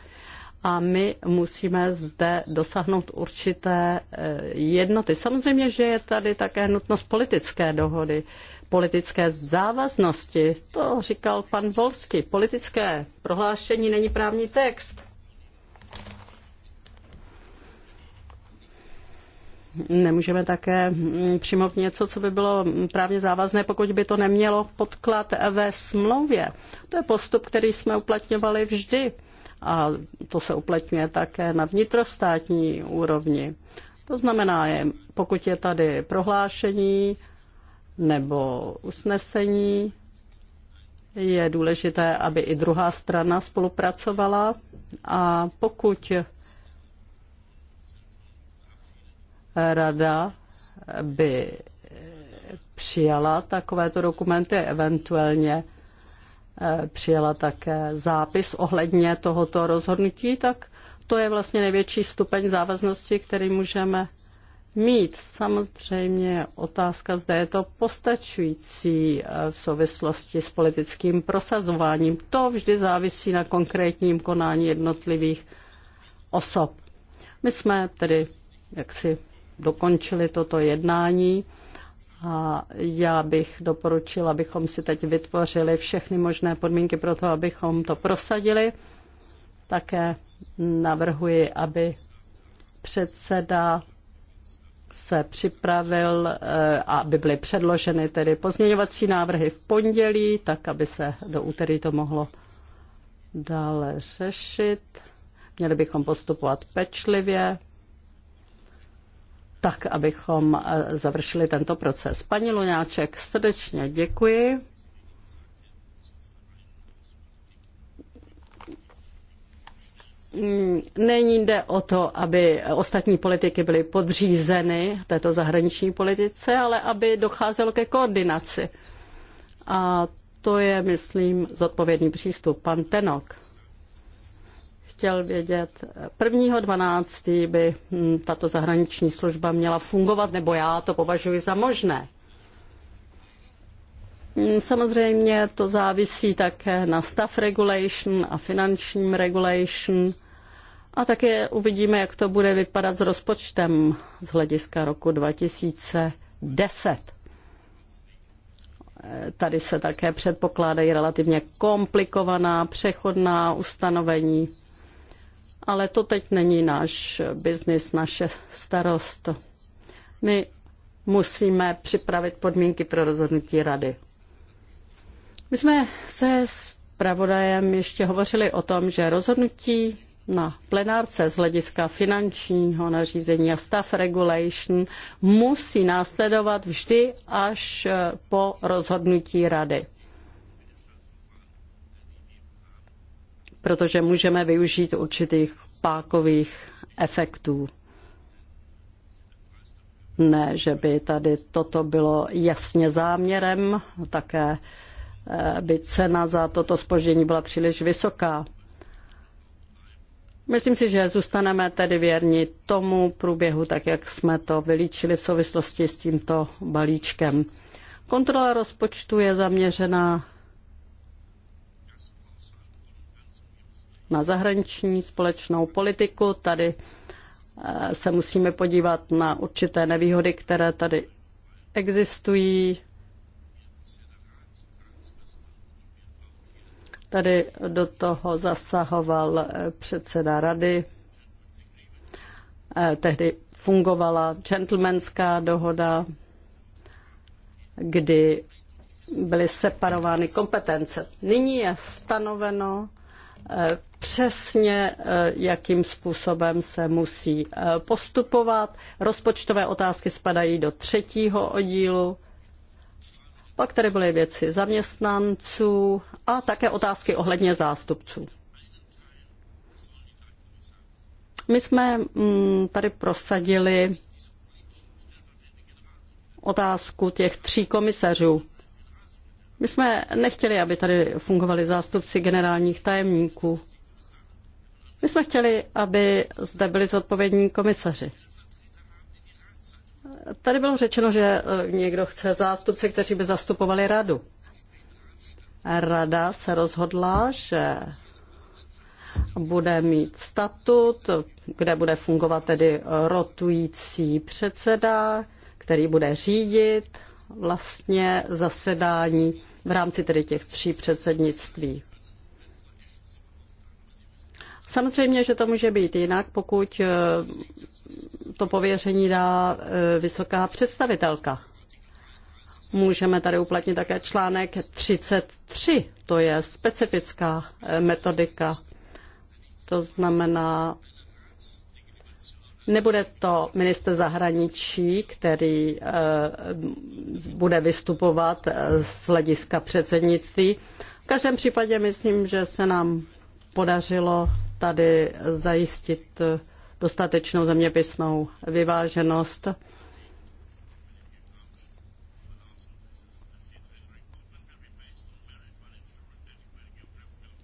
a my musíme zde dosáhnout určité eh, jednoty. Samozřejmě, že je tady také nutnost politické dohody, politické závaznosti. To říkal pan Volsky. Politické prohlášení není právní text. Nemůžeme také mm, přijmout něco, co by bylo právně závazné, pokud by to nemělo podklad ve smlouvě. To je postup, který jsme uplatňovali vždy a to se uplatňuje také na vnitrostátní úrovni. To znamená, pokud je tady prohlášení nebo usnesení, je důležité, aby i druhá strana spolupracovala a pokud rada by přijala takovéto dokumenty, eventuálně eh, přijala také zápis ohledně tohoto rozhodnutí, tak to je vlastně největší stupeň závaznosti, který můžeme mít. Samozřejmě otázka, zda je to postačující eh, v souvislosti s politickým prosazováním. To vždy závisí na konkrétním konání jednotlivých osob. My jsme tedy jaksi dokončili toto jednání. A já bych doporučila, abychom si teď vytvořili všechny možné podmínky pro to, abychom to prosadili. Také navrhuji, aby předseda se připravil, eh, aby byly předloženy tedy pozměňovací návrhy v pondělí, tak aby se do úterý to mohlo dále řešit. Měli bychom postupovat pečlivě, tak, abychom eh, završili tento proces. Paní Luňáček, srdečně děkuji. Mm, není jde o to, aby ostatní politiky byly podřízeny této zahraniční politice, ale aby docházelo ke koordinaci. A to je, myslím, zodpovědný přístup. Pan Tenok chtěl vědět. 1.12. by hm, tato zahraniční služba měla fungovat, nebo já to považuji za možné. Hm, samozřejmě to závisí také na staff regulation a finančním regulation. A také uvidíme, jak to bude vypadat s rozpočtem z hlediska roku 2010. Tady se také předpokládají relativně komplikovaná přechodná ustanovení ale to teď není náš biznis, naše starost. My musíme připravit podmínky pro rozhodnutí rady. My jsme se s pravodajem ještě hovořili o tom, že rozhodnutí na plenárce z hlediska finančního nařízení a staff regulation musí následovat vždy až po rozhodnutí rady. protože můžeme využít určitých pákových efektů. Ne, že by tady toto bylo jasně záměrem, také eh, by cena za toto spoždění byla příliš vysoká. Myslím si, že zůstaneme tedy věrni tomu průběhu, tak jak jsme to vylíčili v souvislosti s tímto balíčkem. Kontrola rozpočtu je zaměřena na zahraniční společnou politiku. Tady eh, se musíme podívat na určité nevýhody, které tady existují. Tady do toho zasahoval eh, předseda rady. Eh, tehdy fungovala gentlemanská dohoda, kdy byly separovány kompetence. Nyní je stanoveno přesně, eh, jakým způsobem se musí eh, postupovat. Rozpočtové otázky spadají do třetího oddílu. Pak tady byly věci zaměstnanců a také otázky ohledně zástupců. My jsme mm, tady prosadili otázku těch tří komisařů. My jsme nechtěli, aby tady fungovali zástupci generálních tajemníků. My jsme chtěli, aby zde byli zodpovědní komisaři. Tady bylo řečeno, že eh, někdo chce zástupce, kteří by zastupovali radu. Rada se rozhodla, že bude mít statut, kde bude fungovat tedy rotující předseda, který bude řídit vlastně zasedání v rámci tedy těch tří předsednictví. Samozřejmě, že to může být jinak, pokud eh, to pověření dá eh, vysoká představitelka. Můžeme tady uplatnit také článek 33, to je specifická eh, metodika. To znamená, nebude to minister zahraničí, který bude vystupovat z hlediska předsednictví. V každém případě myslím, že se nám podařilo tady zajistit dostatečnou zeměpisnou vyváženost.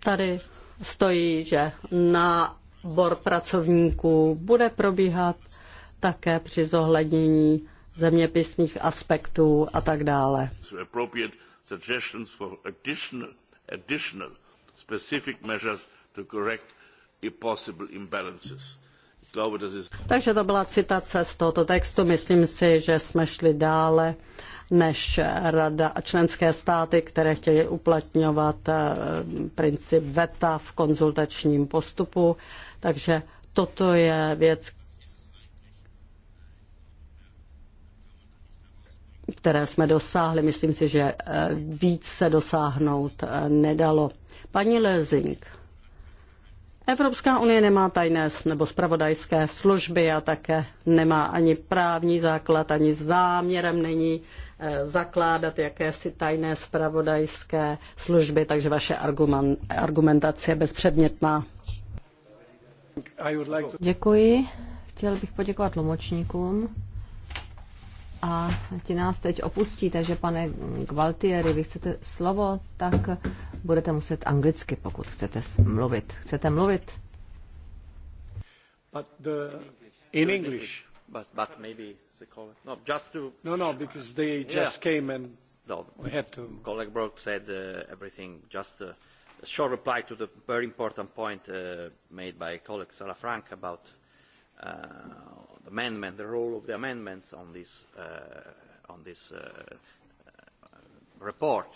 Tady stojí, že nábor pracovníků bude probíhat také při zohlednění zeměpisných aspektů a tak dále. Suggestions for additional, additional specific measures to correct takže to byla citace z tohoto textu. Myslím si, že jsme šli dále než rada a členské státy, které chtějí uplatňovat eh, princip VETA v konzultačním postupu. Takže toto je věc, které jsme dosáhli. Myslím si, že eh, víc se dosáhnout eh, nedalo. Paní Lezing. Evropská unie nemá tajné nebo spravodajské služby a také nemá ani právní základ, ani záměrem není eh, zakládat jakési tajné spravodajské služby, takže vaše argumentace je bezpředmětná. Děkuji. Chtěl bych poděkovat tlumočníkům a ti nás teď opustí, takže pane Gvaltieri, vy chcete slovo, tak budete muset anglicky, pokud chcete mluvit. Chcete mluvit? But the, in English. But, but maybe the no, just to... No, no, because they just yeah. came and no, we had to... Colleague Brock said uh, everything, just a, a short reply to the very important point uh, made by colleague Sarah Frank about uh, amendment, the role of the amendments on this, uh, on this uh, uh report.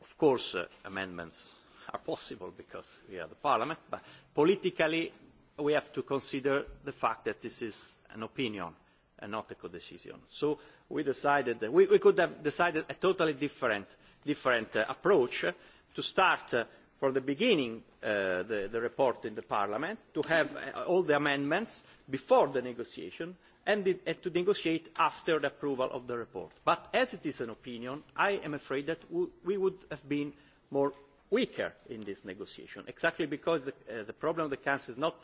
Of course, uh, amendments are possible because we are the parliament, but politically we have to consider the fact that this is an opinion and not a co-decision. So we decided that we, we could have decided a totally different, different uh, approach to start uh, for the beginning uh, the, the report in the parliament to have uh, all the amendments before the negotiation and, the, and to negotiate after the approval of the report. But as it is an opinion, I am afraid that we would have been more weaker in this negotiation, exactly because the, uh, the problem of the Council is not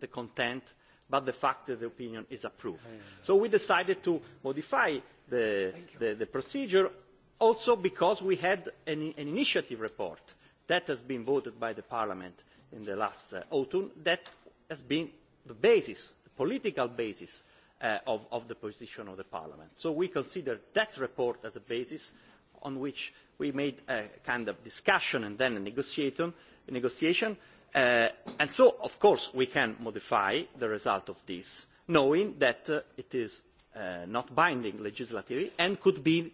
the content, but the fact that the opinion is approved. So we decided to modify the, the, the procedure also because we had an, an initiative report that has been voted by the parliament in the last uh, autumn that has been the basis the political basis uh, of, the position of the parliament so we consider that report as a basis on which we made a kind of discussion and then a negotiation, uh, and so of course we can modify the result of this knowing that it is not binding legislatively and could be